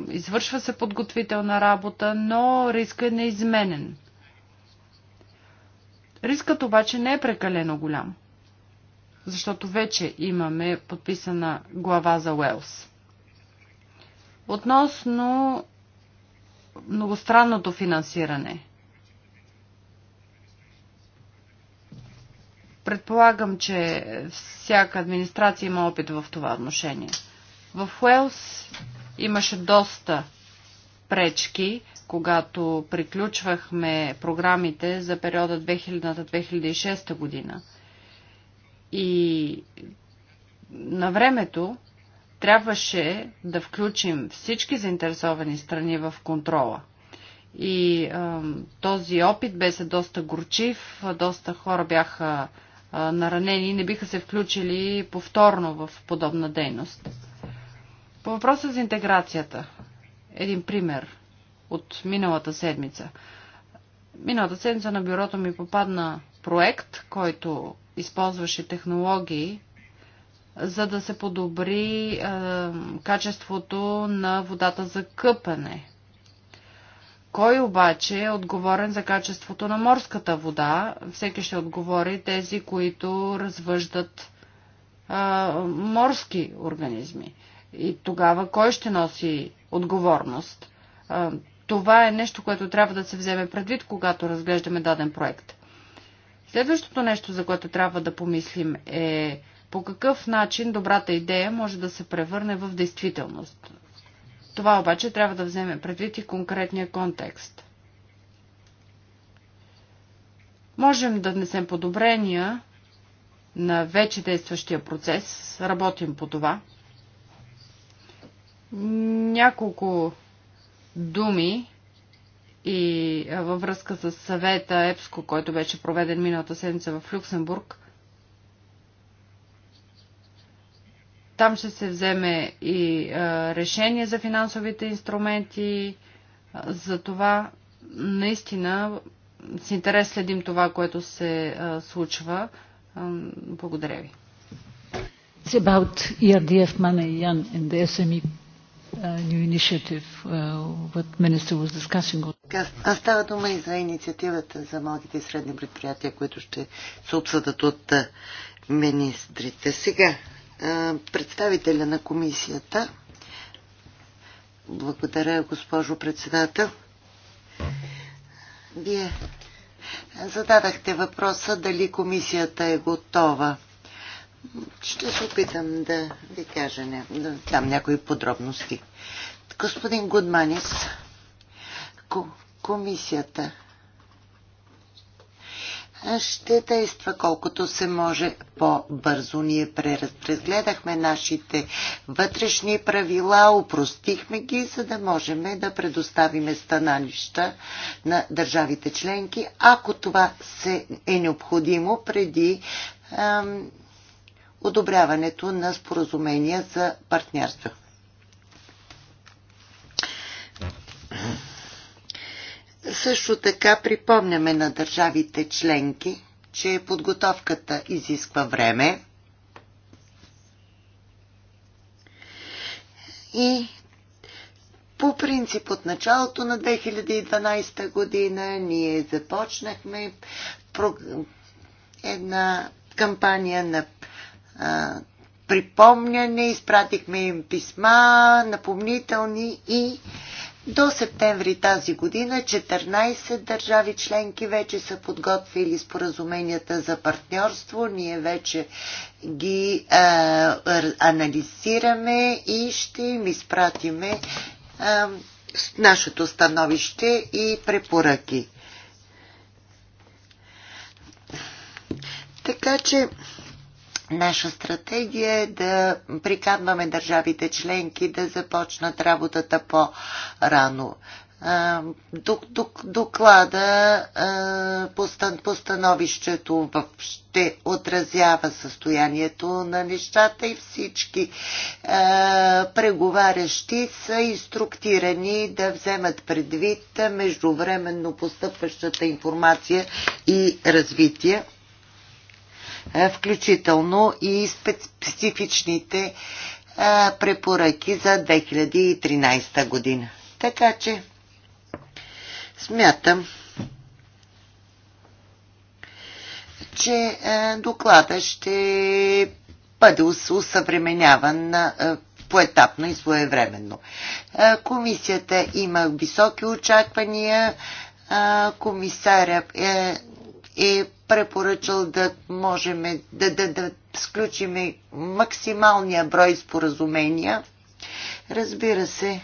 извършва се подготвителна работа, но риска е неизменен. Рискът обаче не е прекалено голям, защото вече имаме подписана глава за Уелс. Относно многостранното финансиране. Предполагам, че всяка администрация има опит в това отношение. В Уелс имаше доста пречки, когато приключвахме програмите за периода 2000-2006 година. И на времето трябваше да включим всички заинтересовани страни в контрола. И а, този опит беше доста горчив, доста хора бяха а, наранени и не биха се включили повторно в подобна дейност. По въпроса за интеграцията. Един пример от миналата седмица. Миналата седмица на бюрото ми попадна проект, който използваше технологии, за да се подобри е, качеството на водата за къпане. Кой обаче е отговорен за качеството на морската вода? Всеки ще отговори тези, които развъждат е, морски организми. И тогава кой ще носи отговорност? Това е нещо, което трябва да се вземе предвид, когато разглеждаме даден проект. Следващото нещо, за което трябва да помислим е по какъв начин добрата идея може да се превърне в действителност. Това обаче трябва да вземе предвид и конкретния контекст. Можем да внесем подобрения на вече действащия процес, работим по това – няколко думи и във връзка с съвета ЕПСКО, който беше проведен миналата седмица в Люксембург. Там ще се вземе и решение за финансовите инструменти. За това наистина с интерес следим това, което се случва. Благодаря ви. It's about ERDF money and the SME Uh, new initiative uh, what minister was discussing.
А става дума и за инициативата за малките и средни предприятия, които ще се обсъдат от министрите. Сега, представителя на комисията. Благодаря, госпожо председател. Вие зададахте въпроса дали комисията е готова ще се опитам да ви кажа, да дам някои подробности. Господин Гудманис, комисията ще действа колкото се може по-бързо. Ние преразгледахме нашите вътрешни правила, упростихме ги, за да можем да предоставиме становища на държавите членки, ако това се е необходимо преди ам, одобряването на споразумения за партньорство. Също така припомняме на държавите членки, че подготовката изисква време и по принцип от началото на 2012 година ние започнахме една кампания на припомняне, изпратихме им писма, напомнителни и до септември тази година 14 държави членки вече са подготвили споразуменията за партньорство. Ние вече ги а, анализираме и ще им изпратиме а, нашето становище и препоръки. Така че Наша стратегия е да приканваме държавите членки да започнат работата по-рано. Доклада по становището ще отразява състоянието на нещата и всички преговарящи са инструктирани да вземат предвид междувременно постъпващата информация и развитие. Е, включително и специфичните е, препоръки за 2013 година. Така че смятам, че е, доклада ще бъде усъвременяван поетапно и своевременно. Комисията има високи очаквания, комисаря е, е препоръчал да можем да, да, да сключим максималния брой споразумения. Разбира се,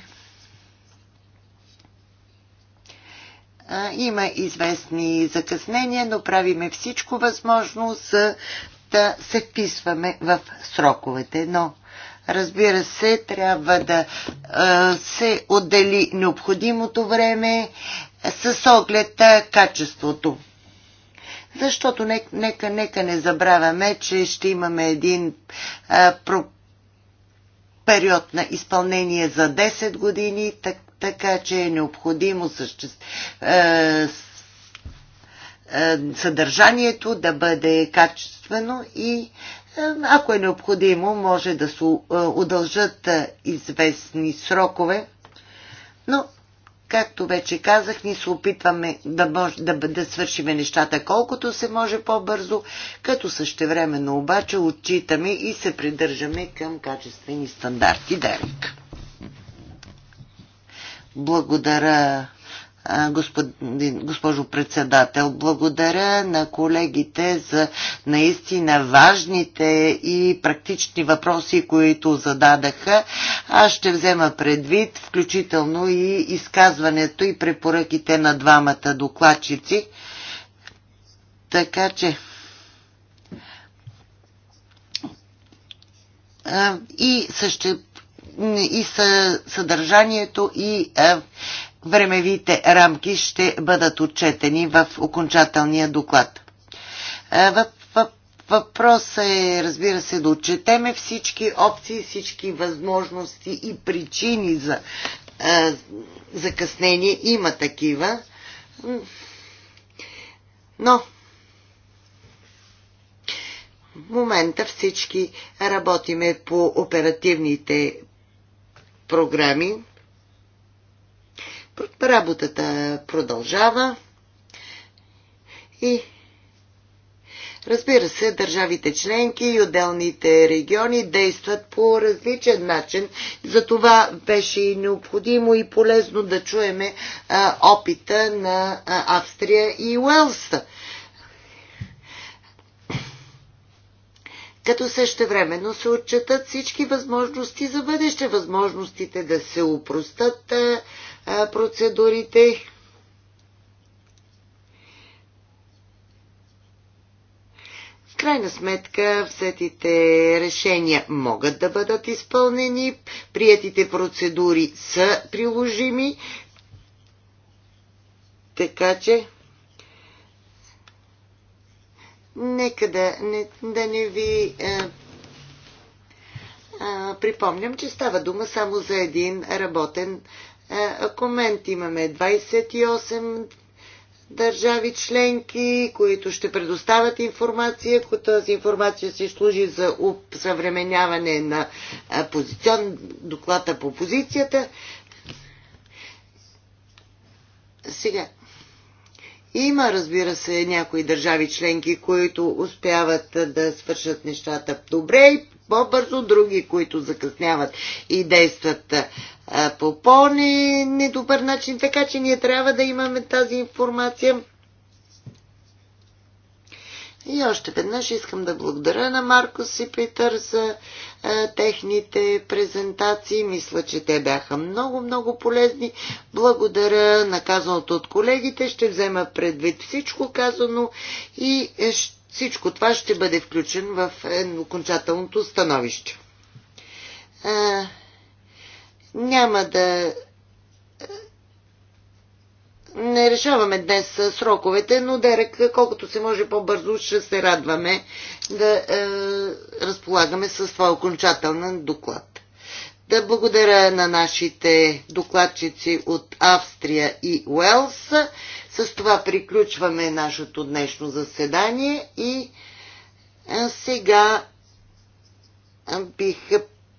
има известни закъснения, но правиме всичко възможно за да се вписваме в сроковете. Но, разбира се, трябва да се отдели необходимото време с оглед качеството защото нека, нека, нека не забравяме, че ще имаме един а, про, период на изпълнение за 10 години, так, така че е необходимо съществ, а, съдържанието да бъде качествено и ако е необходимо, може да се удължат известни срокове, но Както вече казах, ни се опитваме да, мож, да, да свършиме нещата колкото се може по-бързо, като същевременно обаче отчитаме и се придържаме към качествени стандарти. Дерек. Благодаря, господин, госпожо председател. Благодаря на колегите за наистина важните и практични въпроси, които зададаха. Аз ще взема предвид, включително и изказването и препоръките на двамата докладчици. Така че... И също и съдържанието и времевите рамки ще бъдат отчетени в окончателния доклад. Е, въпросът е, разбира се, да отчетеме всички опции, всички възможности и причини за е, закъснение. Има такива. Но в момента всички работиме по оперативните програми. Работата продължава и Разбира се, държавите членки и отделните региони действат по различен начин. За това беше и необходимо и полезно да чуеме а, опита на а, Австрия и Уелс. Като същевременно се отчетат всички възможности за бъдеще, възможностите да се упростат а, процедурите. В крайна сметка взетите решения могат да бъдат изпълнени, приятите процедури са приложими, така че нека да не, да не ви е, е, припомням, че става дума само за един работен комент. Имаме 28 държави членки, които ще предоставят информация, ако тази информация се служи за съвременяване на позицион, доклада по позицията. Сега, има, разбира се, някои държави членки, които успяват да свършат нещата добре и по-бързо, други, които закъсняват и действат по по-недобър начин, така че ние трябва да имаме тази информация. И още веднъж искам да благодаря на Маркос и Питър за а, техните презентации. Мисля, че те бяха много-много полезни. Благодаря на казаното от колегите. Ще взема предвид всичко казано и е, всичко това ще бъде включено в е, окончателното становище. Няма да е, не решаваме днес сроковете, но Дерек, колкото се може по-бързо, ще се радваме да е, разполагаме с това окончателен доклад. Да благодаря на нашите докладчици от Австрия и Уелс. С това приключваме нашето днешно заседание и е, сега бих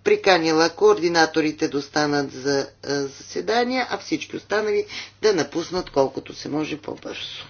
приканила координаторите да останат за заседания, а всички останали да напуснат колкото се може по-бързо.